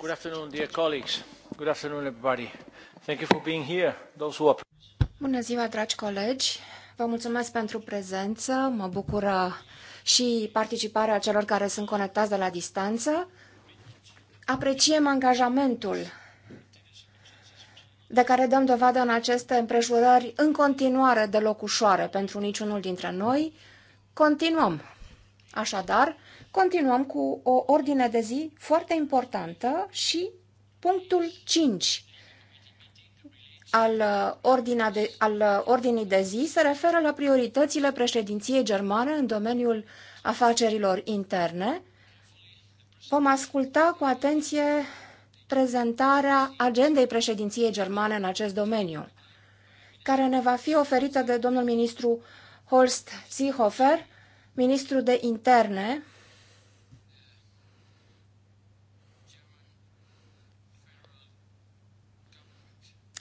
Good afternoon, dear colleagues. Good afternoon, everybody. Thank you for being here. Those who are... Bună ziua, dragi colegi. Vă mulțumesc pentru prezență. Mă bucură și participarea celor care sunt conectați de la distanță. Apreciem angajamentul de care dăm dovadă în aceste împrejurări în continuare deloc ușoare pentru niciunul dintre noi. Continuăm Așadar, continuăm cu o ordine de zi foarte importantă și punctul 5 al, uh, ordinea de, al uh, ordinii de zi se referă la prioritățile președinției germane în domeniul afacerilor interne. Vom asculta cu atenție prezentarea agendei președinției germane în acest domeniu, care ne va fi oferită de domnul ministru Holst Seehofer, ministru de interne,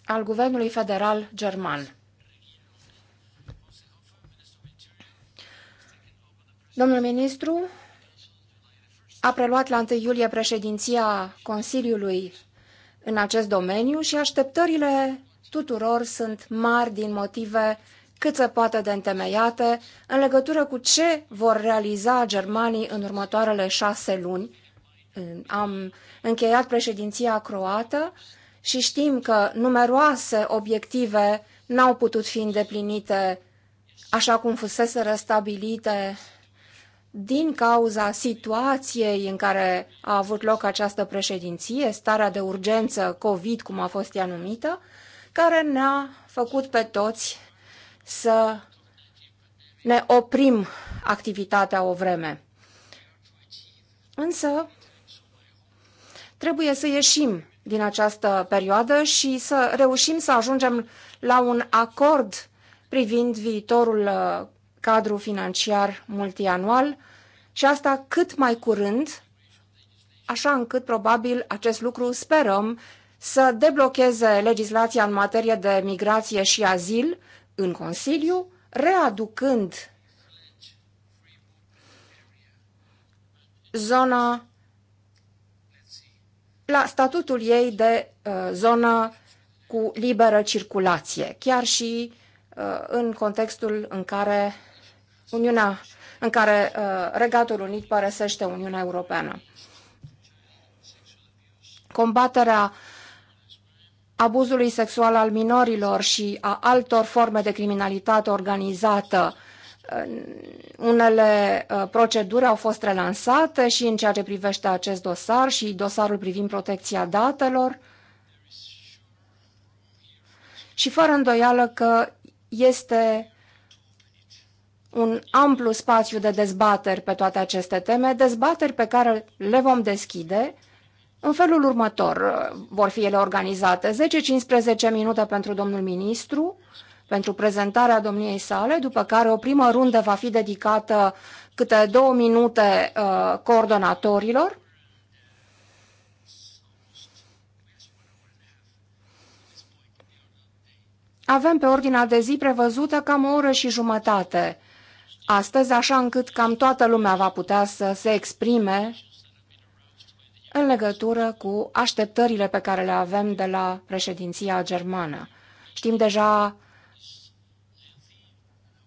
al guvernului federal german. Domnul ministru a preluat la 1 iulie președinția Consiliului în acest domeniu și așteptările tuturor sunt mari din motive cât se poate de întemeiate în legătură cu ce vor realiza germanii în următoarele șase luni. Am încheiat președinția croată și știm că numeroase obiective n-au putut fi îndeplinite așa cum fusese restabilite din cauza situației în care a avut loc această președinție, starea de urgență COVID, cum a fost ea numită, care ne-a făcut pe toți să ne oprim activitatea o vreme. Însă, trebuie să ieșim din această perioadă și să reușim să ajungem la un acord privind viitorul uh, cadru financiar multianual și asta cât mai curând, așa încât probabil acest lucru sperăm să deblocheze legislația în materie de migrație și azil în Consiliu, readucând zona la statutul ei de uh, zonă cu liberă circulație, chiar și uh, în contextul în care Uniunea, în care uh, Regatul Unit părăsește Uniunea Europeană. Combaterea abuzului sexual al minorilor și a altor forme de criminalitate organizată, unele uh, proceduri au fost relansate și în ceea ce privește acest dosar și dosarul privind protecția datelor. Și fără îndoială că este un amplu spațiu de dezbateri pe toate aceste teme, dezbateri pe care le vom deschide în felul următor uh, vor fi ele organizate. 10-15 minute pentru domnul ministru, pentru prezentarea domniei sale, după care o primă rundă va fi dedicată câte două minute uh, coordonatorilor. Avem pe ordinea de zi prevăzută cam o oră și jumătate astăzi, așa încât cam toată lumea va putea să se exprime în legătură cu așteptările pe care le avem de la președinția germană. Știm deja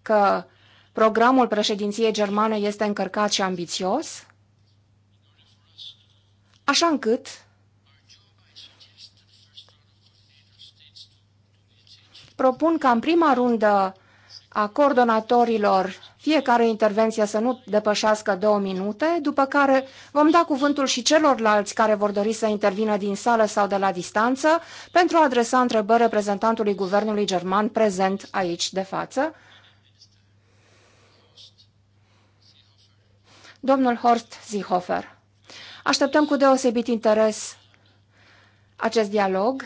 că programul președinției germane este încărcat și ambițios, așa încât propun ca în prima rundă a coordonatorilor fiecare intervenție să nu depășească două minute, după care vom da cuvântul și celorlalți care vor dori să intervină din sală sau de la distanță pentru a adresa întrebări reprezentantului guvernului german prezent aici de față. Domnul Horst Seehofer, Așteptăm cu deosebit interes acest dialog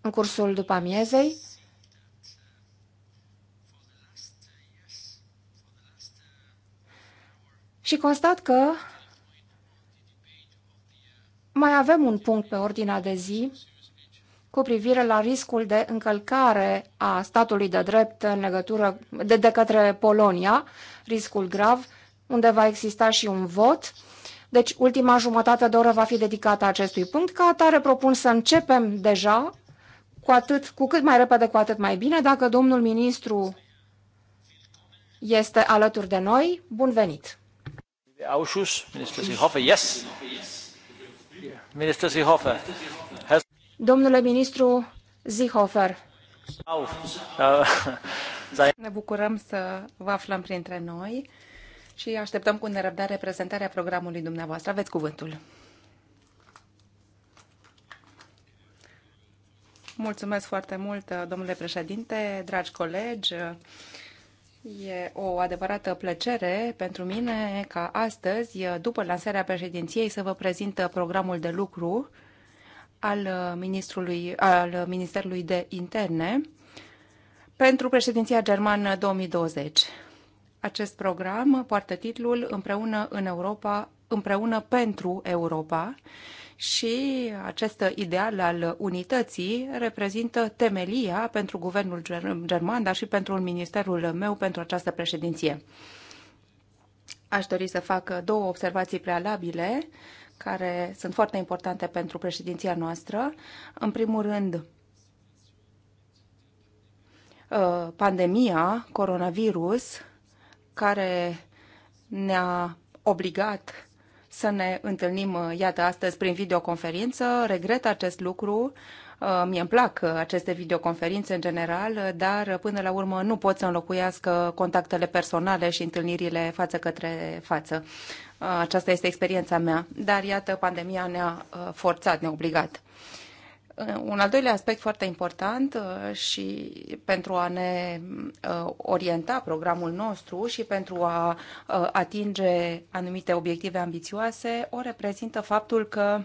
în cursul după amiezei. și constat că mai avem un punct pe ordinea de zi cu privire la riscul de încălcare a statului de drept în legătură de, de către Polonia, riscul grav, unde va exista și un vot. Deci, ultima jumătate de oră va fi dedicată acestui punct. Ca atare propun să începem deja, cu, atât, cu cât mai repede, cu atât mai bine. Dacă domnul ministru este alături de noi, bun venit! Der Ausschuss, Minister Seehofer, yes. Minister Seehofer. Domnule ministru Seehofer. Uh, ne bucurăm să vă aflăm printre noi și așteptăm cu nerăbdare prezentarea programului dumneavoastră. Aveți cuvântul. Mulțumesc foarte mult, domnule președinte, dragi colegi. E o adevărată plăcere pentru mine ca astăzi, după lansarea președinției, să vă prezint programul de lucru al, uh, ministrului, al Ministerului de Interne pentru președinția germană 2020. Acest program poartă titlul Împreună în Europa, împreună pentru Europa și acest ideal al unității reprezintă temelia pentru guvernul german, dar și pentru ministerul meu pentru această președinție. Aș dori să fac două observații prealabile care sunt foarte importante pentru președinția noastră. În primul rând, uh, pandemia coronavirus care ne-a obligat să ne întâlnim, uh, iată, astăzi prin videoconferință. Regret acest lucru. Uh, Mie îmi plac uh, aceste videoconferințe în general, dar până la urmă nu pot să înlocuiască contactele personale și întâlnirile față către față. Aceasta este experiența mea, dar iată, pandemia ne-a forțat, ne-a obligat un al doilea aspect foarte important uh, și pentru a ne uh, orienta programul nostru și pentru a uh, atinge anumite obiective ambițioase o reprezintă faptul că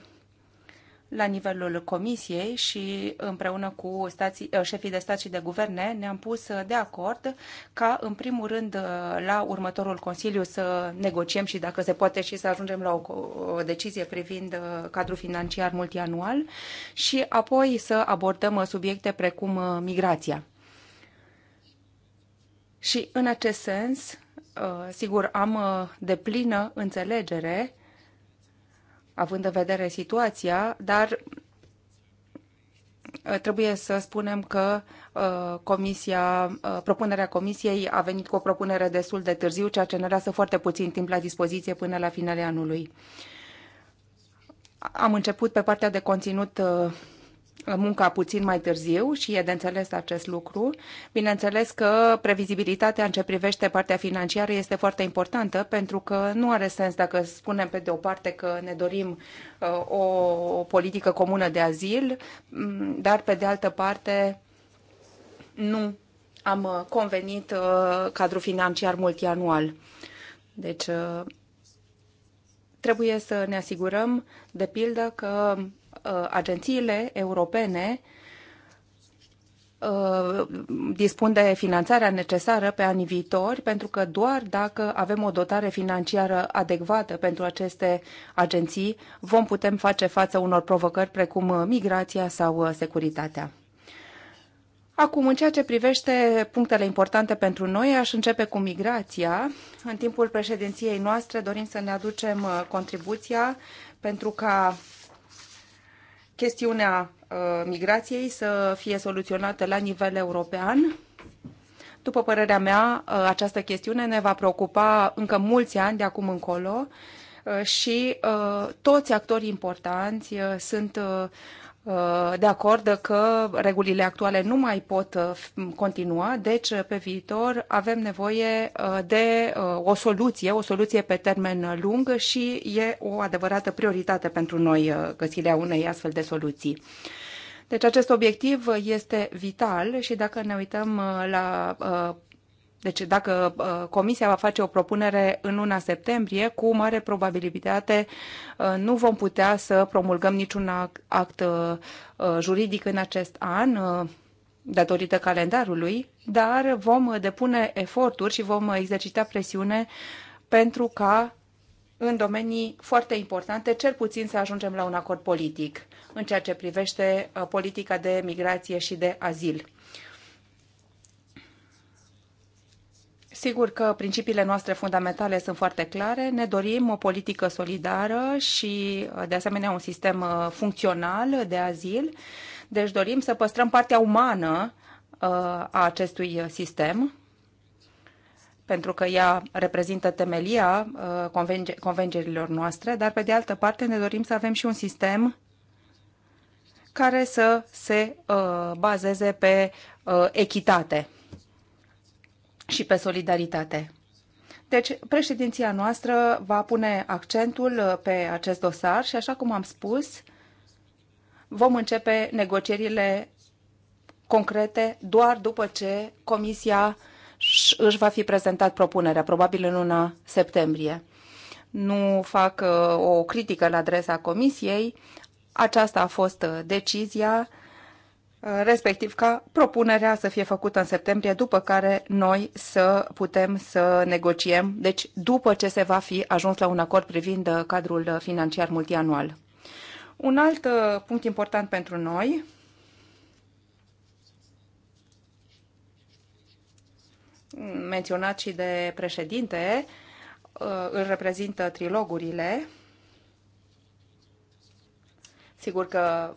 la nivelul Comisiei și împreună cu stații, eh, șefii de stat și de guverne ne-am pus eh, de acord ca, în primul rând, eh, la următorul Consiliu să negociem și, dacă se poate, și să ajungem la o, o decizie privind cadrul financiar multianual și apoi să abordăm subiecte precum migrația. Și, în acest sens, sigur, am plină înțelegere având în vedere situația, dar uh, trebuie să spunem că uh, comisia, uh, propunerea comisiei a venit cu o propunere destul de târziu, ceea ce ne lasă foarte puțin timp la dispoziție până la finele anului. Am început pe partea de conținut munca puțin mai târziu și e de înțeles acest lucru. Bineînțeles că previzibilitatea în ce privește partea financiară este foarte importantă pentru că nu are sens dacă spunem pe de o parte că ne dorim uh, o, o politică comună de azil, mm, dar pe de altă parte nu am uh, convenit uh, cadrul financiar multianual. Deci trebuie să ne asigurăm, de pildă, că Uh, agențiile europene uh, dispun de finanțarea necesară pe anii viitori, pentru că doar dacă avem o dotare financiară adecvată pentru aceste agenții, vom putem face față unor provocări precum migrația sau uh, securitatea. Acum, în ceea ce privește punctele importante pentru noi, aș începe cu migrația. În timpul președinției noastre dorim să ne aducem contribuția pentru ca chestiunea uh, migrației să fie soluționată la nivel european. După părerea mea, uh, această chestiune ne va preocupa încă mulți ani de acum încolo uh, și toți actorii importanți sunt Uh, de acord că regulile actuale nu mai pot uh, continua, deci uh, pe viitor avem nevoie de o soluție, o soluție pe termen lung și e o adevărată prioritate pentru noi găsirea unei astfel de soluții. Deci acest obiectiv este vital și dacă ne uităm la deci dacă uh, Comisia va face o propunere în luna septembrie, cu mare probabilitate uh, nu vom putea să promulgăm niciun act uh, juridic în acest an datorită calendarului, dar vom depune eforturi și vom exercita presiune pentru ca în domenii foarte importante, cel puțin să ajungem la un acord politic în ceea ce privește politica de migrație și de azil. Sigur că principiile noastre fundamentale sunt foarte clare. Ne dorim o politică solidară și, de asemenea, un sistem uh, funcțional de azil. Deci dorim să păstrăm partea umană uh, a acestui sistem, pentru că ea reprezintă temelia uh, convengerilor noastre, dar, pe de altă parte, ne dorim să avem și un sistem care să se bazeze pe echitate și pe solidaritate. Deci, președinția noastră va pune accentul uh, pe acest dosar și, așa cum am spus, vom începe negocierile concrete doar după ce Comisia își va fi prezentat propunerea, probabil în luna septembrie. Nu fac uh, o critică la adresa Comisiei, aceasta a fost uh, decizia Uh, respectiv ca propunerea să fie făcută în septembrie, după care noi să putem să negociem, deci după ce se va fi ajuns la un acord privind uh, cadrul financiar multianual. Un alt uh, punct important pentru noi menționat și de președinte, îl reprezintă trilogurile. Sigur că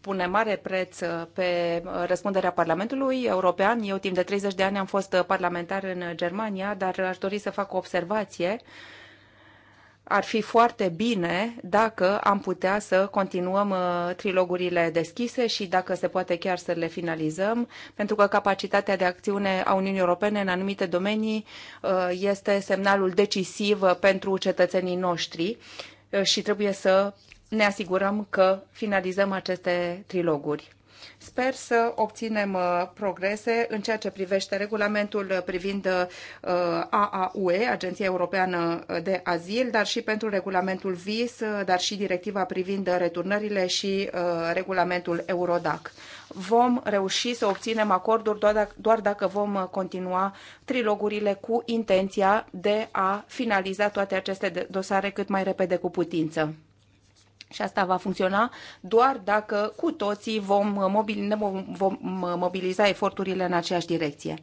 pune mare preț uh, pe uh, răspunderea Parlamentului European. Eu timp de 30 de ani am fost uh, parlamentar în Germania, dar aș dori să fac o observație. Ar fi foarte bine dacă am putea să continuăm trilogurile deschise și dacă se poate chiar să le finalizăm, pentru că capacitatea de acțiune a Uniunii Europene în anumite domenii este semnalul decisiv pentru cetățenii noștri și trebuie să ne asigurăm că finalizăm aceste triloguri. Sper să obținem uh, progrese în ceea ce privește regulamentul uh, privind uh, AAUE, Agenția Europeană de Azil, dar și pentru regulamentul VIS, dar și directiva privind returnările și regulamentul Eurodac. Vom reuși să obținem acorduri doar dacă, doar dacă vom continua trilogurile cu intenția de a finaliza toate aceste dosare cât mai repede cu putință. Și asta va funcționa doar dacă cu toții vom, mobil, ne vom mobiliza eforturile în aceeași direcție.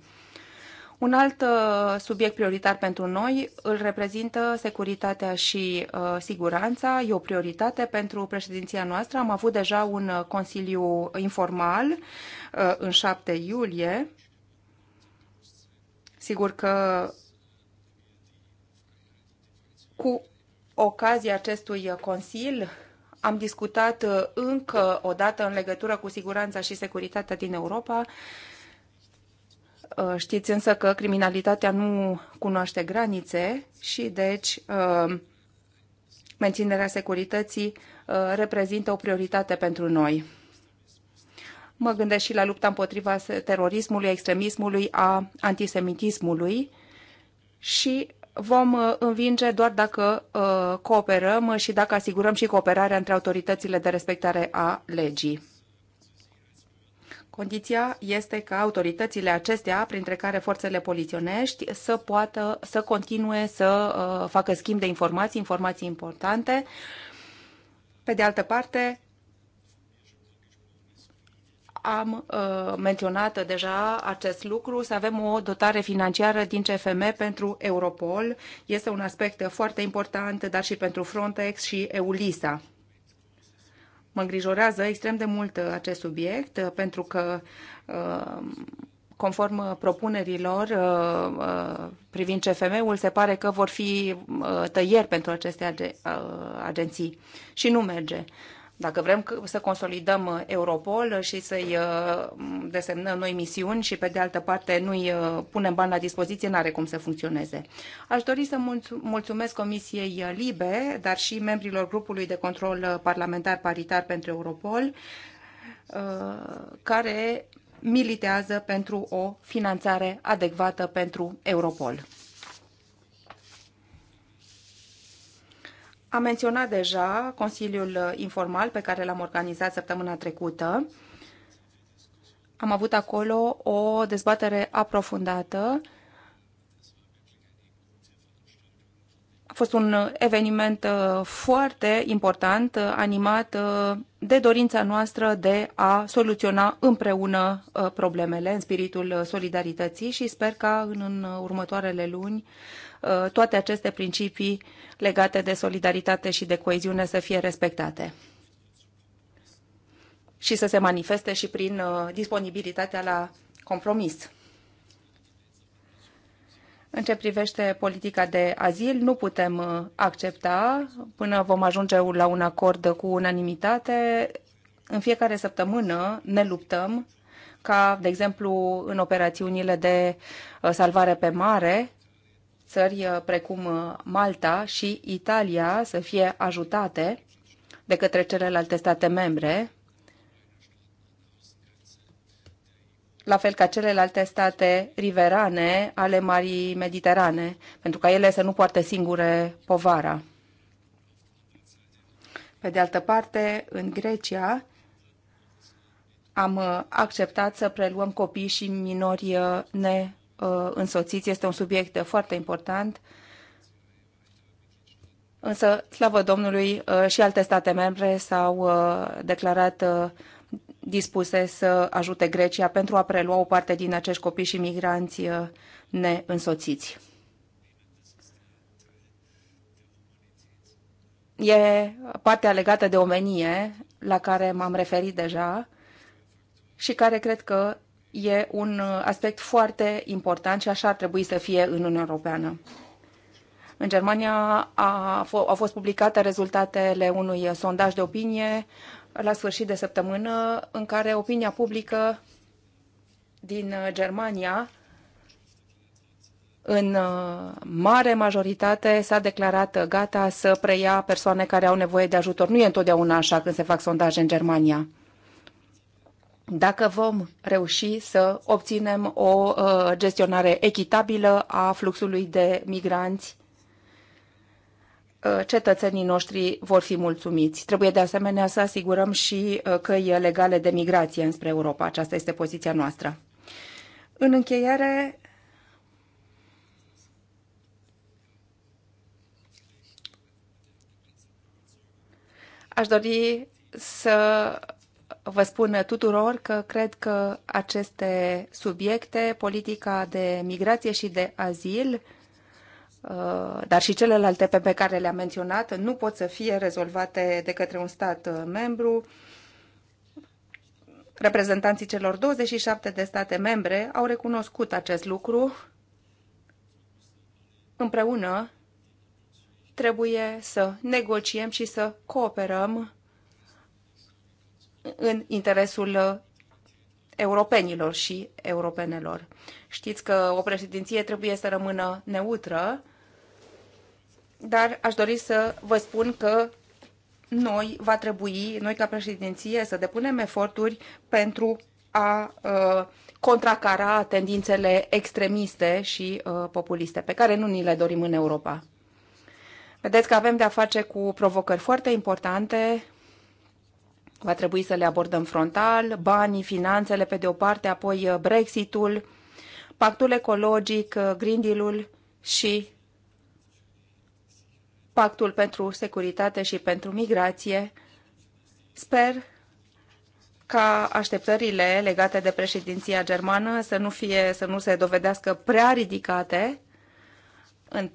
Un alt uh, subiect prioritar pentru noi îl reprezintă securitatea și uh, siguranța. E o prioritate pentru președinția noastră. Am avut deja un uh, consiliu informal uh, în 7 iulie. Sigur că cu ocazia acestui uh, consil am discutat uh, încă o dată în legătură cu siguranța și securitatea din Europa. Uh, știți însă că criminalitatea nu cunoaște granițe și deci uh, menținerea securității reprezintă o prioritate pentru noi. Mă gândesc și la lupta împotriva terorismului, extremismului, a antisemitismului și vom uh, învinge doar dacă uh, cooperăm și dacă asigurăm și cooperarea între autoritățile de respectare a legii. Condiția este ca autoritățile acestea, printre care forțele poliționești, să poată să continue să uh, facă schimb de informații, informații importante. Pe de altă parte, am uh, menționat deja acest lucru, să avem o dotare financiară din CFM pentru Europol. Este un aspect foarte important, dar și pentru Frontex și EULISA. Mă îngrijorează extrem de mult acest subiect, uh, pentru că uh, conform propunerilor uh, privind CFM-ul, se pare că vor fi tăieri pentru aceste agenții și nu merge. Dacă vrem să consolidăm uh, Europol și să-i uh, desemnăm noi misiuni și pe de altă parte nu-i uh, punem bani la dispoziție, n-are cum să funcționeze. Aș dori să mulțumesc Comisiei Libe, dar și membrilor grupului de control parlamentar paritar pentru Europol, care militează pentru o finanțare adecvată pentru Europol. Am menționat deja Consiliul Informal pe care l-am organizat săptămâna trecută. Am avut acolo o dezbatere aprofundată. A fost un eveniment uh, foarte important, uh, animat uh, de dorința noastră de a soluționa împreună problemele în spiritul solidarității și sper ca în următoarele luni Uh, toate aceste principii legate de solidaritate și de coeziune să fie respectate și să se manifeste și prin uh, disponibilitatea la compromis. În ce privește politica de azil, nu putem uh, accepta până vom ajunge la un acord cu unanimitate. În fiecare săptămână ne luptăm ca, de exemplu, în operațiunile de salvare pe mare, țări uh, precum uh, Malta și Italia să fie ajutate de către celelalte state membre, la fel ca celelalte state riverane ale Marii Mediterane, pentru ca ele să nu poarte singure povara. Pe de altă parte, în Grecia am uh, acceptat să preluăm copii și minori ne Uh, însoțiți este un subiect foarte important. Însă, slavă Domnului, uh, și alte state membre s-au uh, declarat dispuse să ajute Grecia pentru a prelua o parte din acești copii și migranți neînsoțiți. E partea legată de omenie, la care m-am referit deja și care cred că e un uh, aspect foarte important și așa ar trebui să fie în Uniunea Europeană. În Germania a au fost publicate rezultatele unui sondaj de opinie la sfârșit de săptămână, în care opinia publică din uh, Germania, în uh, mare majoritate, s-a declarat gata să preia persoane care au nevoie de ajutor. Nu e întotdeauna așa când se fac sondaje în Germania dacă vom reuși să obținem o uh, gestionare echitabilă a fluxului de migranți uh, cetățenii noștri vor fi mulțumiți. Trebuie de asemenea să asigurăm și uh, căi legale de migrație înspre Europa. Aceasta este poziția noastră. În încheiere, aș dori să vă spun tuturor că cred că aceste subiecte, politica de migrație și de azil, uh, dar și celelalte pe care le-am menționat, nu pot să fie rezolvate de către un stat uh, membru. Reprezentanții celor 27 de state membre au recunoscut acest lucru. Împreună trebuie să negociem și să cooperăm în interesul uh, europenilor și europenelor. Știți că o președinție trebuie să rămână neutră, dar aș dori să vă spun că noi va trebui, noi ca președinție, să depunem eforturi pentru a uh, contracara tendințele extremiste și uh, populiste, pe care nu ni le dorim în Europa. Vedeți că avem de-a face cu provocări foarte importante, Va trebui să le abordăm frontal, banii, finanțele pe de o parte, apoi uh, Brexitul, pactul ecologic, uh, Green Deal-ul și pactul pentru securitate și pentru migrație. Sper ca așteptările legate de președinția germană să nu, fie, să nu se dovedească prea ridicate în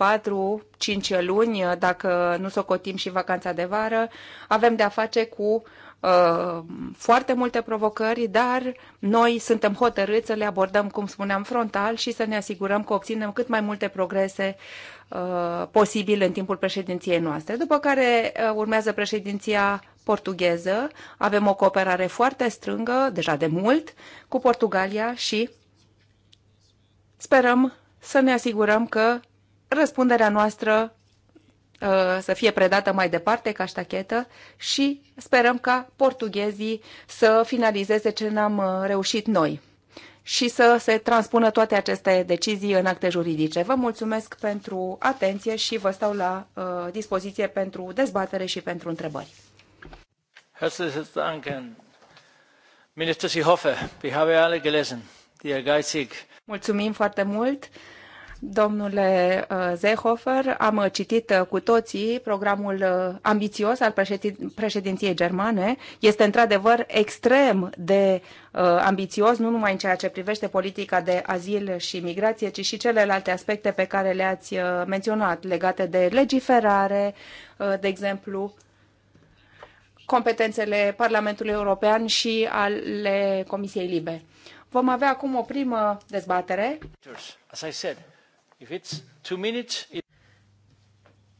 4-5 luni, uh, dacă nu socotim și vacanța de vară, avem de-a face cu Uh, foarte multe provocări, dar noi suntem hotărâți să le abordăm, cum spuneam, frontal și să ne asigurăm că obținem cât mai multe progrese uh, posibil în timpul președinției noastre. După care uh, urmează președinția portugheză. Avem o cooperare foarte strângă, deja de mult, cu Portugalia și sperăm să ne asigurăm că răspunderea noastră Uh, să fie predată mai departe ca ștachetă și sperăm ca portughezii să finalizeze ce n-am uh, reușit noi și să se transpună toate aceste decizii în acte juridice. Vă mulțumesc pentru atenție și vă stau la uh, dispoziție pentru dezbatere și pentru întrebări. Minister Wir haben alle gelesen, die Mulțumim foarte mult. Domnule uh, Zehofer, am uh, citit uh, cu toții programul ambițios al președinției germane. Este într-adevăr extrem de ambițios, nu numai în ceea ce privește politica de azil și migrație, ci și celelalte aspecte pe care le-ați menționat, legate de legiferare, de exemplu, competențele Parlamentului European și ale Comisiei Libe. Vom avea acum o primă dezbatere. As I said,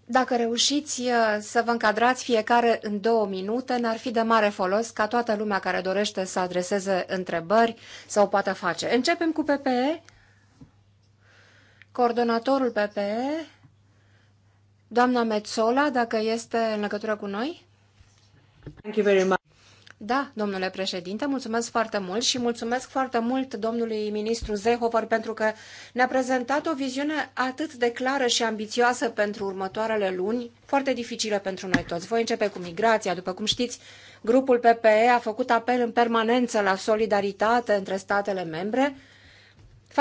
dacă reușiți uh, să vă încadrați fiecare în două minute, n-ar fi de mare folos ca toată lumea care dorește să adreseze întrebări să o poată face. Începem cu PPE. Coordonatorul PPE, doamna Metzola, dacă este în legătură cu noi. Thank you very much. Da, domnule președinte, mulțumesc foarte mult și mulțumesc foarte mult domnului ministru Zehovar pentru că ne-a prezentat o viziune atât de clară și ambițioasă pentru următoarele luni, foarte dificilă pentru noi toți. Voi începe cu migrația. După cum știți, grupul PPE a făcut apel în permanență la solidaritate între statele membre,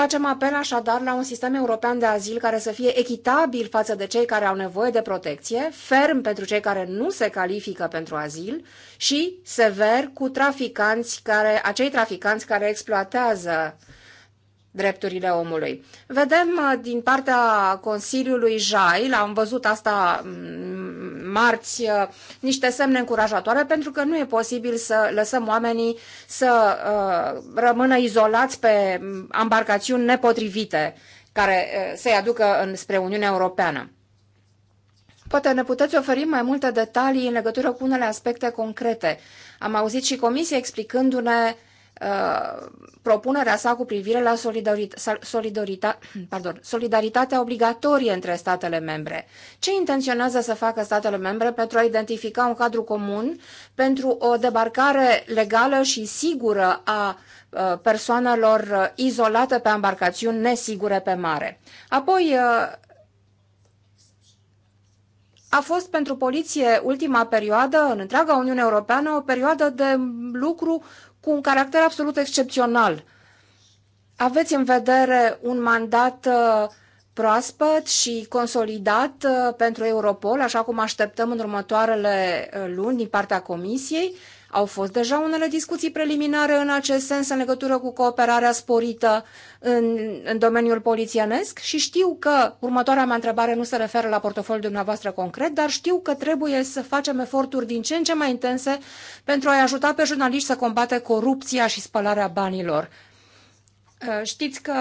Facem apel așadar la un sistem european de azil care să fie echitabil față de cei care au nevoie de protecție, ferm pentru cei care nu se califică pentru azil și sever cu traficanți care, acei traficanți care exploatează drepturile omului. Vedem uh, din partea Consiliului Jai. l am văzut asta mm, marți, uh, niște semne încurajatoare, pentru că nu e posibil să lăsăm oamenii să uh, rămână izolați pe mm, embarcațiuni nepotrivite care uh, se aducă spre Uniunea Europeană. Poate ne puteți oferi mai multe detalii în legătură cu unele aspecte concrete. Am auzit și comisia explicându-ne uh, Uh, propunerea sa cu privire la solidarita, pardon, solidaritatea obligatorie între statele membre. Ce intenționează să facă statele membre pentru a identifica un cadru comun pentru o debarcare legală și sigură a uh, persoanelor izolate pe embarcațiuni nesigure pe mare. Apoi, uh, a fost pentru poliție ultima perioadă, în întreaga Uniune Europeană, o perioadă de lucru cu un caracter absolut excepțional. Aveți în vedere un mandat uh, proaspăt și consolidat uh, pentru Europol, așa cum așteptăm în următoarele uh, luni din partea Comisiei, au fost deja unele discuții preliminare în acest sens în legătură cu cooperarea sporită în, în domeniul polițienesc și știu că următoarea mea întrebare nu se referă la portofoliul dumneavoastră concret, dar știu că trebuie să facem eforturi din ce în ce mai intense pentru a-i ajuta pe jurnaliști să combate corupția și spălarea banilor. Uh, știți că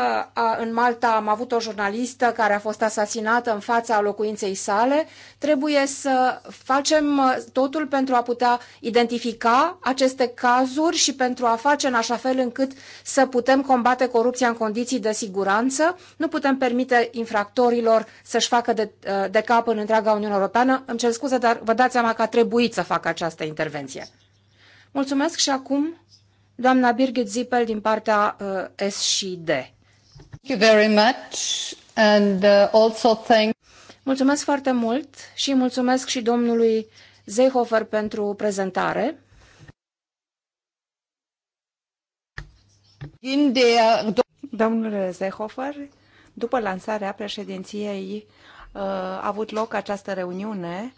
în Malta am avut o jurnalistă care a fost asasinată în fața locuinței sale. Trebuie să facem uh, totul pentru a putea identifica aceste cazuri și pentru a face în așa fel încât să putem combate corupția în condiții de siguranță. Nu putem permite infractorilor să-și facă de, uh, de cap în întreaga Uniune Europeană. Îmi cer scuze, dar vă dați seama că a trebuit să fac această intervenție. Mulțumesc și acum doamna Birgit Zippel din partea uh, S și D. Thank you very much and uh, also thank Mulțumesc foarte mult și mulțumesc și domnului Zehofer pentru prezentare. Uh, Domnule Zehofer, după lansarea președinției uh, a avut loc această reuniune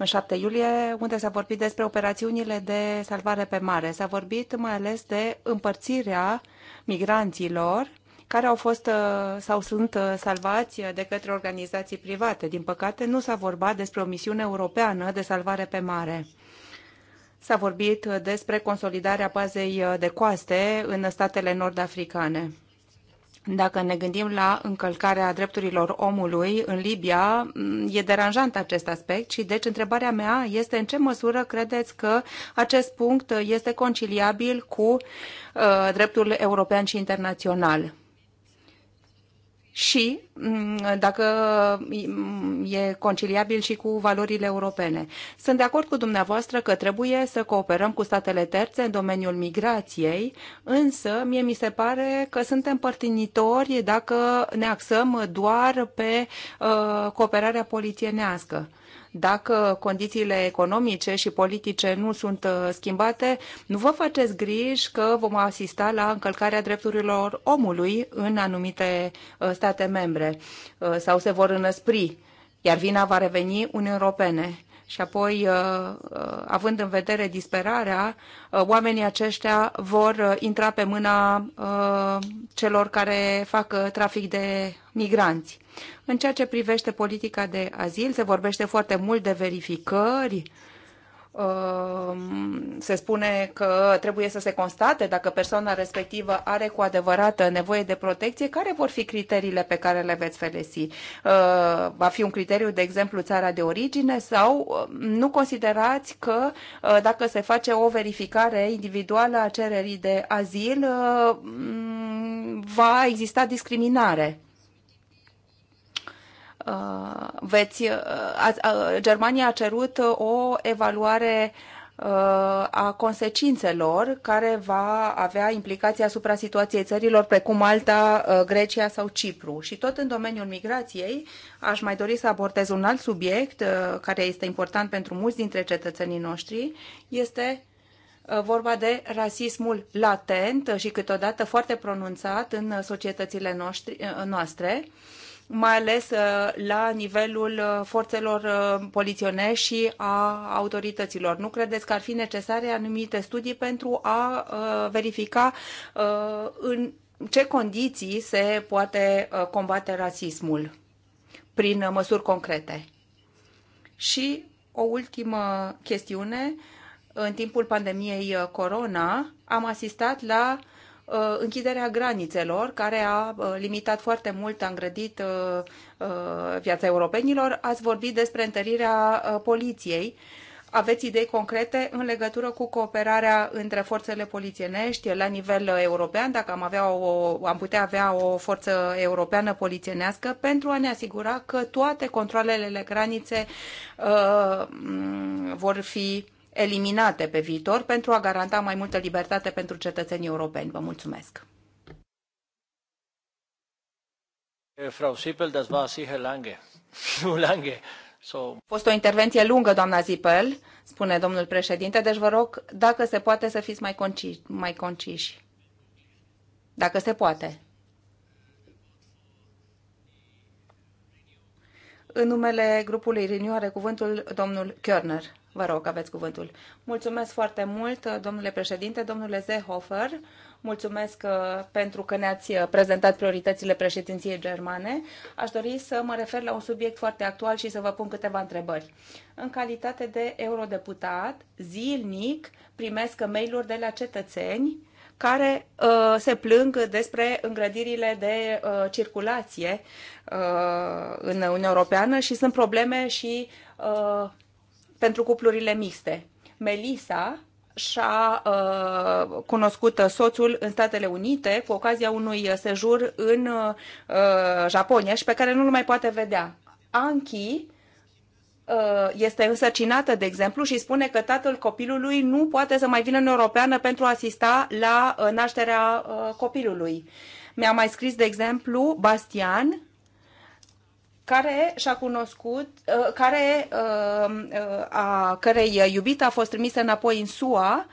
în 7 iulie, unde s-a vorbit despre operațiunile de salvare pe mare. S-a vorbit mai ales de împărțirea migranților care au fost uh, sau sunt uh, salvați de către organizații private. Din păcate, nu s-a vorbit despre o misiune europeană de salvare pe mare. S-a vorbit uh, despre consolidarea bazei de coaste în statele nord-africane. Dacă ne gândim la încălcarea drepturilor omului în Libia, mm, e deranjant acest aspect și deci întrebarea mea este în ce măsură credeți că acest punct este conciliabil cu uh, dreptul european și internațional și mm, dacă e conciliabil și cu valorile europene. Sunt de acord cu dumneavoastră că trebuie să cooperăm cu statele terțe în domeniul migrației, însă mie mi se pare că suntem părtinitori dacă ne axăm doar pe uh, cooperarea polițienească. Dacă condițiile economice și politice nu sunt uh, schimbate, nu vă faceți griji că vom asista la încălcarea drepturilor omului în anumite uh, state membre uh, sau se vor înăspri, iar vina va reveni Uniunii Europene. Și apoi, având în vedere disperarea, oamenii aceștia vor intra pe mâna celor care fac trafic de migranți. În ceea ce privește politica de azil, se vorbește foarte mult de verificări, um, se spune că trebuie să se constate dacă persoana respectivă are cu adevărat nevoie de protecție, care vor fi criteriile pe care le veți felesi? Uh, va fi un criteriu, de exemplu, țara de origine sau um, nu considerați că uh, dacă se face o verificare individuală a cererii de azil, uh, mm, va exista discriminare? Uh, veți, a, uh, a, uh, Germania a cerut o evaluare a consecințelor care va avea implicații asupra situației țărilor precum Malta, Grecia sau Cipru. Și tot în domeniul migrației aș mai dori să abordez un alt subiect care este important pentru mulți dintre cetățenii noștri, este vorba de rasismul latent și câteodată foarte pronunțat în societățile noștri, noastre. noastre mai ales uh, la nivelul uh, forțelor uh, poliționești și a autorităților. Nu credeți că ar fi necesare anumite studii pentru a verifica în ce condiții se poate combate rasismul prin măsuri concrete? Și o ultimă chestiune. În timpul pandemiei corona am asistat la Uh, închiderea granițelor, care a uh, limitat foarte mult, a îngrădit uh, viața europenilor. Ați vorbit despre întărirea poliției. Aveți idei concrete în legătură cu cooperarea între forțele polițienești la nivel european, dacă am, avea o, am putea avea o forță europeană polițienească, pentru a ne asigura că toate controlele la granițe uh, vor fi uh, eliminate pe viitor pentru a garanta mai multă libertate pentru cetățenii europeni. Vă mulțumesc! Eh, Frau Sipel, das war sicher lange. lange. So... A fost o intervenție lungă, doamna Zipel, spune domnul președinte, deci vă rog, dacă se poate să fiți mai, conci- mai conciși. Dacă se poate. În numele grupului Renew are cuvântul domnul Körner. Vă rog, aveți cuvântul. Mulțumesc foarte mult, domnule președinte, domnule Zehofer. Mulțumesc uh, pentru că ne-ați uh, prezentat prioritățile președinției germane. Aș dori să mă refer la un subiect foarte actual și să vă pun câteva întrebări. În calitate de eurodeputat, zilnic primesc mail-uri de la cetățeni care uh, se plâng despre îngrădirile de uh, circulație uh, în Uniunea Europeană și sunt probleme și uh, pentru cuplurile mixte. Melissa și-a uh, cunoscut soțul în Statele Unite cu ocazia unui sejur în uh, Japonia și pe care nu-l mai poate vedea. Anki uh, este însărcinată, de exemplu, și spune că tatăl copilului nu poate să mai vină în Europeană pentru a asista la uh, nașterea uh, copilului. Mi-a mai scris, de exemplu, Bastian, care și-a cunoscut, uh, care uh, uh, a cărei iubită a fost trimisă înapoi în SUA,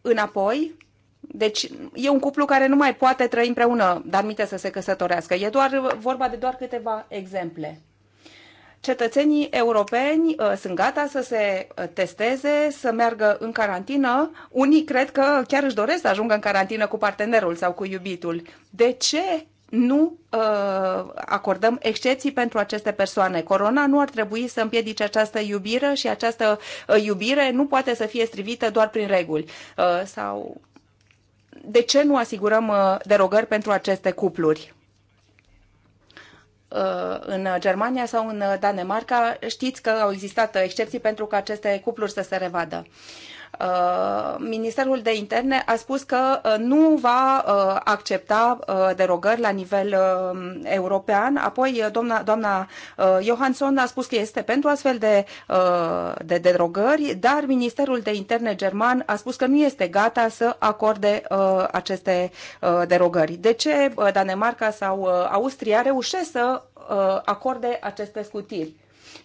înapoi, deci e un cuplu care nu mai poate trăi împreună, dar minte să se căsătorească. E doar vorba de doar câteva exemple. Cetățenii europeni uh, sunt gata să se testeze, să meargă în carantină. Unii cred că chiar își doresc să ajungă în carantină cu partenerul sau cu iubitul. De ce nu uh, acordăm excepții pentru aceste persoane. Corona nu ar trebui să împiedice această iubire și această uh, iubire nu poate să fie strivită doar prin reguli. Uh, sau de ce nu asigurăm uh, derogări pentru aceste cupluri? Uh, în Germania sau în Danemarca, știți că au existat excepții pentru că aceste cupluri să se revadă. Uh, Uh, Ministerul de Interne a spus că uh, nu va uh, accepta derogări la nivel european. Apoi doamna, doamna Johansson a spus că este pentru astfel de, de derogări, dar Ministerul de Interne german a spus că nu este gata să acorde aceste derogări. De ce Danemarca sau Austria reușesc să acorde aceste scutiri?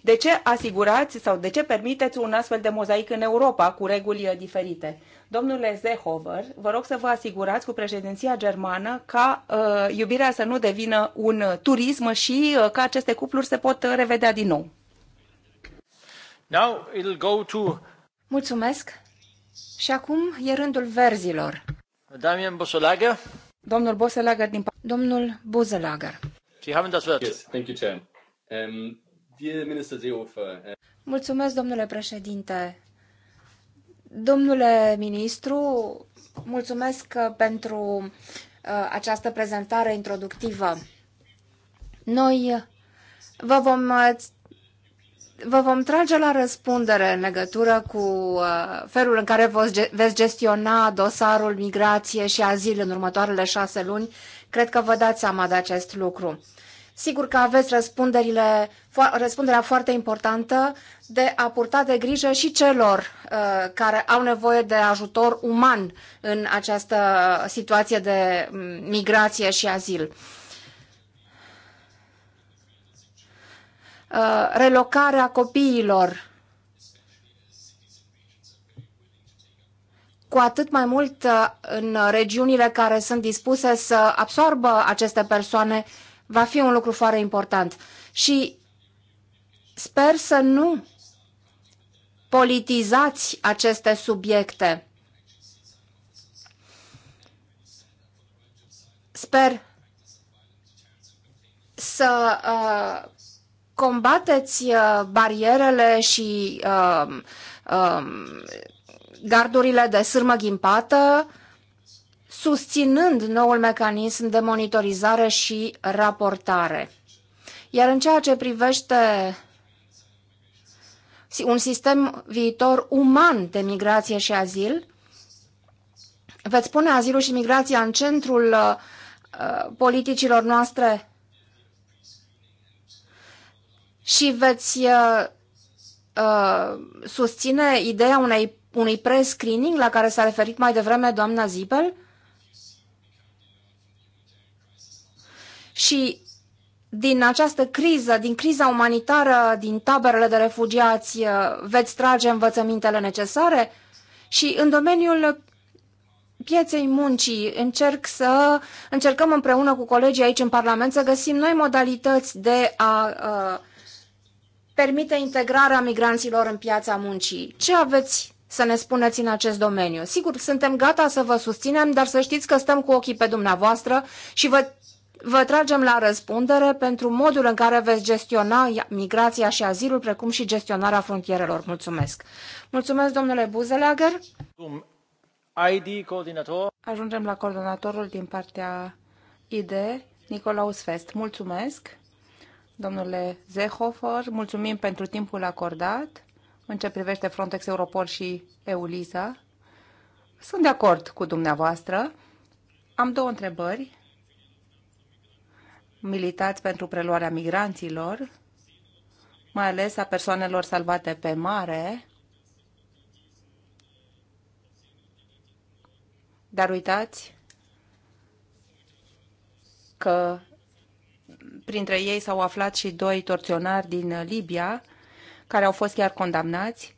De ce asigurați sau de ce permiteți un astfel de mozaic în Europa cu reguli uh, diferite? Domnule Zehover, vă rog să vă asigurați cu președinția germană ca uh, iubirea să nu devină un uh, turism și uh, ca aceste cupluri se pot uh, revedea din nou. Now it'll go to... Mulțumesc. Și acum e rândul verzilor. Damian Bosolager. Domnul Boselager din... Domnul Buzelager. Sie haben das Wort. Yes, thank you, Chair. Um, Uh, mulțumesc, domnule președinte. Domnule ministru, mulțumesc pentru uh, această prezentare introductivă. Noi uh, vă vom vă vom trage la răspundere în legătură cu felul în care veți gestiona dosarul migrație și azil în următoarele șase luni. Cred că vă dați seama de acest lucru. Sigur că aveți răspunderile, fo- răspunderea foarte importantă de a purta de grijă și celor uh, care au nevoie de ajutor uman în această situație de mm, migrație și azil. Uh, relocarea copiilor cu atât mai mult uh, în regiunile care sunt dispuse să absorbă aceste persoane uh, va fi un lucru foarte important. Și sper să nu politizați aceste subiecte. Sper să uh, combateți uh, barierele și uh, um, uh, gardurile de sârmă ghimpată susținând noul mecanism de monitorizare și raportare. Iar în ceea ce privește un sistem viitor uman de migrație și azil, veți pune azilul și migrația în centrul uh, politicilor noastre și veți uh, uh, susține ideea unei, unui pre-screening la care s-a referit mai devreme doamna Zipel? și din această criză, din criza umanitară, din taberele de refugiați, uh, veți trage învățămintele necesare? Și în domeniul pieței muncii încerc să încercăm împreună cu colegii aici în Parlament să găsim noi modalități de a, a uh, permite integrarea migranților în piața muncii. Ce aveți să ne spuneți în acest domeniu. Sigur, suntem gata să vă susținem, dar să știți că stăm cu ochii pe dumneavoastră și vă Vă tragem la răspundere pentru modul în care veți gestiona migrația și azilul, precum și gestionarea frontierelor. Mulțumesc! Mulțumesc, domnule Buzelager! ID coordinator. Ajungem la coordonatorul din partea ID, Nicolaus Fest. Mulțumesc, domnule Zehofer, mulțumim pentru timpul acordat în ce privește Frontex Europol și EULISA. Sunt de acord cu dumneavoastră. Am două întrebări militați pentru preluarea migranților, mai ales a persoanelor salvate pe mare, Dar uitați că printre ei s-au aflat și doi torționari din Libia, care au fost chiar condamnați.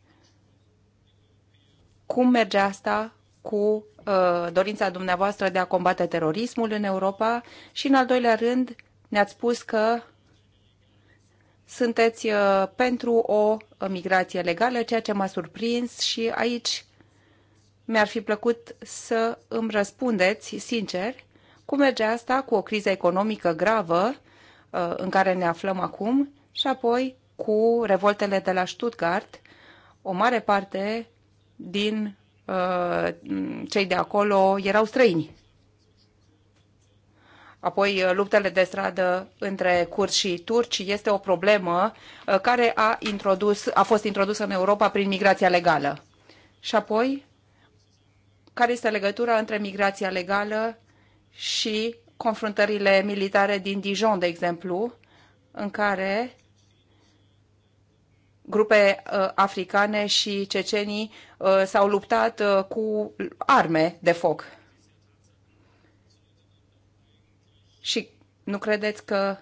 Cum merge asta cu uh, dorința dumneavoastră de a combate terorismul în Europa? Și, în al doilea rând, ne-ați spus că sunteți uh, pentru o uh, migrație legală, ceea ce m-a surprins și aici mi-ar fi plăcut să îmi răspundeți sincer cum merge asta cu o criză economică gravă uh, în care ne aflăm acum și apoi cu revoltele de la Stuttgart. O mare parte din cei de acolo erau străini. Apoi, uh, luptele de stradă între curzi și turci este o problemă uh, care a, introdus, a fost introdusă în Europa prin migrația legală. Și apoi, care este legătura între migrația legală și confruntările militare din Dijon, de exemplu, în care grupe uh, africane și cecenii uh, s-au luptat uh, cu arme de foc. Și nu credeți că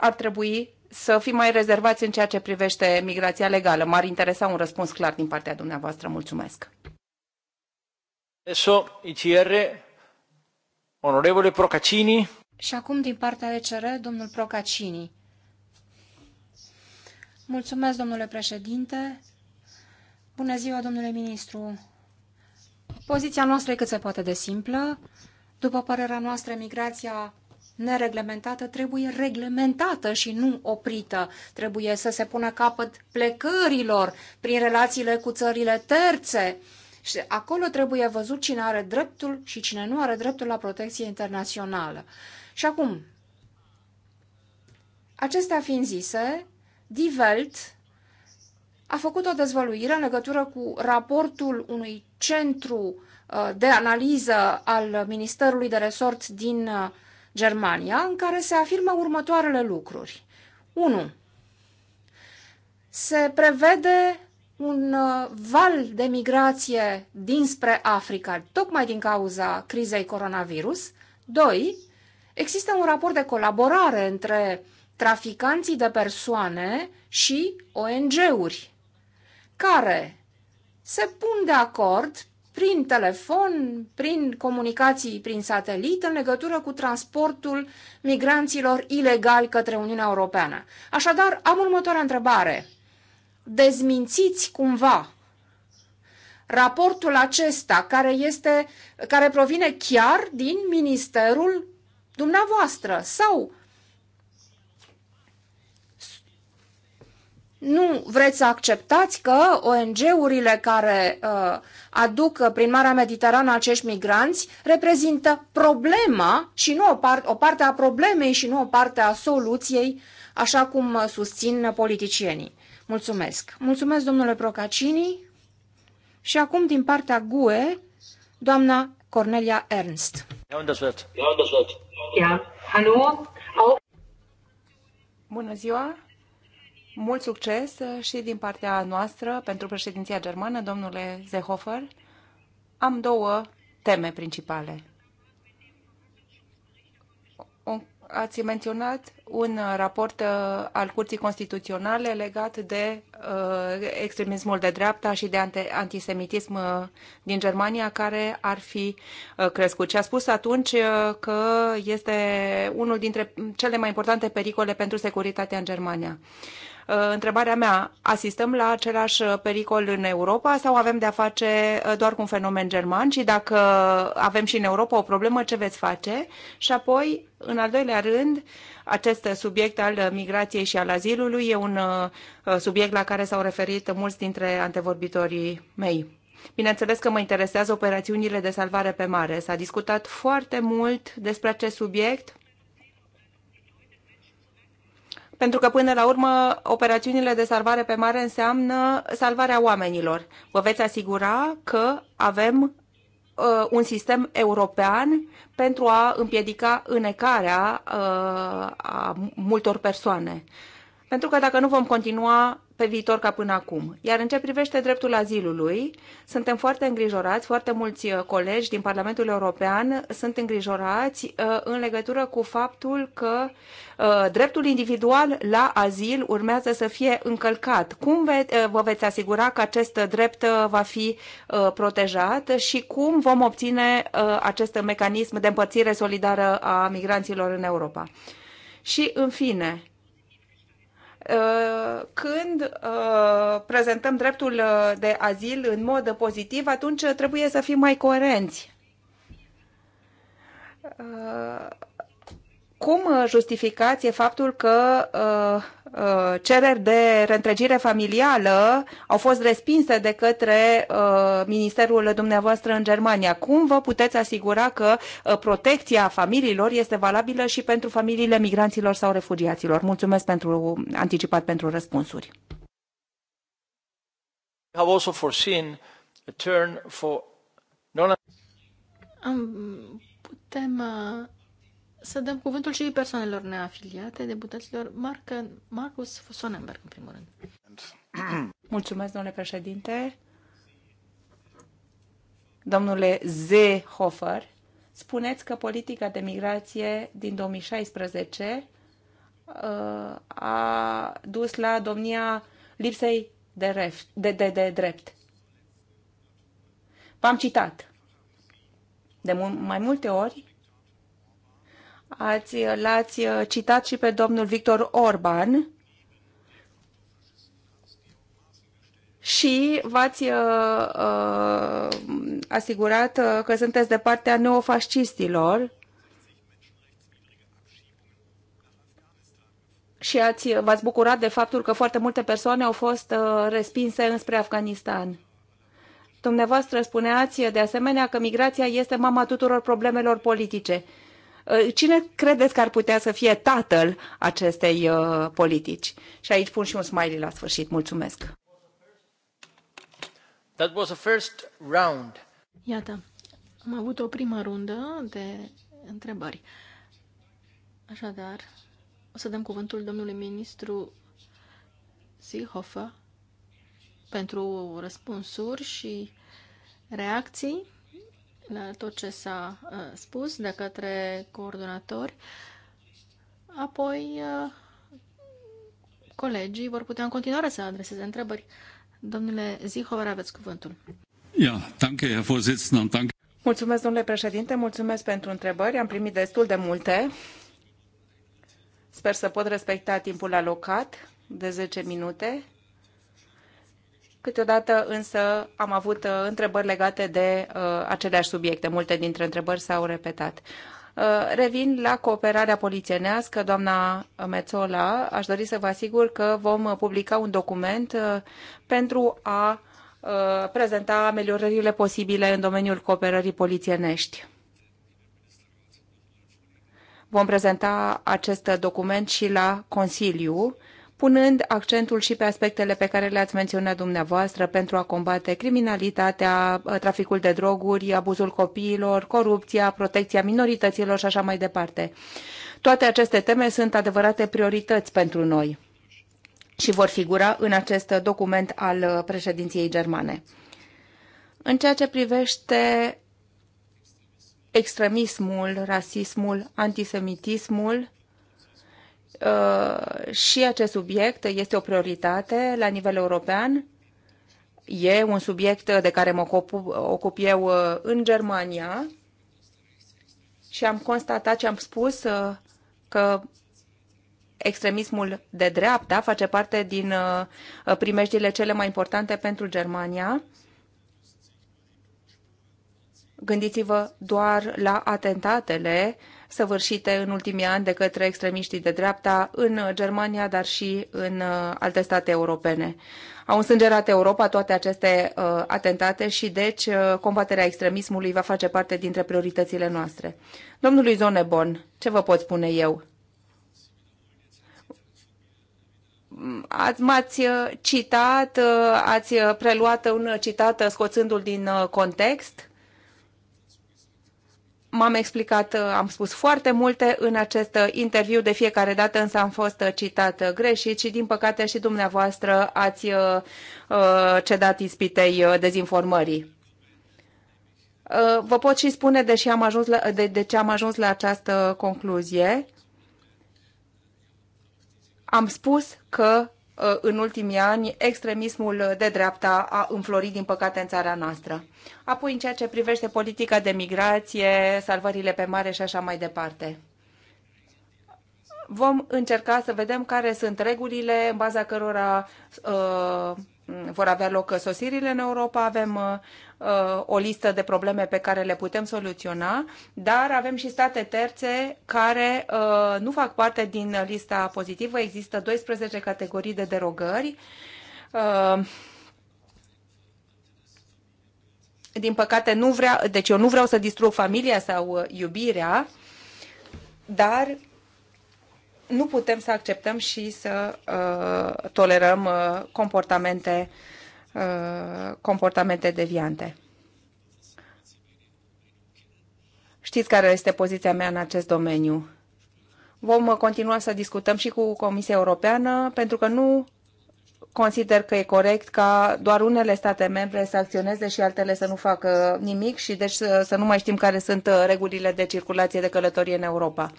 ar trebui să fim mai rezervați în ceea ce privește migrația legală? M-ar interesa un răspuns clar din partea dumneavoastră. Mulțumesc. Adesso ICR, onorevole Procacini. Și acum din partea ECR, domnul Procacini. Mulțumesc, domnule președinte. Bună ziua, domnule ministru. Poziția noastră e cât se poate de simplă. După părerea noastră, migrația nereglementată trebuie reglementată și nu oprită. Trebuie să se pună capăt plecărilor prin relațiile cu țările terțe. Și acolo trebuie văzut cine are dreptul și cine nu are dreptul la protecție internațională. Și acum, acestea fiind zise, Die Welt a făcut o dezvăluire în legătură cu raportul unui centru uh, de analiză al Ministerului de Resort din uh, Germania, în care se afirmă următoarele lucruri. 1. Se prevede un uh, val de migrație dinspre Africa, tocmai din cauza crizei coronavirus. 2. Există un raport de colaborare între traficanții de persoane și ONG-uri care se pun de acord prin telefon, prin comunicații prin satelit, în legătură cu transportul migranților ilegali către Uniunea Europeană. Așadar, am următoarea întrebare. Dezmințiți cumva raportul acesta care, este, care provine chiar din ministerul dumneavoastră sau nu vreți să acceptați că ONG-urile care uh, aduc prin Marea Mediterană acești migranți reprezintă problema și nu o, par- o parte a problemei și nu o parte a soluției, așa cum susțin politicienii. Mulțumesc. Mulțumesc, domnule Procacini. Și acum, din partea GUE, doamna Cornelia Ernst. Bună ziua! Mult succes și din partea noastră pentru președinția germană, domnule Zehofer. Am două teme principale. Ați menționat un raport uh, al Curții Constituționale legat de uh, extremismul de dreapta și de antisemitism uh, din Germania, care ar fi crescut. Și a spus atunci că este unul dintre cele mai importante pericole pentru securitatea în Germania. Uh, întrebarea mea, asistăm la același uh, pericol în Europa sau avem de-a face uh, doar cu un fenomen german și dacă avem și în Europa o problemă, ce veți face? Și apoi, în al doilea rând, acest subiect al migrației și al azilului e un subiect la care s-au referit mulți dintre antevorbitorii mei. Bineînțeles că mă interesează operațiunile de salvare pe mare. S-a discutat foarte mult despre acest subiect pentru că până la urmă operațiunile de salvare pe mare înseamnă salvarea oamenilor. Vă veți asigura că avem uh, un sistem european pentru a împiedica înecarea uh, a multor persoane. Pentru că dacă nu vom continua pe viitor ca până acum. Iar în ce privește dreptul azilului, suntem foarte îngrijorați, foarte mulți uh, colegi din Parlamentul European sunt îngrijorați uh, în legătură cu faptul că uh, dreptul individual la azil urmează să fie încălcat. Cum vă veți asigura că acest drept va fi protejat și cum vom obține acest mecanism de împărțire solidară a migranților în Europa? Și, în fine, Uh, când uh, prezentăm dreptul uh, de azil în mod pozitiv, atunci trebuie să fim mai coerenți. Cum justificați faptul că Uh, cereri de reîntregire familială au fost respinse de către uh, ministerul dumneavoastră în Germania. Cum vă puteți asigura că uh, protecția familiilor este valabilă și pentru familiile migranților sau refugiaților? Mulțumesc pentru anticipat pentru răspunsuri. putem să dăm cuvântul și persoanelor neafiliate, deputaților Marca, Marcus Sonnenberg, în primul rând. Mulțumesc, domnule președinte. Domnule Zehofer, spuneți că politica de migrație din 2016 uh, a dus la domnia lipsei de, ref, de, de, de drept. V-am citat de mai multe ori Ați, l-ați uh, citat și pe domnul Victor Orban și v-ați uh, uh, asigurat uh, că sunteți de partea neofascistilor și ați, v-ați bucurat de faptul că foarte multe persoane au fost uh, respinse înspre Afganistan. Dumneavoastră spuneați de asemenea că migrația este mama tuturor problemelor politice. Uh, cine credeți că ar putea să fie tatăl acestei uh, politici? Și aici pun și un smiley la sfârșit. Mulțumesc! That was the first round. Iată, am avut o primă rundă de întrebări. Așadar, o să dăm cuvântul domnului ministru Seehofer pentru răspunsuri și reacții la tot ce s-a uh, spus de către coordonatori. Apoi, uh, colegii vor putea în continuare să adreseze întrebări. Domnule Zihover, aveți cuvântul. Ja, danke, Herr Vorsitzender, danke. Mulțumesc, domnule președinte, mulțumesc pentru întrebări. Am primit destul de multe. Sper să pot respecta timpul alocat de 10 minute Câteodată însă am avut uh, întrebări legate de uh, aceleași subiecte. Multe dintre întrebări s-au repetat. Uh, revin la cooperarea polițienească, doamna Mețola. Aș dori să vă asigur că vom publica un document pentru a prezenta ameliorările posibile în domeniul cooperării polițienești. Vom prezenta acest document și la Consiliu punând accentul și pe aspectele pe care le-ați menționat dumneavoastră pentru a combate criminalitatea, uh, traficul de droguri, abuzul copiilor, corupția, protecția minorităților și așa mai departe. Toate aceste teme sunt adevărate priorități pentru noi și vor figura în acest document al uh, președinției germane. În ceea ce privește extremismul, rasismul, antisemitismul, Uh, și acest subiect este o prioritate la nivel european. E un subiect de care mă ocup, ocup eu uh, în Germania și am constatat și am spus uh, că extremismul de dreapta face parte din primejdile cele mai importante pentru Germania Gândiți-vă doar la atentatele săvârșite în ultimii ani de către extremiștii de dreapta în Germania, dar și în uh, alte state europene. Au însângerat Europa toate aceste uh, atentate și deci uh, combaterea extremismului va face parte dintre prioritățile noastre. Domnului Zonebon, ce vă pot spune eu? ați, m-ați uh, citat, uh, ați preluat un citat scoțându-l din context. M-am explicat, uh, am spus foarte multe în acest uh, interviu, de fiecare dată însă am fost uh, citat greșit și din păcate și dumneavoastră ați cedat ispitei dezinformării. Vă pot și spune de ce am ajuns la, de, de ce am ajuns la această concluzie. Am spus că Uh, în ultimii ani extremismul de dreapta a înflorit, din păcate, în țara noastră. Apoi, în ceea ce privește politica de migrație, salvările pe mare și așa mai departe. Vom încerca să vedem care sunt regulile în baza cărora uh, vor avea loc sosirile în Europa, avem uh, uh, o listă de probleme pe care le putem soluționa, dar avem și state terțe care uh, nu fac parte din lista pozitivă. Există 12 categorii de derogări. Uh, din păcate, nu vrea deci eu nu vreau să distrug familia sau uh, iubirea, dar nu putem să acceptăm și să uh, tolerăm uh, comportamente, uh, comportamente deviante. Știți care este poziția mea în acest domeniu. Vom uh, continua să discutăm și cu Comisia Europeană, pentru că nu consider că e corect ca doar unele state membre să acționeze și altele să nu facă nimic și deci să, să nu mai știm care sunt uh, regulile de circulație de călătorie în Europa.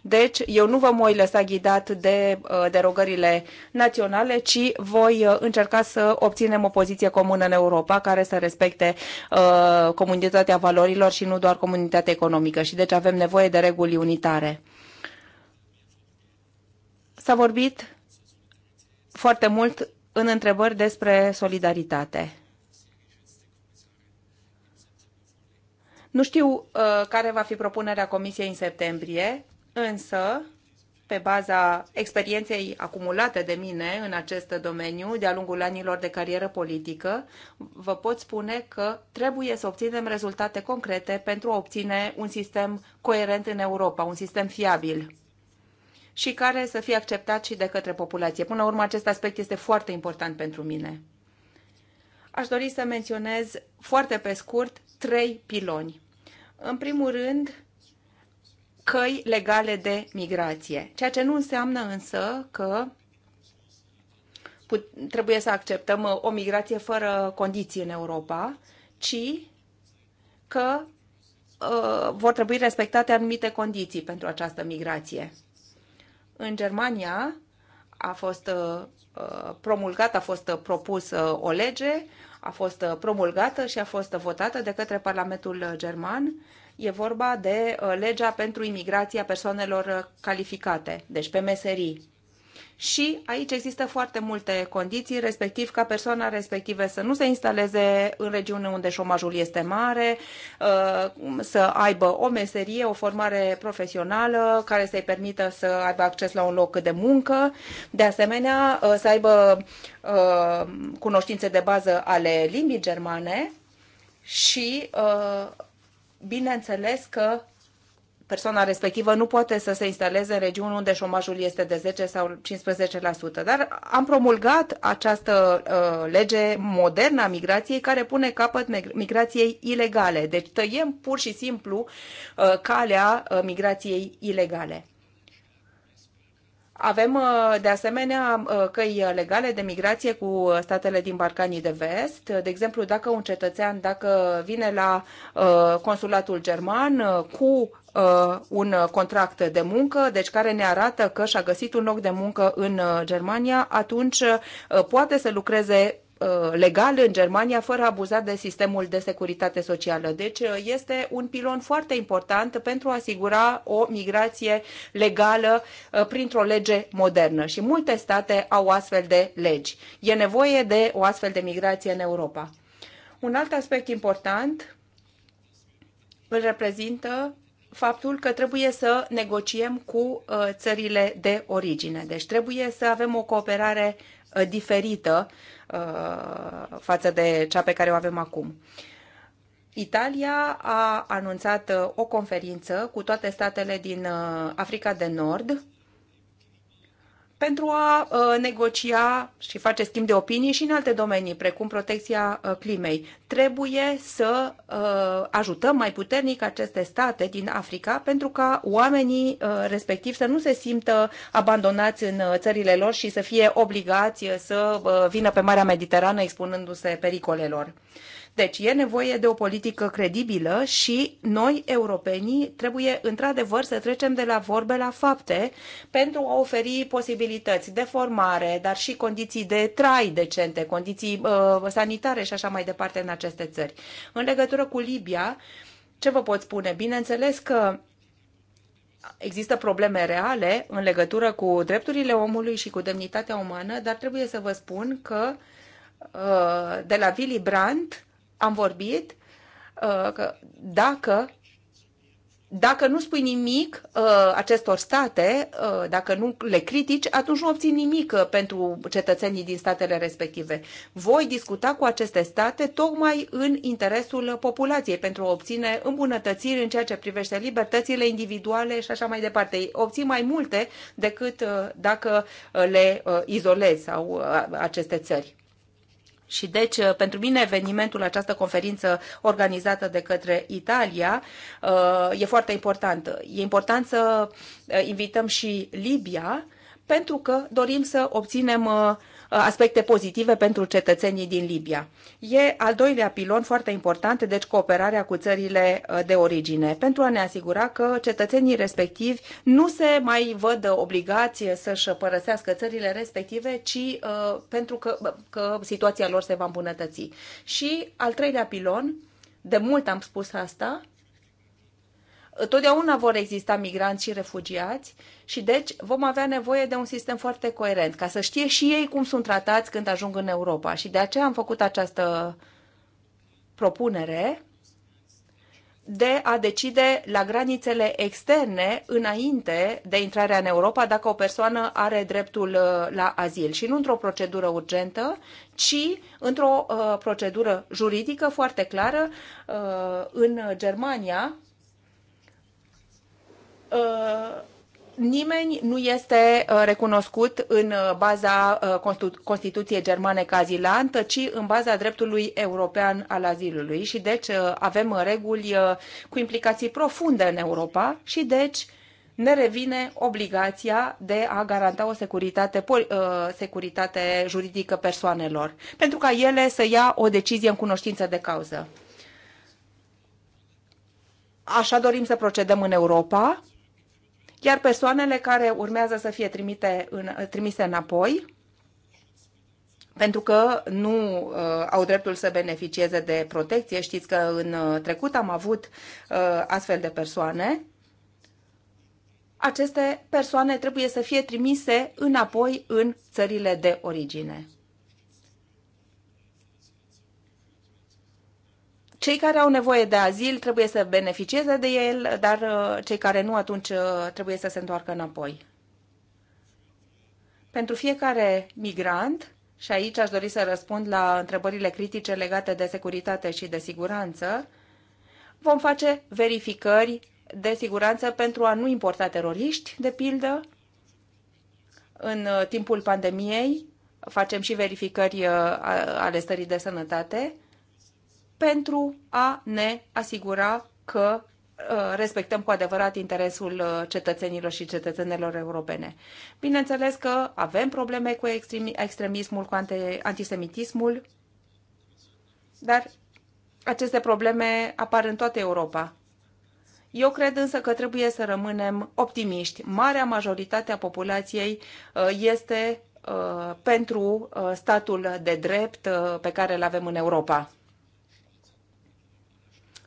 Deci eu nu vă voi lăsa ghidat de uh, derogările naționale, ci voi uh, încerca să obținem o poziție comună în Europa care să respecte uh, comunitatea valorilor și nu doar comunitatea economică și deci avem nevoie de reguli unitare. S-a vorbit foarte mult în întrebări despre solidaritate. Nu știu uh, care va fi propunerea Comisiei în septembrie, însă, pe baza experienței acumulate de mine în acest domeniu de-a lungul anilor de carieră politică, vă pot spune că trebuie să obținem rezultate concrete pentru a obține un sistem coerent în Europa, un sistem fiabil și care să fie acceptat și de către populație. Până la urmă, acest aspect este foarte important pentru mine. Aș dori să menționez foarte pe scurt trei piloni. În primul rând, căi legale de migrație, ceea ce nu înseamnă însă că trebuie să acceptăm uh, o migrație fără condiții în Europa, ci că uh, vor trebui respectate anumite condiții pentru această migrație. În Germania a fost uh, uh, promulgată, a fost uh, propusă o lege, a fost promulgată și a fost votată de către Parlamentul German. E vorba de legea pentru imigrația persoanelor calificate, deci pe meserii și aici există foarte multe condiții, respectiv ca persoana respectivă să nu se instaleze în regiune unde șomajul este mare, uh, să aibă o meserie, o formare profesională care să-i permită să aibă acces la un loc de muncă, de asemenea uh, să aibă uh, cunoștințe de bază ale limbii germane și bineînțeles că persoana respectivă nu poate să se instaleze în regiuni unde șomajul este de 10 sau 15%. Dar am promulgat această uh, lege modernă a migrației care pune capăt migrației ilegale. Deci tăiem pur și simplu uh, calea uh, migrației ilegale. Avem, uh, de asemenea, uh, căi legale de migrație cu statele din Balcanii de Vest. De exemplu, dacă un cetățean, dacă vine la uh, consulatul german cu Uh, un contract de muncă, deci care ne arată că și-a găsit un loc de muncă în uh, Germania, atunci uh, poate să lucreze legal în Germania fără a abuza de sistemul de securitate socială. Deci este un pilon foarte important pentru a asigura o migrație legală printr-o lege modernă și multe state au astfel de legi. E nevoie de o astfel de migrație în Europa. Un alt aspect important îl reprezintă faptul că trebuie să negociem cu uh, țările de origine. Deci trebuie să avem o cooperare uh, diferită uh, față de cea pe care o avem acum. Italia a anunțat o conferință cu toate statele din Africa de Nord pentru a uh, negocia și face schimb de opinii și în alte domenii, precum protecția uh, climei. Trebuie să uh, ajutăm mai puternic aceste state din Africa pentru ca oamenii respectiv să nu se simtă abandonați în țările lor și să fie obligați să vină pe Marea Mediterană expunându-se pericolelor. Deci e nevoie de o politică credibilă și noi, europenii, trebuie într-adevăr să trecem de la vorbe la fapte pentru a oferi posibilități de formare, dar și condiții de trai decente, condiții uh, sanitare și așa mai departe în aceste țări. În legătură cu Libia, ce vă pot spune? Bineînțeles că există probleme reale în legătură cu drepturile omului și cu demnitatea umană, dar trebuie să vă spun că uh, de la Willy Brandt am vorbit uh, că dacă dacă nu spui nimic uh, acestor state, uh, dacă nu le critici, atunci nu obții nimic uh, pentru cetățenii din statele respective. Voi discuta cu aceste state tocmai în interesul populației pentru a obține îmbunătățiri în ceea ce privește libertățile individuale și așa mai departe. Obții mai multe decât uh, dacă uh, le uh, izolezi sau uh, aceste țări. Și deci, uh, pentru mine, evenimentul, această conferință organizată de către Italia, uh, e foarte important. E important să uh, invităm și Libia, pentru că dorim să obținem uh, Uh, aspecte pozitive pentru cetățenii din Libia. E al doilea pilon foarte important, deci cooperarea cu țările uh, de origine, pentru a ne asigura că cetățenii respectivi nu se mai văd obligați să-și părăsească țările respective, ci uh, pentru că, uh, că situația lor se va îmbunătăți. Și al treilea pilon, de mult am spus asta, totdeauna vor exista migranți și refugiați și deci vom avea nevoie de un sistem foarte coerent ca să știe și ei cum sunt tratați când ajung în Europa. Și de aceea am făcut această propunere de a decide la granițele externe, înainte de intrarea în Europa, dacă o persoană are dreptul uh, la azil. Și nu într-o procedură urgentă, ci într-o uh, procedură juridică foarte clară. Uh, în Germania, Uh, nimeni nu este uh, recunoscut în uh, baza Constituției germane ca azilant, ci în baza dreptului european al azilului și deci avem reguli cu implicații profunde în Europa și deci ne revine obligația de a garanta o securitate, securitate juridică persoanelor, pentru ca ele să ia o decizie în cunoștință de cauză. Așa dorim să procedăm în Europa iar persoanele care urmează să fie trimite în, trimise înapoi, pentru că nu uh, au dreptul să beneficieze de protecție. Știți că în uh, trecut am avut uh, astfel de persoane. Aceste persoane trebuie să fie trimise înapoi în țările de origine. Cei care au nevoie de azil trebuie să beneficieze de el, dar uh, cei care nu, atunci uh, trebuie să se întoarcă înapoi. Pentru fiecare migrant, și aici aș dori să răspund la întrebările critice legate de securitate și de siguranță, vom face verificări de siguranță pentru a nu importa teroriști, de pildă. În uh, timpul pandemiei facem și verificări ale stării de sănătate pentru a ne asigura că uh, respectăm cu adevărat interesul uh, cetățenilor și cetățenilor europene. Bineînțeles că avem probleme cu extremismul, cu antisemitismul, dar aceste probleme apar în toată Europa. Eu cred însă că trebuie să rămânem optimiști. Marea majoritate a populației uh, este pentru statul de drept pe care îl avem în Europa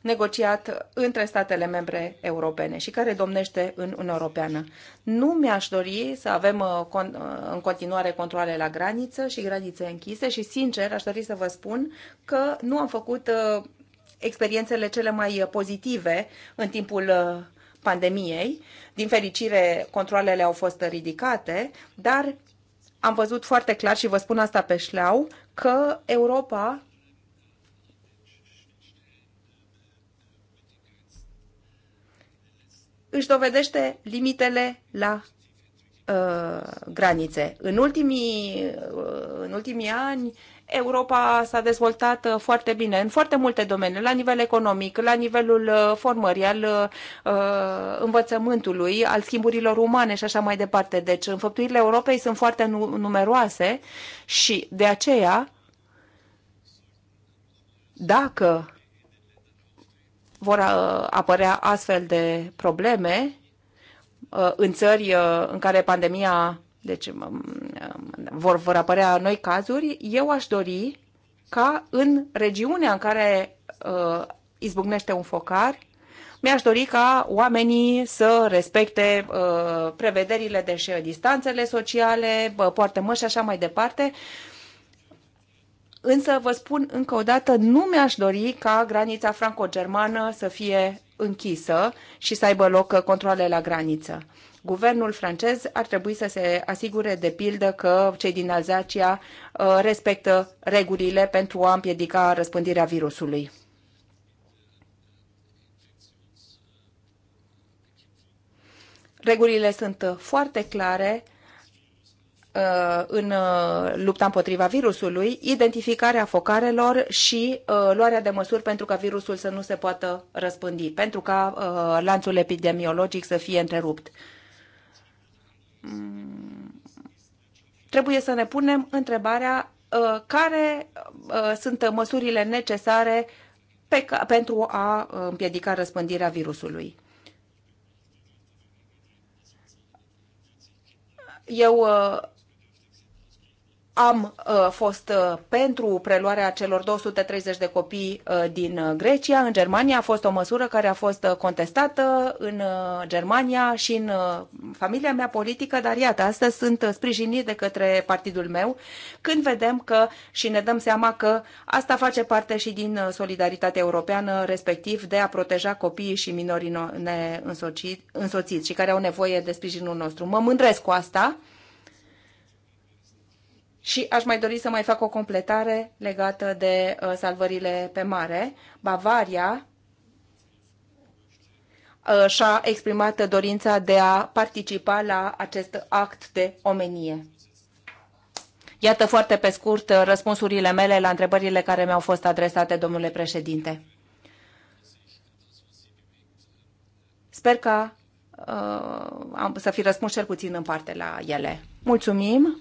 negociat între statele membre europene și care domnește în Uniunea Europeană. Nu mi-aș dori să avem uh, uh, în continuare controle la graniță și granițe închise și, sincer, aș dori să vă spun că nu am făcut uh, experiențele cele mai pozitive în timpul pandemiei. Din fericire, controlele au fost ridicate, dar am văzut foarte clar și vă spun asta pe șleau că Europa își dovedește limitele la uh, granițe. În ultimii, uh, în ultimii ani, Europa s-a dezvoltat uh, foarte bine în foarte multe domenii, la nivel economic, la nivelul uh, formării, al uh, învățământului, al schimburilor umane și așa mai departe. Deci, înfăptuirile Europei sunt foarte nu numeroase și de aceea, dacă vor uh, apărea astfel de probleme uh, în țări uh, în care pandemia, deci um, um, vor, vor apărea noi cazuri, eu aș dori ca în regiunea în care izbucnește un focar, mi-aș dori ca oamenii să respecte uh, prevederile, deci distanțele sociale, poartă măși și așa mai departe. Uh, Însă vă spun încă o dată, nu mi-aș dori ca granița franco-germană să fie închisă și să aibă loc controle la graniță. Guvernul francez ar trebui să se asigure, de pildă, că cei din Alzacia uh, respectă regulile pentru a împiedica răspândirea virusului. Regulile sunt foarte clare Uh, în uh, lupta împotriva virusului, identificarea focarelor și uh, luarea de măsuri pentru ca virusul să nu se poată răspândi, pentru ca lanțul epidemiologic să fie întrerupt. Mm, trebuie să ne punem întrebarea care sunt măsurile necesare pe, pentru a împiedica răspândirea virusului. Eu am uh, fost uh, pentru preluarea celor 230 de copii uh, din uh, Grecia. În Germania a fost o măsură care a fost uh, contestată în uh, Germania și în familia mea politică, dar iată, astăzi sunt sprijinit de către partidul meu când vedem că și ne dăm seama că asta face parte și din solidaritatea europeană, respectiv de a proteja copiii și minorii neînsoțiți și care au nevoie de sprijinul nostru. Mă mândresc cu asta și aș mai dori să mai fac o completare legată de uh, salvările pe mare. Bavaria uh, și-a exprimat dorința de a participa la acest act de omenie. Iată foarte pe scurt uh, răspunsurile mele la întrebările care mi-au fost adresate, domnule președinte. Sper că uh, am, să fi răspuns cel puțin în parte la ele. Mulțumim!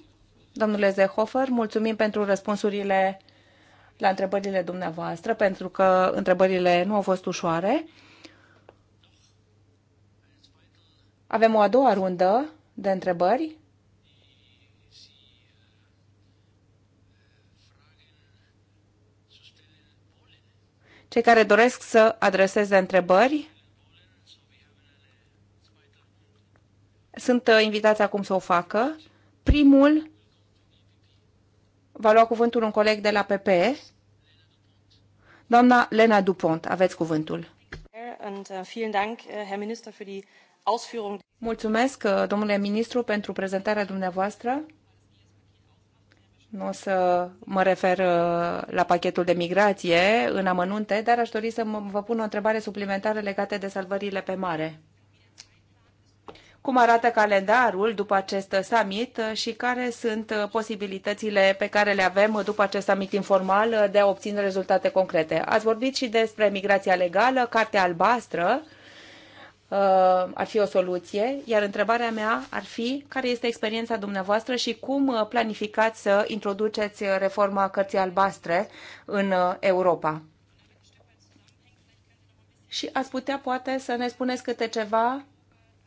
Domnule Zehofer, mulțumim pentru răspunsurile la întrebările dumneavoastră, pentru că întrebările nu au fost ușoare. Avem o a doua rundă de întrebări. Cei care doresc să adreseze întrebări sunt invitați acum să o facă. Primul va lua cuvântul un coleg de la PPE. Doamna Lena Dupont, aveți cuvântul. Uh, uh, Mulțumesc, uh, domnule ministru, pentru prezentarea dumneavoastră. Nu o să mă refer la pachetul de migrație în amănunte, dar aș dori să vă pun o întrebare suplimentară legată de salvările pe mare cum arată calendarul după acest summit și care sunt posibilitățile pe care le avem după acest summit informal de a obține rezultate concrete. Ați vorbit și despre migrația legală, cartea albastră uh, ar fi o soluție, iar întrebarea mea ar fi care este experiența dumneavoastră și cum planificați să introduceți reforma cărții albastre în Europa. Și ați putea poate să ne spuneți câte ceva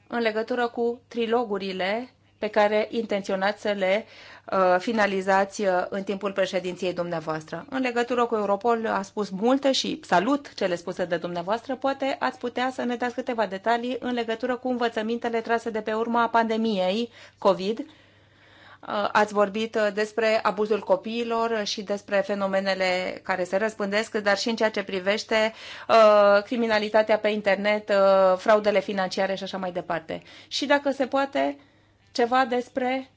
în legătură cu trilogurile pe care intenționați să le uh, finalizați uh, în timpul președinției dumneavoastră. În legătură cu Europol a spus multe și salut cele spuse de dumneavoastră. Poate ați putea să ne dați câteva detalii în legătură cu învățămintele trase de pe urma pandemiei COVID Uh, ați vorbit uh, despre abuzul copiilor și despre fenomenele care se răspândesc, dar și în ceea ce privește uh, criminalitatea pe internet, fraudele financiare și așa mai departe. Și dacă se poate, ceva despre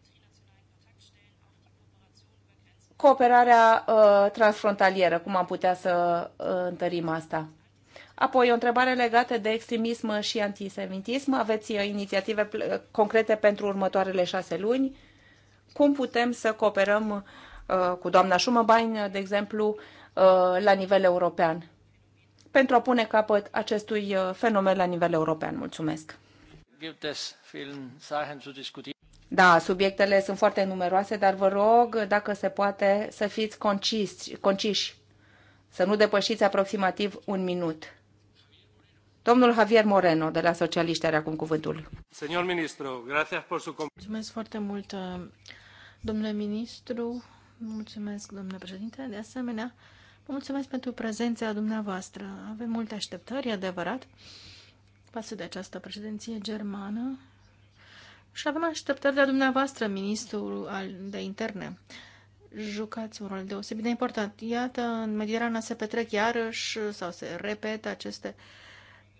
cooperarea transfrontalieră, cum am putea să întărim asta. Apoi, o întrebare legată de extremism și antisemitism. Aveți inițiative concrete pentru următoarele șase luni? cum putem să cooperăm uh, cu doamna Schumabain, de exemplu, uh, la nivel european, pentru a pune capăt acestui uh, fenomen la nivel european. Mulțumesc! Da, subiectele sunt foarte numeroase, dar vă rog, dacă se poate, să fiți conciși, conciși să nu depășiți aproximativ un minut. Domnul Javier Moreno, de la Socialiști, are acum cuvântul. Mulțumesc foarte mult, Domnule ministru, mulțumesc, domnule președinte, de asemenea, vă mulțumesc pentru prezența dumneavoastră. Avem multe așteptări, adevărat, față de această președinție germană și avem așteptări de la dumneavoastră, ministrul de interne jucați un rol deosebit de important. Iată, în Mediterana se petrec iarăși sau se repet aceste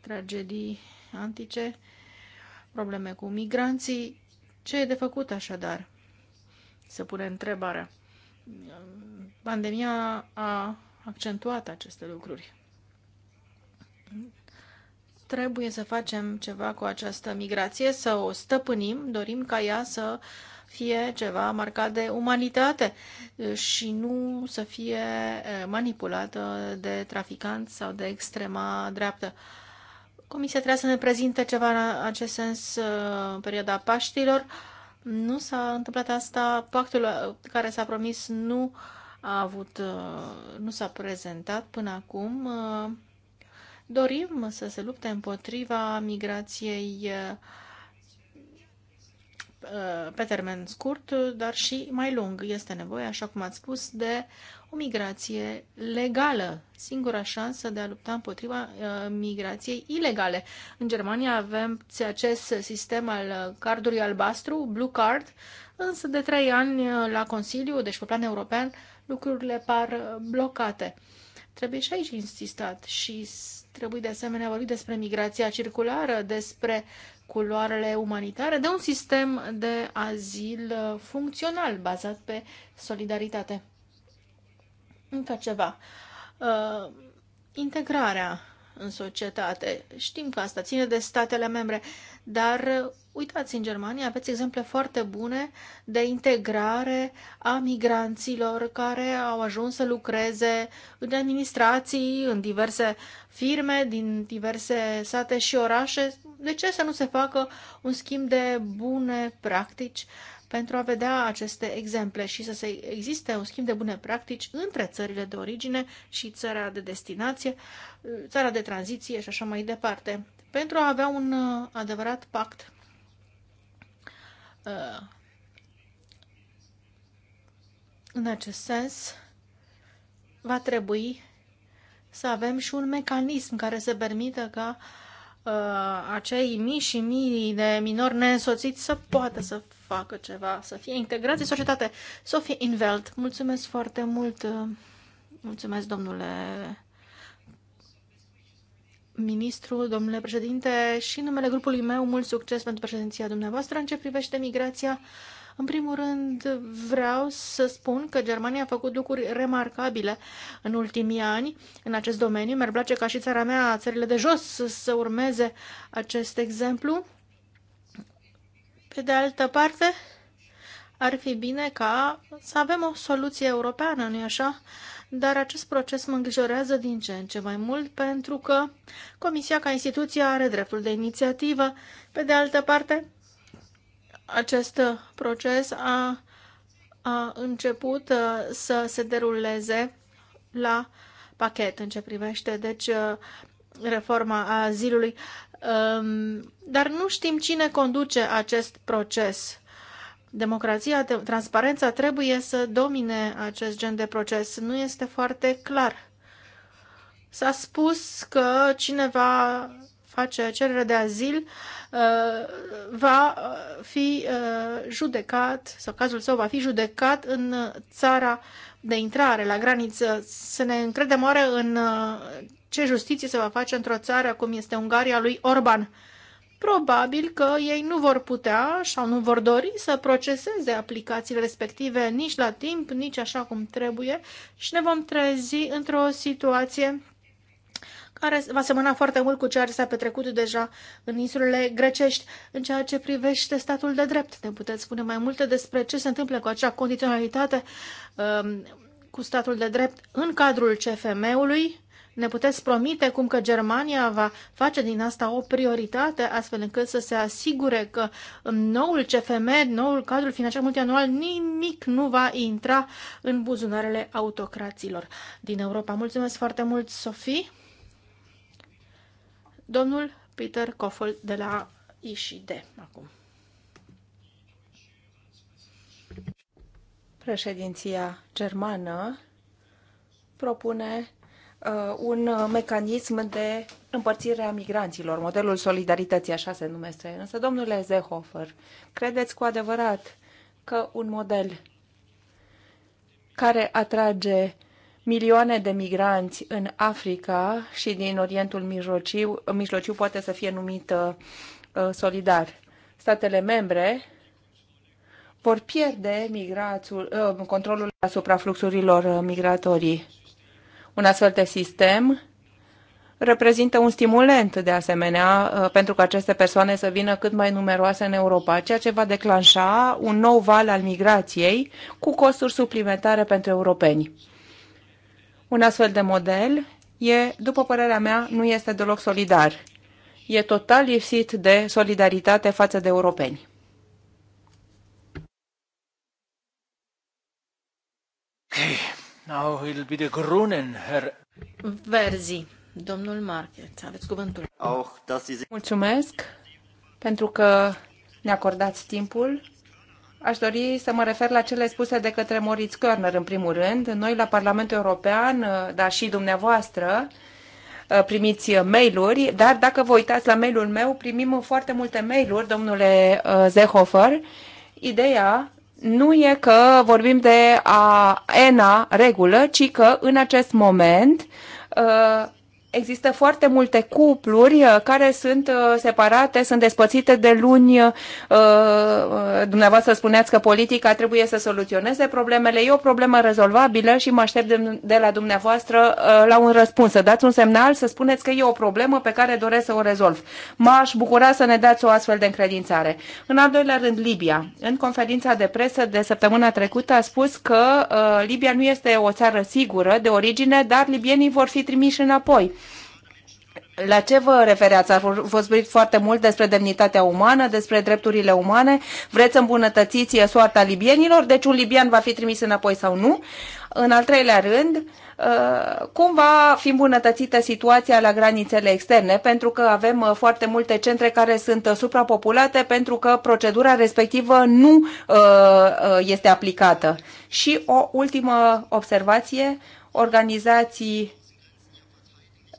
tragedii antice, probleme cu migranții. Ce e de făcut așadar? se pune întrebarea. Pandemia a accentuat aceste lucruri. Trebuie să facem ceva cu această migrație, să o stăpânim, dorim ca ea să fie ceva marcat de umanitate și nu să fie manipulată de traficanți sau de extrema dreaptă. Comisia trebuie să ne prezinte ceva în acest sens în perioada Paștilor. Nu s-a întâmplat asta, pactul uh, care s-a promis nu a avut, uh, nu s-a prezentat până acum. Uh, dorim să se lupte împotriva migrației pe termen scurt, dar și mai lung. Este nevoie, așa cum ați spus, de o migrație legală, singura șansă de a lupta împotriva uh, migrației ilegale. În Germania avem acest sistem al uh, cardului albastru, Blue Card, însă de trei ani uh, la Consiliu, deci pe plan european, lucrurile par blocate. Trebuie și aici insistat și trebuie de asemenea vorbit despre migrația circulară, despre culoarele umanitare, de un sistem de azil funcțional bazat pe solidaritate încă ceva. Uh, integrarea în societate. Știm că asta ține de statele membre, dar uh, uitați, în Germania aveți exemple foarte bune de integrare a migranților care au ajuns să lucreze în administrații, în diverse firme, din diverse sate și orașe. De ce să nu se facă un schimb de bune practici? Uh, pentru a vedea aceste exemple și să se existe un schimb de bune practici între țările de origine și țara de destinație, țara de tranziție și așa mai departe, pentru a avea un uh, adevărat pact uh, în acest sens, va trebui să avem și un mecanism care să permită ca uh, acei mii și mii de minori neînsoțiți să poată să facă ceva, să fie integrați în societate. Sofie Invelt, mulțumesc foarte mult. Uh, mulțumesc, domnule ministru, domnule președinte, și în numele grupului meu, mult succes pentru președinția dumneavoastră în ce privește migrația. În primul rând, vreau să spun că Germania a făcut lucruri remarcabile în ultimii ani în acest domeniu. Mi-ar place ca și țara mea, țările de jos, să urmeze acest exemplu. Pe de altă parte, ar fi bine ca să avem o soluție europeană, nu-i așa? Dar acest proces mă îngrijorează din ce în ce mai mult pentru că Comisia ca instituție are dreptul de inițiativă. Pe de altă parte, acest proces a, a început uh, să se deruleze la pachet în ce privește, deci uh, reforma azilului. Ehm, dar nu știm cine conduce acest proces. Democrația, transparența trebuie să domine acest gen de proces. Nu este foarte clar. S-a spus că cineva face cerere de azil eh, va eh, fi eh, judecat sau cazul său va fi judecat în țara de intrare, la graniță. Să ne încredem oare în ce justiție se va face într-o țară cum este Ungaria lui Orban. Probabil că ei nu vor putea sau nu vor dori să proceseze aplicațiile respective nici la timp, nici așa cum trebuie și ne vom trezi într-o situație care va semăna foarte mult cu ceea ce s-a petrecut deja în insulele grecești. În ceea ce privește statul de drept, ne puteți spune mai multe despre ce se întâmplă cu acea condiționalitate um, cu statul de drept în cadrul CFM-ului ne puteți promite cum că Germania va face din asta o prioritate, astfel încât să se asigure că în noul CFM, noul cadru financiar multianual, nimic nu va intra în buzunarele autocraților din Europa. Mulțumesc foarte mult, Sofie! Domnul Peter Koffel de la ISID acum. Președinția germană propune Uh, un mecanism de împărțire a migranților, modelul solidarității, așa se numește. Însă, domnule Zehofer, credeți cu adevărat că un model care atrage milioane de migranți în Africa și din Orientul Mijlociu, Mijlociu poate să fie numit uh, uh solidar. Statele membre vor pierde migrațul, uh, controlul asupra fluxurilor migratorii un astfel de sistem reprezintă un stimulent, de asemenea, uh, pentru că aceste persoane să vină cât mai numeroase în Europa, ceea ce va declanșa un nou val al migrației cu costuri suplimentare pentru europeni. Un astfel de model e, după părerea mea, nu este deloc solidar. E total lipsit de solidaritate față de europeni. Okay. Verzi, domnul Market, aveți cuvântul. Mulțumesc pentru că ne acordați timpul. Aș dori să mă refer la cele spuse de către Moritz Körner, în primul rând. Noi la Parlamentul European, uh, dar și dumneavoastră, uh, primiți mail-uri, dar dacă vă uitați la mail-ul meu, primim foarte multe mail-uri, domnule uh, Zehofer. Ideea nu e că vorbim de a ENA regulă, ci că în acest moment uh, Există foarte multe cupluri uh, care sunt uh, separate, sunt despățite de luni. Uh, dumneavoastră spuneați că politica trebuie să soluționeze problemele. E o problemă rezolvabilă și mă aștept de la dumneavoastră la un răspuns. Să dați un semnal, să spuneți că e o problemă pe care doresc să o rezolv. M-aș bucura să ne dați o astfel de încredințare. În al doilea rând, Libia. În conferința de presă de săptămâna trecută a spus că Libia nu este o țară sigură de origine, dar libienii vor fi trimiși înapoi la ce vă refereați? Ați vorbit foarte mult despre demnitatea umană, despre drepturile umane. Vreți să îmbunătățiți soarta libienilor? Deci un libian va fi trimis înapoi sau nu? În al treilea rând, uh, cum va fi îmbunătățită situația la granițele externe? Pentru că avem uh, foarte multe centre care sunt uh, suprapopulate pentru că procedura respectivă nu este aplicată. Și o ultimă observație, organizații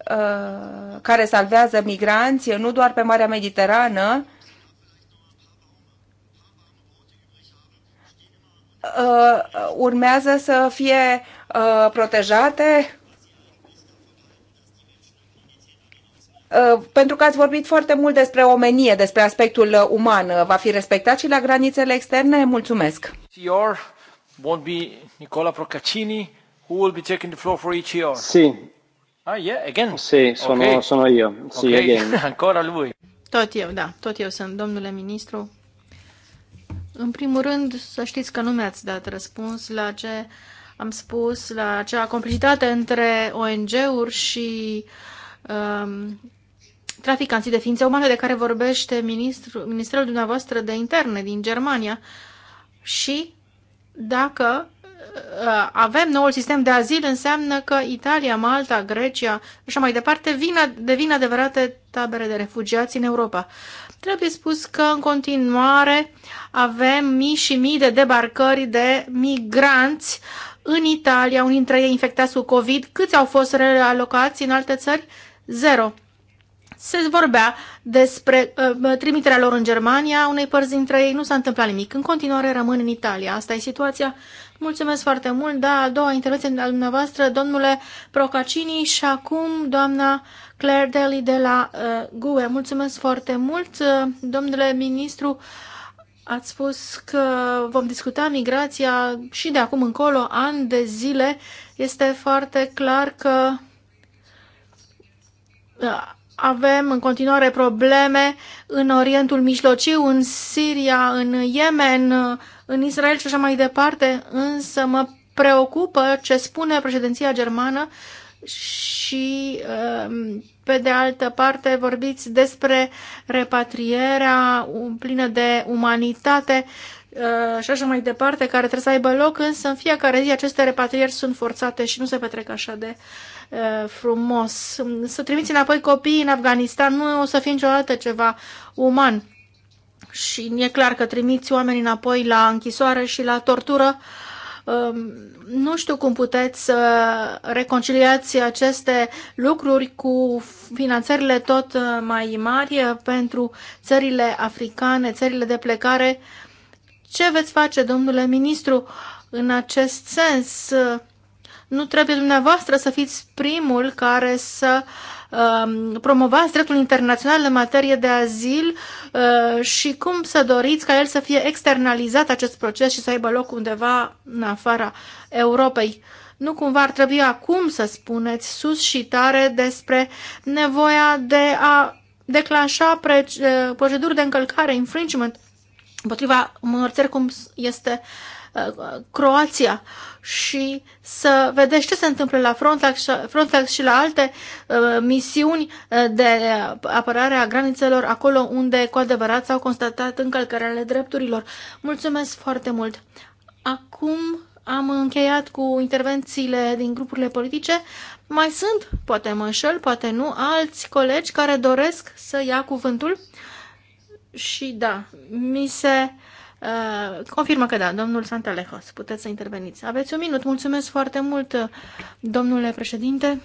Uh, care salvează migranți, nu doar pe Marea Mediterană, uh, urmează să fie uh, protejate pentru că ați vorbit foarte mult despre omenie, despre aspectul uman. Va fi respectat și la granițele externe? Mulțumesc! ER won't be Nicola Procaccini, who will be taking the floor for each year? Si, Ah, yeah, again. Sì, sono, okay. sono io. Sì, okay. again. Ancora lui. Tot eu, da, tot eu sunt, domnule ministru. În primul rând, să știți că nu mi-ați dat răspuns la ce am spus, la acea complicitate între ONG-uri și um, traficanții de ființe umane de care vorbește ministru, ministerul dumneavoastră de interne din Germania și dacă Uh, avem noul sistem de azil înseamnă că Italia, Malta, Grecia, așa mai departe, vin, devin adevărate tabere de refugiați în Europa. Trebuie spus că în continuare avem mii și mii de debarcări de migranți în Italia, unii dintre ei infectați cu COVID. Câți au fost realocați în alte țări? Zero se vorbea despre uh, trimiterea lor în Germania, unei părți dintre ei nu s-a întâmplat nimic. În continuare rămân în Italia. Asta e situația Mulțumesc foarte mult. Da, a doua intervenție a dumneavoastră, domnule Procacini și acum doamna Claire Daly de la uh, GUE. Mulțumesc foarte mult, uh, domnule ministru. Ați spus că vom discuta migrația și de acum încolo, ani de zile. Este foarte clar că uh, avem în continuare probleme în Orientul Mijlociu, în Siria, în Yemen, în Israel și așa mai departe, însă mă preocupă ce spune președinția germană și, um, pe de altă parte, vorbiți despre repatrierea plină de umanitate uh, și așa mai departe, care trebuie să aibă loc, însă în fiecare zi aceste repatrieri sunt forțate și nu se petrec așa de uh, frumos. Să trimiți înapoi copiii în Afganistan nu o să fie niciodată ceva uman și e clar că trimiți oamenii înapoi la închisoare și la tortură. Um, nu știu cum puteți să reconciliați aceste lucruri cu finanțările tot uh, mai mari uh, pentru țările africane, țările de plecare. Ce veți face, domnule ministru, în acest sens? Uh, nu trebuie dumneavoastră să fiți primul care să uh, Um, promovați dreptul internațional în materie de azil uh, și cum să doriți ca el să fie externalizat acest proces și să aibă loc undeva în afara Europei. Nu cumva ar trebui acum să spuneți sus și tare despre nevoia de a declanșa uh, proceduri de încălcare, infringement, împotriva unor țări cum este uh, Croația. Uh, și să vedeți ce se întâmplă la Frontex, Frontex și la alte uh, misiuni uh, de apărare a granițelor, acolo unde cu adevărat s-au constatat încălcări ale drepturilor. Mulțumesc foarte mult! Acum am încheiat cu intervențiile din grupurile politice. Mai sunt, poate mă înșel, poate nu, alți colegi care doresc să ia cuvântul. Și da, mi se uh, Uh, confirmă că da, domnul Santalehos, puteți să interveniți. Aveți un minut, mulțumesc foarte mult, domnule președinte.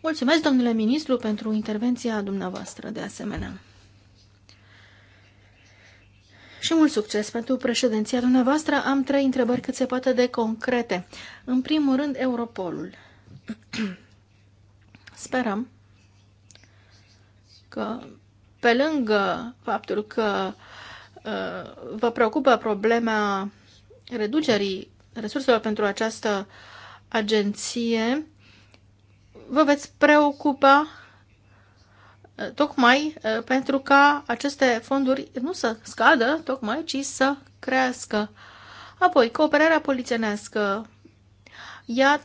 Mulțumesc, domnule ministru, pentru intervenția dumneavoastră de asemenea. Și mult succes pentru președinția dumneavoastră. Am trei întrebări cât se poate de concrete. În primul rând, Europolul. Sperăm că pe lângă faptul că uh, Uh, vă preocupă problema reducerii resurselor pentru această agenție, vă veți preocupa uh, tocmai uh, pentru ca aceste fonduri nu să scadă, tocmai, ci să crească. Apoi, cooperarea poliționească. Ia,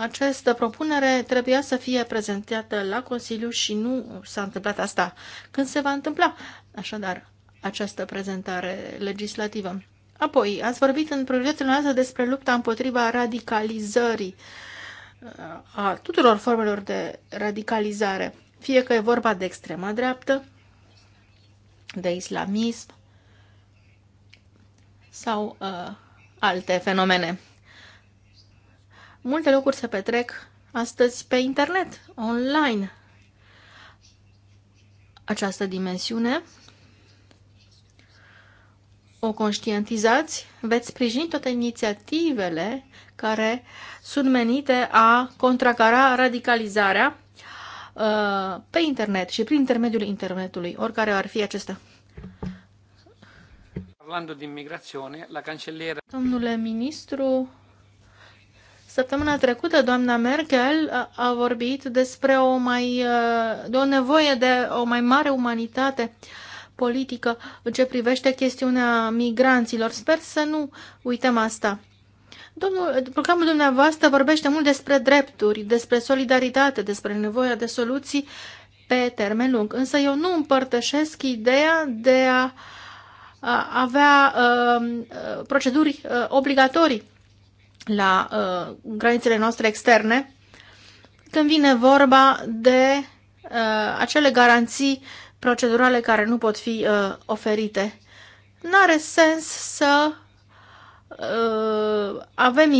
această propunere trebuia să fie prezentată la Consiliu și nu s-a întâmplat asta. Când se va întâmpla? Așadar, această prezentare legislativă. Apoi, ați vorbit în proiectul noastră despre lupta împotriva radicalizării, a tuturor formelor de radicalizare, fie că e vorba de extrema dreaptă, de islamism sau uh, alte fenomene. Multe lucruri se petrec astăzi pe internet, online. Această dimensiune o conștientizați, veți sprijini toate inițiativele care sunt menite a contracara radicalizarea uh, pe internet și prin intermediul internetului, oricare ar fi acesta. Parlando di immigrazione, la cancelliera... Domnule ministru, Săptămâna trecută, doamna Merkel a vorbit despre o, mai, uh, de o nevoie de o mai mare umanitate uh, politică în ce privește chestiunea migranților. Sper să nu uităm asta. Domnul, programul dumneavoastră vorbește mult despre drepturi, despre solidaritate, despre nevoia de soluții pe termen lung. Însă eu nu împărtășesc ideea de a, avea uh, proceduri uh, obligatorii la uh, granițele noastre externe când vine vorba de uh, acele garanții procedurale care nu pot fi uh, oferite. N-are sens să uh, avem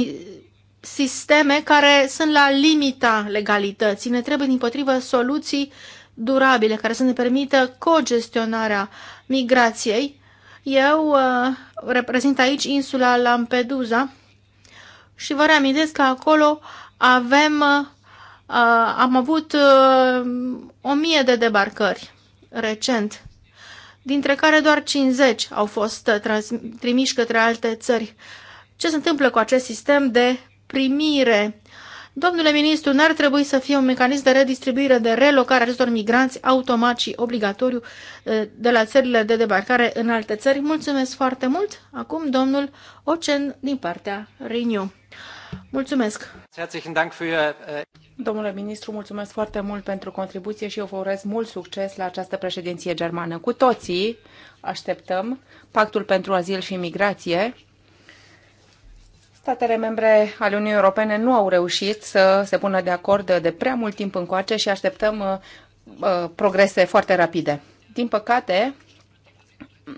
sisteme care sunt la limita legalității. Ne trebuie, din potrivă, soluții durabile care să ne permită cogestionarea migrației. Eu uh, reprezint aici insula Lampedusa și vă reamintesc că acolo avem, uh, am avut uh, o mie de debarcări recent, dintre care doar 50 au fost uh, trimiși către alte țări. Ce se întâmplă cu acest sistem de primire? Domnule ministru, n-ar trebui să fie un mecanism de redistribuire, de relocare acestor migranți automat și obligatoriu uh, de la țările de debarcare în alte țări. Mulțumesc foarte mult! Acum domnul Ocen din partea Renew. Mulțumesc! Äh, Domnule ministru, mulțumesc foarte mult pentru contribuție și eu vă urez mult succes la această președinție germană. Cu toții așteptăm Pactul pentru Azil și Migrație. Statele membre ale Uniunii Europene nu au reușit să se pună de acord de prea mult timp încoace și așteptăm uh, uh, progrese foarte rapide. Din păcate,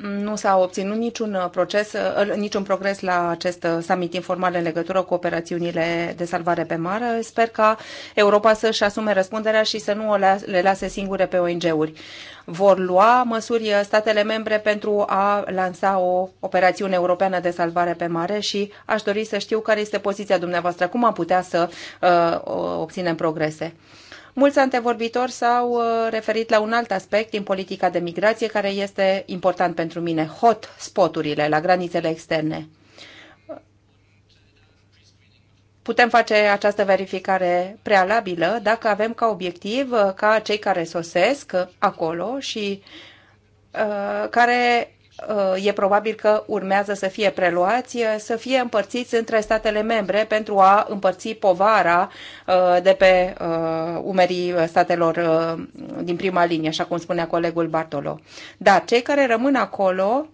nu s-a obținut niciun, uh, proces, uh, uh, niciun progres la acest summit informal în legătură cu operațiunile de salvare pe mare. Sper ca Europa să-și asume răspunderea și să nu le lase singure pe ONG-uri. Vor lua măsuri statele membre pentru a lansa o operațiune europeană de salvare pe mare și aș dori să știu care este poziția dumneavoastră, cum am putea să uh, obținem progrese. Mulți antevorbitori s-au uh, referit la un alt aspect din politica de migrație care este important pentru mine, hot spoturile la granițele externe. Putem face această verificare prealabilă dacă avem ca obiectiv uh, ca cei care sosesc uh, acolo și care Uh, e probabil că urmează să fie preluați, uh, să fie împărțiți între statele membre pentru a împărți povara uh, de pe umerii statelor din prima linie, așa cum spunea colegul Bartolo. Dar cei care rămân acolo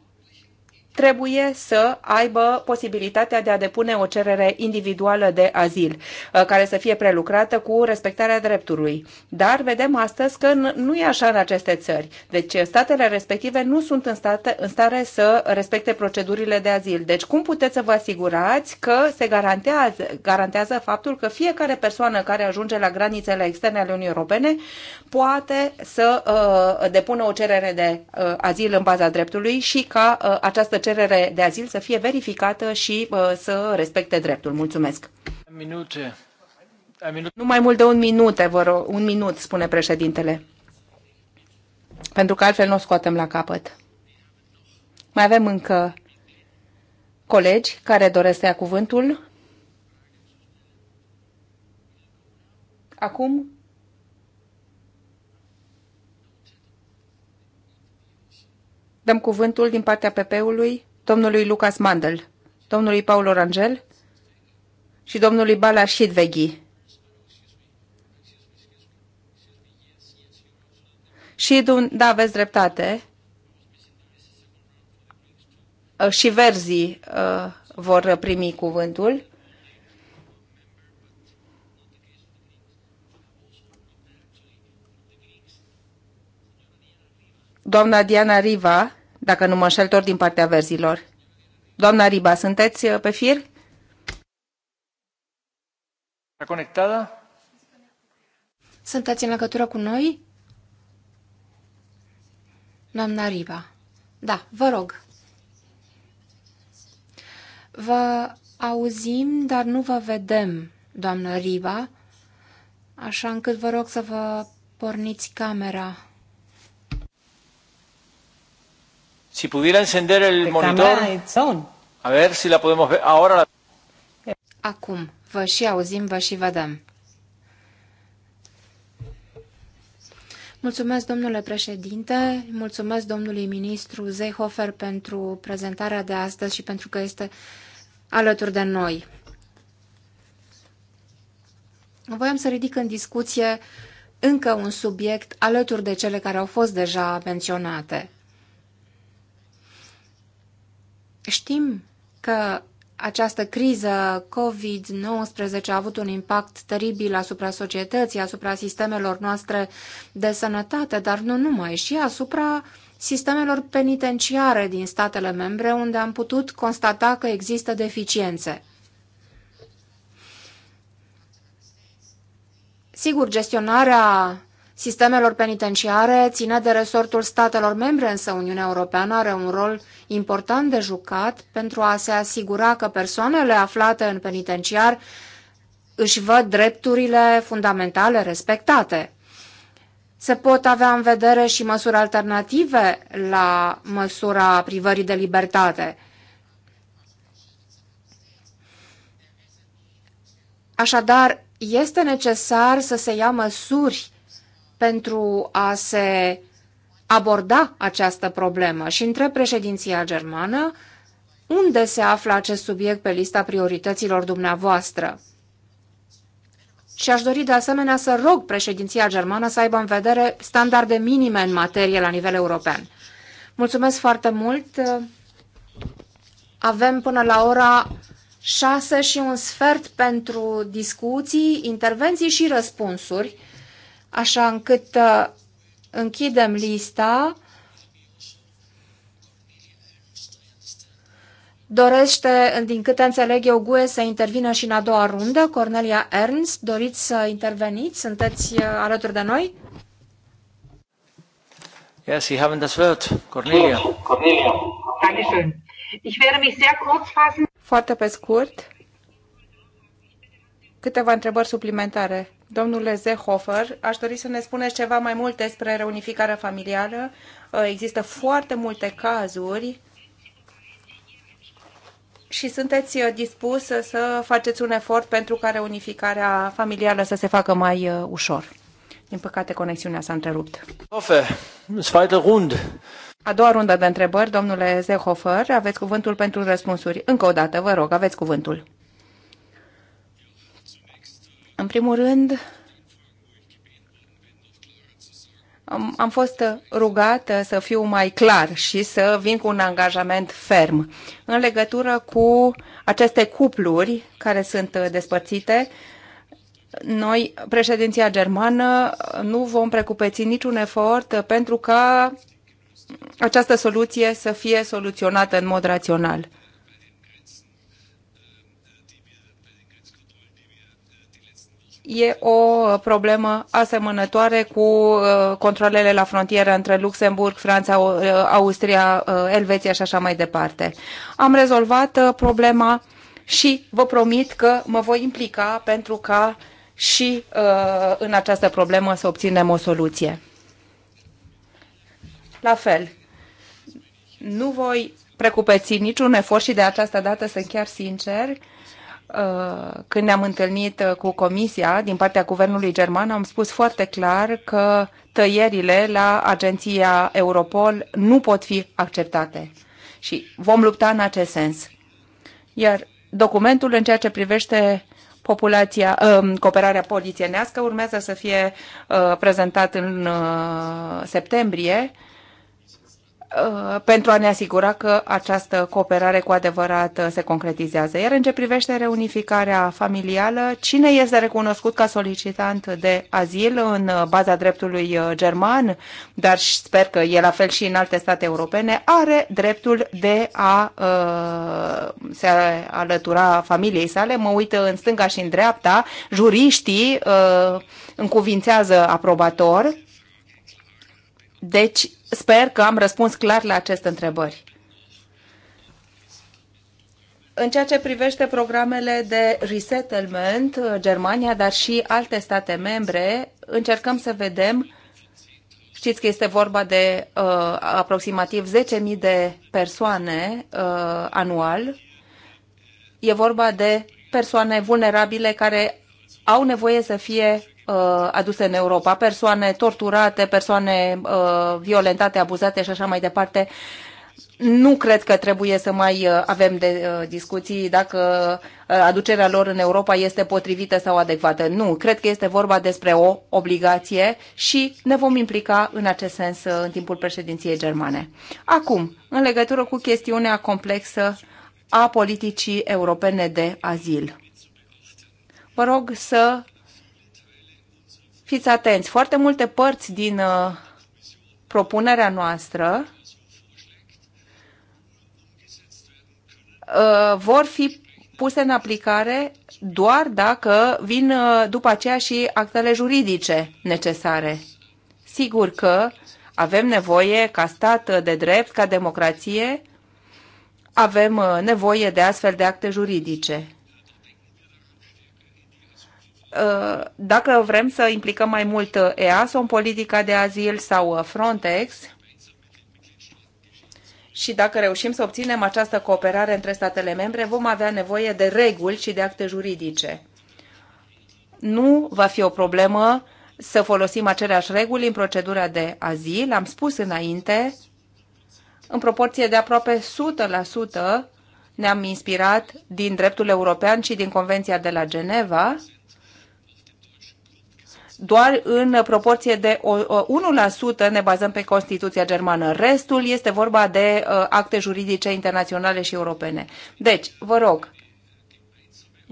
trebuie să aibă posibilitatea de a depune o cerere individuală de azil, uh, care să fie prelucrată cu respectarea dreptului. Dar vedem astăzi că nu e așa în aceste țări. Deci uh, statele respective nu sunt în, state, în stare să respecte procedurile de azil. Deci cum puteți să vă asigurați că se garantează, garantează faptul că fiecare persoană care ajunge la granițele externe ale Uniunii Europene poate să uh, depună o cerere de uh, azil în baza dreptului și ca uh, această această cerere de azil să fie verificată și uh, să respecte dreptul. Mulțumesc. Minute. Nu mai mult de un minut, vă rog, un minut, spune președintele. Pentru că altfel nu o scoatem la capăt. Mai avem încă colegi care doresc să ia cuvântul. Acum Dăm cuvântul din partea PP-ului domnului Lucas Mandel, domnului Paul Orangel și domnului Bala Shidveghi. Și, da, aveți dreptate. Uh, și verzii uh, vor primi cuvântul. Doamna Diana Riva dacă nu mă șeltor din partea verzilor. Doamna Riba, sunteți uh, pe fir? Está conectada? Sunteți în legătură cu noi? Doamna Riba. Da, vă rog. Vă auzim, dar nu vă vedem, doamnă Riba, așa încât vă rog să vă porniți camera. Si pudiera encender el monitor. A ver si la podemos ver. Ahora la... Acum, vă și auzim, vă și vedem. Mulțumesc, domnule președinte, mulțumesc domnului ministru Zehofer pentru prezentarea de astăzi și pentru că este alături de noi. Voiam să ridic în discuție încă un subiect alături de cele care au fost deja menționate. Știm că această criză COVID-19 a avut un impact teribil asupra societății, asupra sistemelor noastre de sănătate, dar nu numai, și asupra sistemelor penitenciare din statele membre, unde am putut constata că există deficiențe. Sigur, gestionarea sistemelor penitenciare ține de resortul statelor membre, însă Uniunea Europeană are un rol important de jucat pentru a se asigura că persoanele aflate în penitenciar își văd drepturile fundamentale respectate. Se pot avea în vedere și măsuri alternative la măsura privării de libertate. Așadar, este necesar să se ia măsuri pentru a se aborda această problemă și între președinția germană unde se află acest subiect pe lista priorităților dumneavoastră. Și aș dori de asemenea să rog președinția germană să aibă în vedere standarde minime în materie la nivel european. Mulțumesc foarte mult! Avem până la ora 6 și un sfert pentru discuții, intervenții și răspunsuri așa încât uh, închidem lista. Dorește, din câte înțeleg eu, GUE să intervină și în a doua rundă. Cornelia Ernst, doriți să interveniți? Sunteți uh, alături de noi? Yes, Sie haben das Wort. Cornelia. Cornelia. Dankeschön. Ich werde mich sehr kurz fassen. Foarte pe scurt. Câteva întrebări suplimentare. Domnule Zehofer, aș dori să ne spuneți ceva mai mult despre reunificarea familială. Uh, există foarte multe cazuri și sunteți uh, dispus să faceți un efort pentru ca reunificarea familială să se facă mai uh, ușor. Din păcate, conexiunea s-a întrerupt. A doua rundă de întrebări, domnule Zehofer, aveți cuvântul pentru răspunsuri. Încă o dată, vă rog, aveți cuvântul. În primul rând, am fost rugată să fiu mai clar și să vin cu un angajament ferm în legătură cu aceste cupluri care sunt despărțite. Noi, președinția germană, nu vom precupeți niciun efort pentru ca această soluție să fie soluționată în mod rațional. e o uh, problemă asemănătoare cu uh, controlele la frontieră între Luxemburg, Franța, uh, Austria, Elveția și așa mai departe. Am rezolvat problema și vă promit că mă voi implica pentru ca și uh, în această problemă să obținem o soluție. La fel, nu voi precupeți niciun efort și de această dată sunt chiar sincer Uh, când ne-am întâlnit uh, cu comisia din partea guvernului german, am spus foarte clar că tăierile la agenția Europol nu pot fi acceptate și vom lupta în acest sens. Iar documentul în ceea ce privește populația, uh, cooperarea polițienească urmează să fie prezentat în septembrie Uh, pentru a ne asigura că această cooperare cu adevărat uh, se concretizează. Iar în ce privește reunificarea familială, cine este recunoscut ca solicitant de azil în uh, baza dreptului german, dar sper că e la fel și în alte state europene, are dreptul de a se alătura familiei sale. Mă uit în stânga și în dreapta, juriștii încuvințează aprobator deci, Sper că am răspuns clar la aceste întrebări. În ceea ce privește programele de resettlement, uh, Germania, dar și alte state membre, încercăm să vedem Știți că este vorba de uh, aproximativ 10.000 de persoane uh, anual. E vorba de persoane vulnerabile care au nevoie să fie Uh, aduse în Europa, persoane torturate, persoane uh, violentate, abuzate și așa mai departe. Nu cred că trebuie să mai uh, avem de discuții dacă aducerea lor în Europa este potrivită sau adecvată. Nu, cred că este vorba despre o obligație și ne vom implica în acest sens în timpul președinției germane. Acum, în legătură cu chestiunea complexă a politicii europene de azil. Vă rog să Fiți atenți, foarte multe părți din uh, propunerea noastră uh, vor fi puse în aplicare doar dacă vin uh, după aceea și actele juridice necesare. Sigur că avem nevoie ca stat de drept, ca democrație, avem nevoie de astfel de acte juridice. Uh, dacă vrem să implicăm mai mult EASO în politica de azil sau uh, Frontex, și dacă reușim să obținem această cooperare între statele membre, vom avea nevoie de reguli și de acte juridice. Nu va fi o problemă să folosim aceleași reguli în procedura de azil, am spus înainte, în proporție de aproape 100% ne-am inspirat din dreptul european și din Convenția de la Geneva, doar în proporție de 1% ne bazăm pe Constituția germană. Restul este vorba de uh, acte juridice internaționale și europene. Deci, vă rog,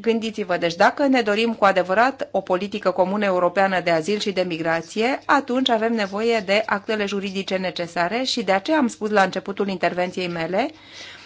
Gândiți-vă, deci dacă ne dorim cu adevărat o politică comună europeană de azil și de migrație, atunci avem nevoie de actele juridice necesare și de aceea am spus la începutul intervenției mele,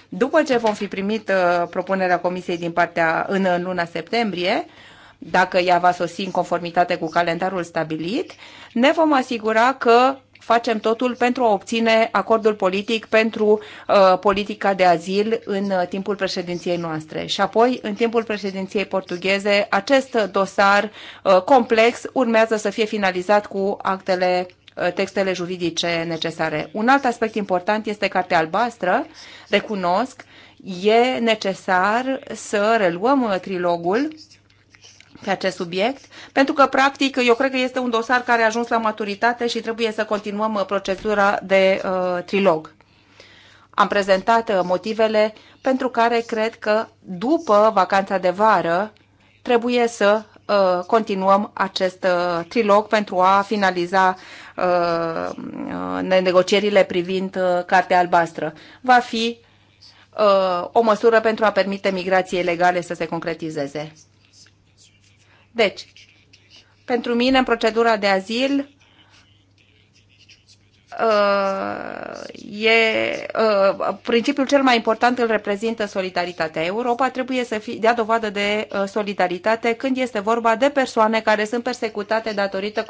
după ce vom fi primit uh, propunerea Comisiei din partea în, în luna septembrie, uh, dacă ea va sosi în conformitate cu calendarul stabilit, ne vom asigura că facem totul pentru a obține acordul politic pentru uh, politica de azil în uh, timpul președinției noastre. Și apoi, în timpul președinției portugheze, acest dosar uh, complex urmează să fie finalizat cu actele uh, textele juridice necesare. Un alt aspect important este cartea albastră. Recunosc, e necesar să reluăm uh, trilogul pe acest subiect, pentru că, practic, eu cred că este un dosar care a ajuns la maturitate și trebuie să continuăm uh, procedura de uh, trilog. Am prezentat uh, motivele pentru care cred că, după vacanța de vară, trebuie să uh, continuăm acest uh, trilog pentru a finaliza uh, uh negocierile privind uh, Cartea Albastră. Va fi uh, o măsură pentru a permite migrației legale să se concretizeze. Deci, pentru mine, în procedura de azil, uh, e uh, principiul cel mai important îl reprezintă solidaritatea. Europa trebuie să fie, dea dovadă de uh, solidaritate când este vorba de persoane care sunt persecutate datorită